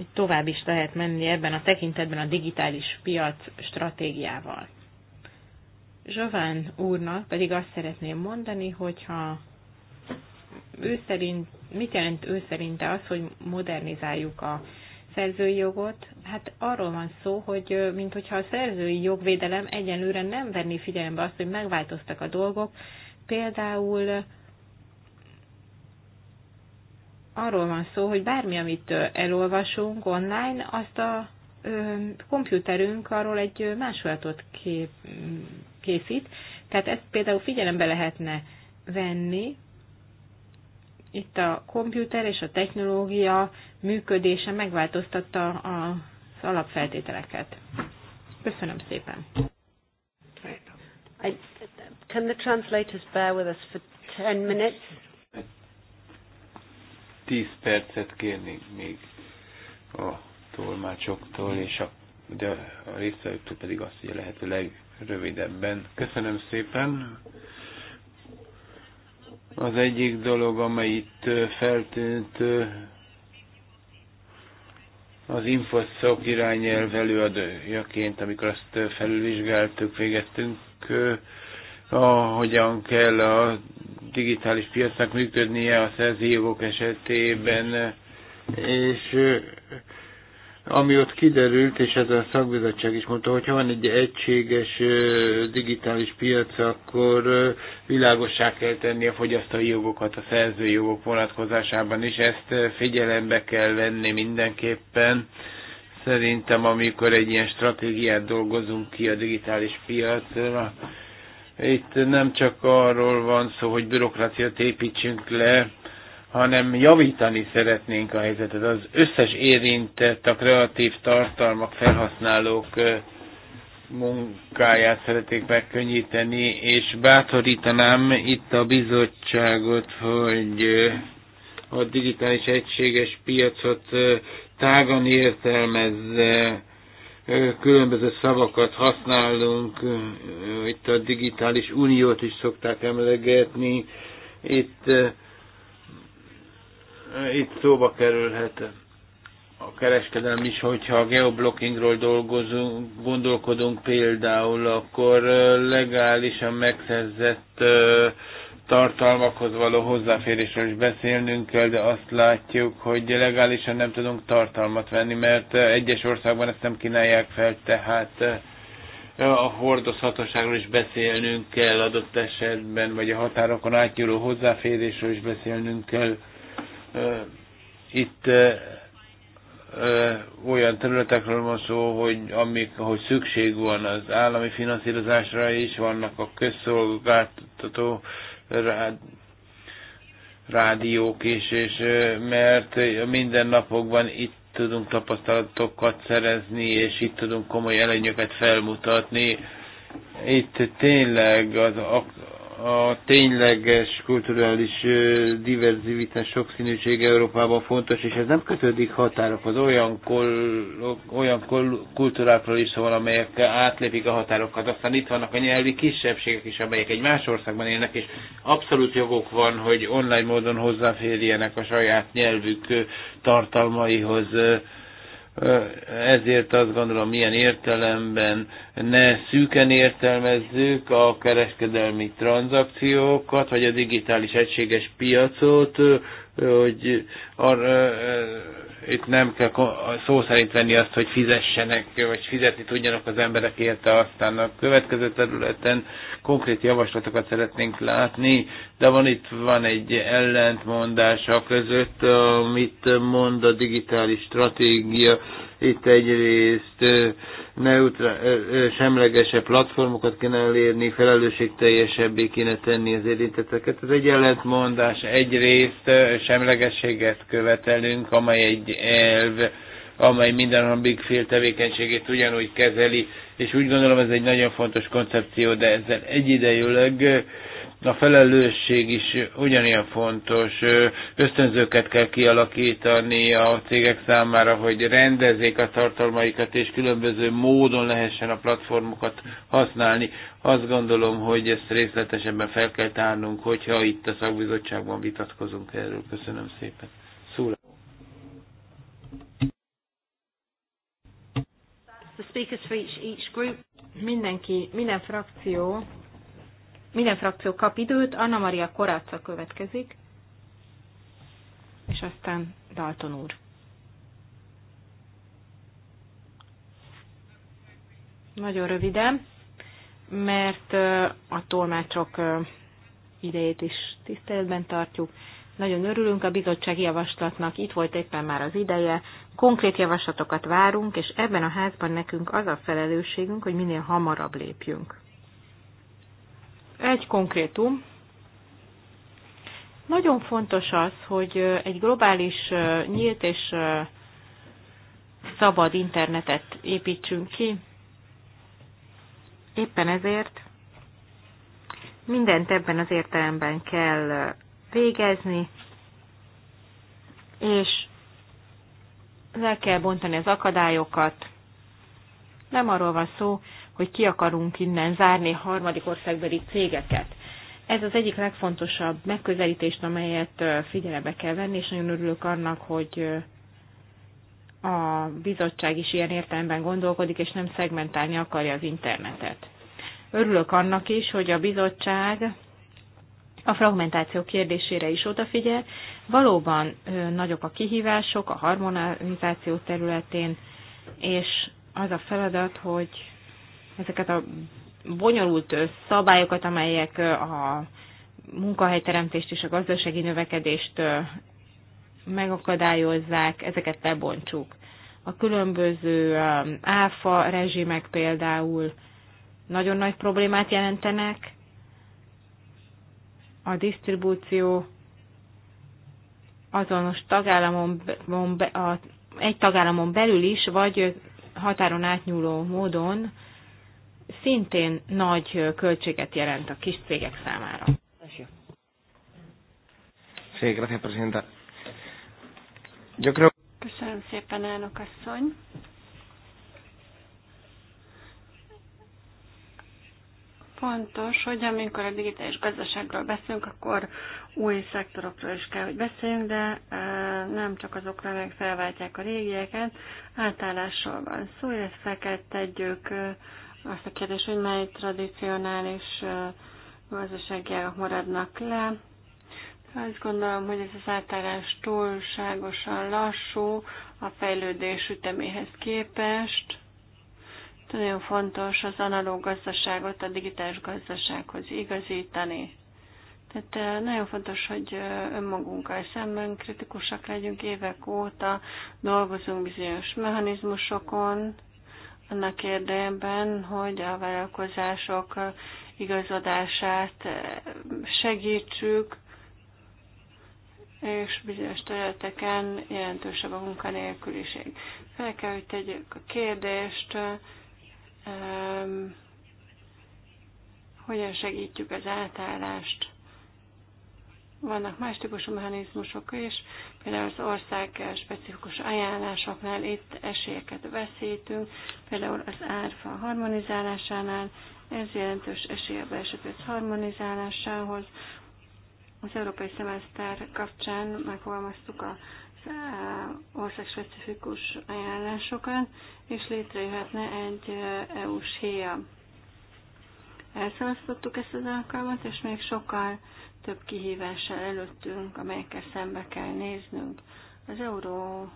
így tovább is lehet menni ebben a tekintetben a digitális piac stratégiával. Zsaván úrnak pedig azt szeretném mondani, hogyha ő szerint, mit jelent ő szerinte az, hogy modernizáljuk a szerzői jogot? Hát arról van szó, hogy mint hogyha a szerzői jogvédelem egyenlőre nem venni figyelembe azt, hogy megváltoztak a dolgok. Például arról van szó, hogy bármi, amit elolvasunk online, azt a komputerünk arról egy másolatot készít. Tehát ezt például figyelembe lehetne venni, itt a komputer és a technológia működése megváltoztatta az alapfeltételeket. Köszönöm szépen. I, can the translators bear with us for 10 minutes? 10 percet kérni még a tolmácsoktól, és a, de a résztvevőktől pedig azt, hogy lehetőleg lehető legrövidebben. Köszönöm szépen. Az egyik dolog, amely itt feltűnt, az infoszok irányelv előadójaként, amikor azt felülvizsgáltuk, végeztünk, hogyan kell a digitális piacnak működnie a szerzőjogok esetében, és ami ott kiderült, és ez a szakbizottság is mondta, hogy ha van egy egységes digitális piac, akkor világossá kell tenni a fogyasztói jogokat a szerzői jogok vonatkozásában, és ezt figyelembe kell venni mindenképpen. Szerintem, amikor egy ilyen stratégiát dolgozunk ki a digitális piacra, itt nem csak arról van szó, hogy bürokráciát építsünk le, hanem javítani szeretnénk a helyzetet. Az összes érintett, a kreatív tartalmak, felhasználók munkáját szeretnék megkönnyíteni, és bátorítanám itt a bizottságot, hogy a digitális egységes piacot tágan értelmezze, különböző szavakat használunk, itt a digitális uniót is szokták emlegetni, itt itt szóba kerülhet a kereskedelem is, hogyha a geoblockingról dolgozunk, gondolkodunk például, akkor legálisan megszerzett tartalmakhoz való hozzáférésről is beszélnünk kell, de azt látjuk, hogy legálisan nem tudunk tartalmat venni, mert egyes országban ezt nem kínálják fel, tehát a hordozhatóságról is beszélnünk kell adott esetben, vagy a határokon átnyúló hozzáférésről is beszélnünk kell itt olyan területekről van szó, hogy amik, ahogy szükség van az állami finanszírozásra is, vannak a közszolgáltató rád, rádiók is, és mert mindennapokban itt tudunk tapasztalatokat szerezni, és itt tudunk komoly előnyöket felmutatni. Itt tényleg az a tényleges kulturális diverzivitás, sokszínűség Európában fontos, és ez nem kötődik határokhoz. Olyan, kol, olyan kol, kultúrákról is szó van, amelyek átlépik a határokat. Aztán itt vannak a nyelvi kisebbségek is, amelyek egy más országban élnek, és abszolút jogok van, hogy online módon hozzáférjenek a saját nyelvük tartalmaihoz ezért azt gondolom, milyen értelemben ne szűken értelmezzük a kereskedelmi tranzakciókat, vagy a digitális egységes piacot, hogy arra itt nem kell szó szerint venni azt, hogy fizessenek, vagy fizetni tudjanak az emberek érte, aztán a következő területen konkrét javaslatokat szeretnénk látni, de van itt van egy ellentmondása között, amit mond a digitális stratégia, itt egyrészt neutra, semlegesebb platformokat kéne elérni, felelősségteljesebbé kéne tenni az érintetteket. Ez egy ellentmondás. Egyrészt semlegességet követelünk, amely egy elv, amely minden Big fél tevékenységét ugyanúgy kezeli, és úgy gondolom ez egy nagyon fontos koncepció, de ezzel egyidejűleg a felelősség is ugyanilyen fontos. Ösztönzőket kell kialakítani a cégek számára, hogy rendezzék a tartalmaikat, és különböző módon lehessen a platformokat használni. Azt gondolom, hogy ezt részletesebben fel kell tárnunk, hogyha itt a szakbizottságban vitatkozunk erről. Köszönöm szépen. group. Mindenki, minden frakció minden frakció kap időt, Anna Maria Koráca következik, és aztán Dalton úr. Nagyon röviden, mert a tolmácsok idejét is tiszteletben tartjuk. Nagyon örülünk a bizottsági javaslatnak, itt volt éppen már az ideje. Konkrét javaslatokat várunk, és ebben a házban nekünk az a felelősségünk, hogy minél hamarabb lépjünk. Egy konkrétum. Nagyon fontos az, hogy egy globális, nyílt és szabad internetet építsünk ki. Éppen ezért mindent ebben az értelemben kell végezni, és le kell bontani az akadályokat. Nem arról van szó, hogy ki akarunk innen zárni harmadik országbeli cégeket. Ez az egyik legfontosabb megközelítést, amelyet figyelembe kell venni, és nagyon örülök annak, hogy a bizottság is ilyen értelemben gondolkodik, és nem szegmentálni akarja az internetet. Örülök annak is, hogy a bizottság a fragmentáció kérdésére is odafigyel. Valóban nagyok a kihívások a harmonizáció területén, és az a feladat, hogy ezeket a bonyolult szabályokat, amelyek a munkahelyteremtést és a gazdasági növekedést megakadályozzák, ezeket lebontsuk. A különböző áfa rezsimek például nagyon nagy problémát jelentenek, a disztribúció azonos tagállamon, egy tagállamon belül is, vagy határon átnyúló módon szintén nagy költséget jelent a kis cégek számára. Köszönöm szépen, elnök asszony. Fontos, hogy amikor a digitális gazdaságról beszélünk, akkor új szektorokról is kell, hogy beszéljünk, de nem csak azokra, amelyek felváltják a régieket, átállásról van szó, illetve fel kell tegyük azt a kérdés, hogy mely tradicionális gazdasági maradnak le. Azt gondolom, hogy ez az átállás túlságosan lassú a fejlődés üteméhez képest. Nagyon fontos az analóg gazdaságot a digitális gazdasághoz igazítani. Tehát nagyon fontos, hogy önmagunkkal szemben kritikusak legyünk. Évek óta dolgozunk bizonyos mechanizmusokon, annak érdekében, hogy a vállalkozások igazodását eh, segítsük, és bizonyos területeken jelentősebb a munkanélküliség. Fel kell, hogy tegyük a kérdést, eh, hogyan segítjük az átállást. Vannak más típusú mechanizmusok is, például az ország specifikus ajánlásoknál itt esélyeket veszítünk, például az árfa harmonizálásánál, ez jelentős esélye a belső piac harmonizálásához. Az európai szemeszter kapcsán megfogalmaztuk a eh, specifikus ajánlásokat, és létrejöhetne egy eh, EU-s héja elszalasztottuk ezt az alkalmat, és még sokkal több kihívással előttünk, amelyekkel szembe kell néznünk. Az Európai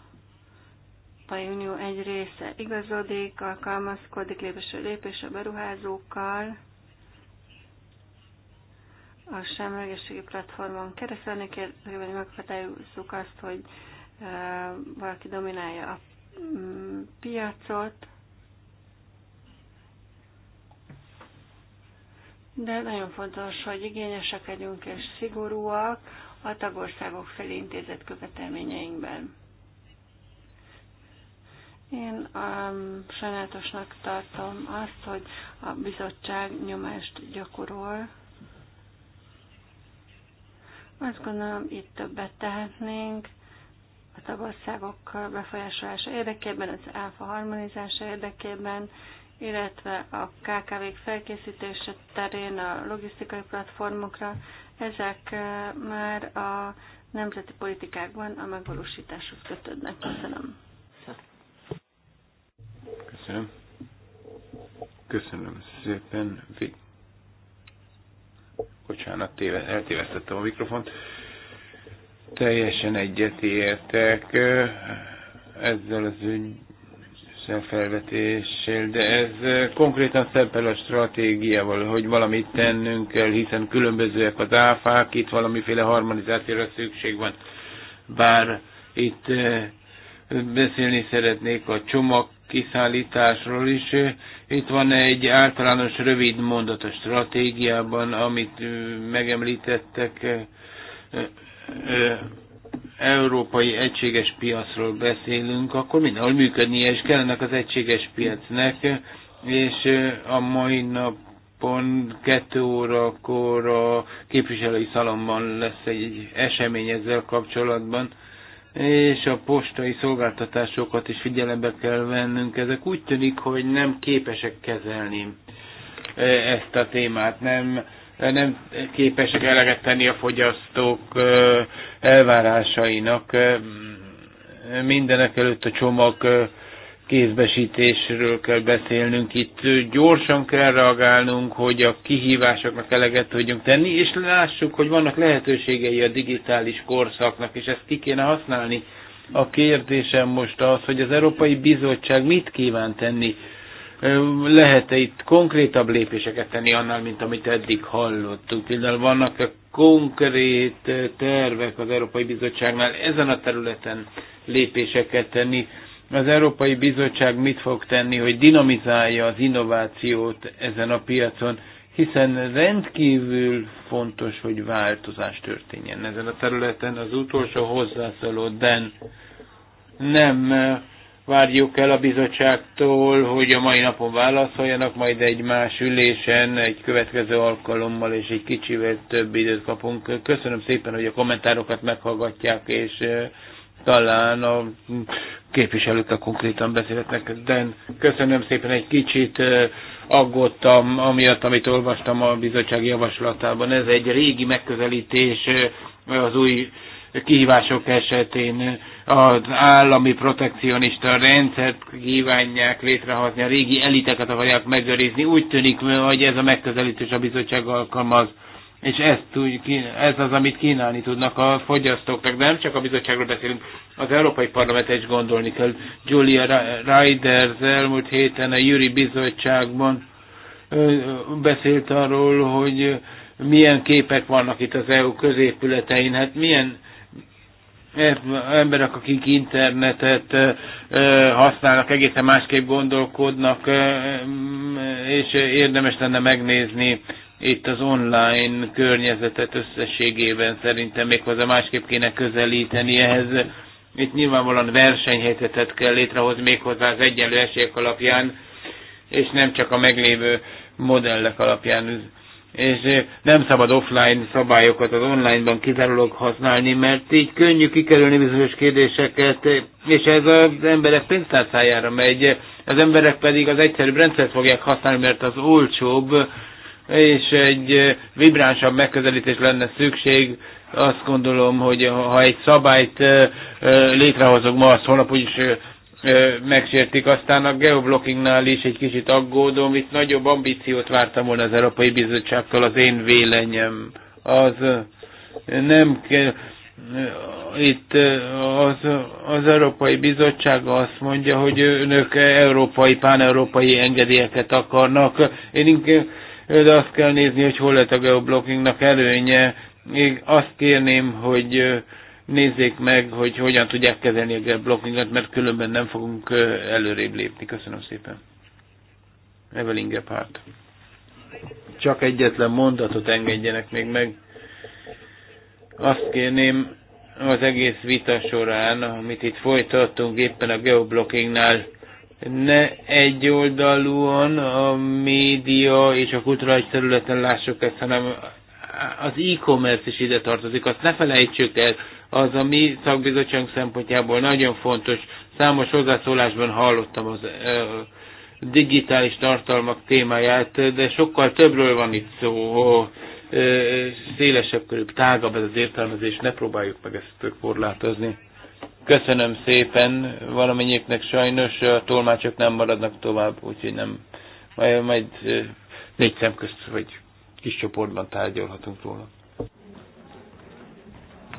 Unió egy része igazodik, alkalmazkodik lépésről a beruházókkal, a semlegességi platformon keresztül, annak vagy hogy megakadályozzuk azt, hogy eh, valaki dominálja a mm, piacot, de nagyon fontos, hogy igényesek legyünk és szigorúak a tagországok felé intézett követelményeinkben. Én um, sajnálatosnak tartom azt, hogy a bizottság nyomást gyakorol. Azt gondolom, itt többet tehetnénk a tagországok befolyásolása érdekében, az áfa harmonizása érdekében, illetve a KKV-k felkészítése terén a logisztikai platformokra, ezek eh, már a nemzeti politikákban a megvalósításhoz kötődnek. Köszönöm. Köszönöm. Köszönöm szépen. Bocsánat, téve, eltévesztettem a mikrofont. Teljesen egyetértek eh, ezzel az ügy, felvetéssel, de ez eh, konkrétan szempel a stratégiával, hogy valamit tennünk kell, hiszen különbözőek az áfák, itt valamiféle harmonizációra szükség van. Bár itt eh, beszélni szeretnék a csomag kiszállításról is. Eh, itt van egy általános rövid mondat a stratégiában, amit megemlítettek európai egységes piacról beszélünk, akkor mindenhol működnie is kellene az egységes piacnak, és a mai napon kettő órakor a képviselői szalomban lesz egy esemény ezzel kapcsolatban, és a postai szolgáltatásokat is figyelembe kell vennünk. Ezek úgy tűnik, hogy nem képesek kezelni ezt a témát, nem nem képesek eleget tenni a fogyasztók elvárásainak. Mindenek előtt a csomag kézbesítésről kell beszélnünk. Itt gyorsan kell reagálnunk, hogy a kihívásoknak eleget tudjunk tenni, és lássuk, hogy vannak lehetőségei a digitális korszaknak, és ezt ki kéne használni. A kérdésem most az, hogy az Európai Bizottság mit kíván tenni lehet-e itt konkrétabb lépéseket tenni annál, mint amit eddig hallottuk? Például vannak -e konkrét tervek az Európai Bizottságnál ezen a területen lépéseket tenni? Az Európai Bizottság mit fog tenni, hogy dinamizálja az innovációt ezen a piacon, hiszen rendkívül fontos, hogy változás történjen ezen a területen. Az utolsó hozzászóló de nem várjuk el a bizottságtól, hogy a mai napon válaszoljanak, majd egy más ülésen, egy következő alkalommal és egy kicsivel több időt kapunk. Köszönöm szépen, hogy a kommentárokat meghallgatják, és eh, talán a képviselőkkel konkrétan beszélhetnek. De köszönöm szépen, egy kicsit eh, aggódtam, amiatt, amit olvastam a bizottság javaslatában. Ez egy régi megközelítés eh, az új kihívások esetén az állami protekcionista rendszert kívánják létrehozni, a régi eliteket akarják megőrizni. Úgy tűnik, hogy ez a megközelítés a bizottság alkalmaz. És ezt, ez az, amit kínálni tudnak a fogyasztóknak. De nem csak a bizottságról beszélünk, az Európai parlament is gondolni kell. Julia Reiders elmúlt héten a Jüri Bizottságban beszélt arról, hogy milyen képek vannak itt az EU középületein. Hát milyen emberek, akik internetet használnak, egészen másképp gondolkodnak, és érdemes lenne megnézni itt az online környezetet összességében szerintem méghozzá másképp kéne közelíteni ehhez. Itt nyilvánvalóan versenyhelyzetet kell létrehozni méghozzá az egyenlő esélyek alapján, és nem csak a meglévő modellek alapján és nem szabad offline szabályokat az onlineban kizárólag használni, mert így könnyű kikerülni bizonyos kérdéseket, és ez az emberek pénztárcájára megy, az emberek pedig az egyszerűbb rendszert fogják használni, mert az olcsóbb, és egy vibránsabb megközelítés lenne szükség. Azt gondolom, hogy ha egy szabályt létrehozok ma, azt holnap úgyis megsértik. Aztán a geoblockingnál is egy kicsit aggódom, itt nagyobb ambíciót vártam volna az Európai Bizottságtól, az én véleményem az nem kell, itt az, az Európai Bizottság azt mondja, hogy önök európai, pán-európai engedélyeket akarnak. Én inkább de azt kell nézni, hogy hol lett a geoblockingnak előnye. Én azt kérném, hogy nézzék meg, hogy hogyan tudják kezelni a blockingot, mert különben nem fogunk előrébb lépni. Köszönöm szépen. Evelyn Gephardt. Csak egyetlen mondatot engedjenek még meg. Azt kérném az egész vita során, amit itt folytattunk éppen a geoblockingnál, ne egyoldalúan a média és a kulturális területen lássuk ezt, hanem az e-commerce is ide tartozik, azt ne felejtsük el, az a mi szakbizottság szempontjából nagyon fontos. Számos hozzászólásban hallottam az ö, digitális tartalmak témáját, de sokkal többről van itt szó, ö, szélesebb körül, tágabb ez az értelmezés, ne próbáljuk meg ezt korlátozni. Köszönöm szépen, valamennyieknek sajnos a tolmácsok nem maradnak tovább, úgyhogy nem, majd, majd négy szem közt, vagy kis csoportban tárgyalhatunk róla.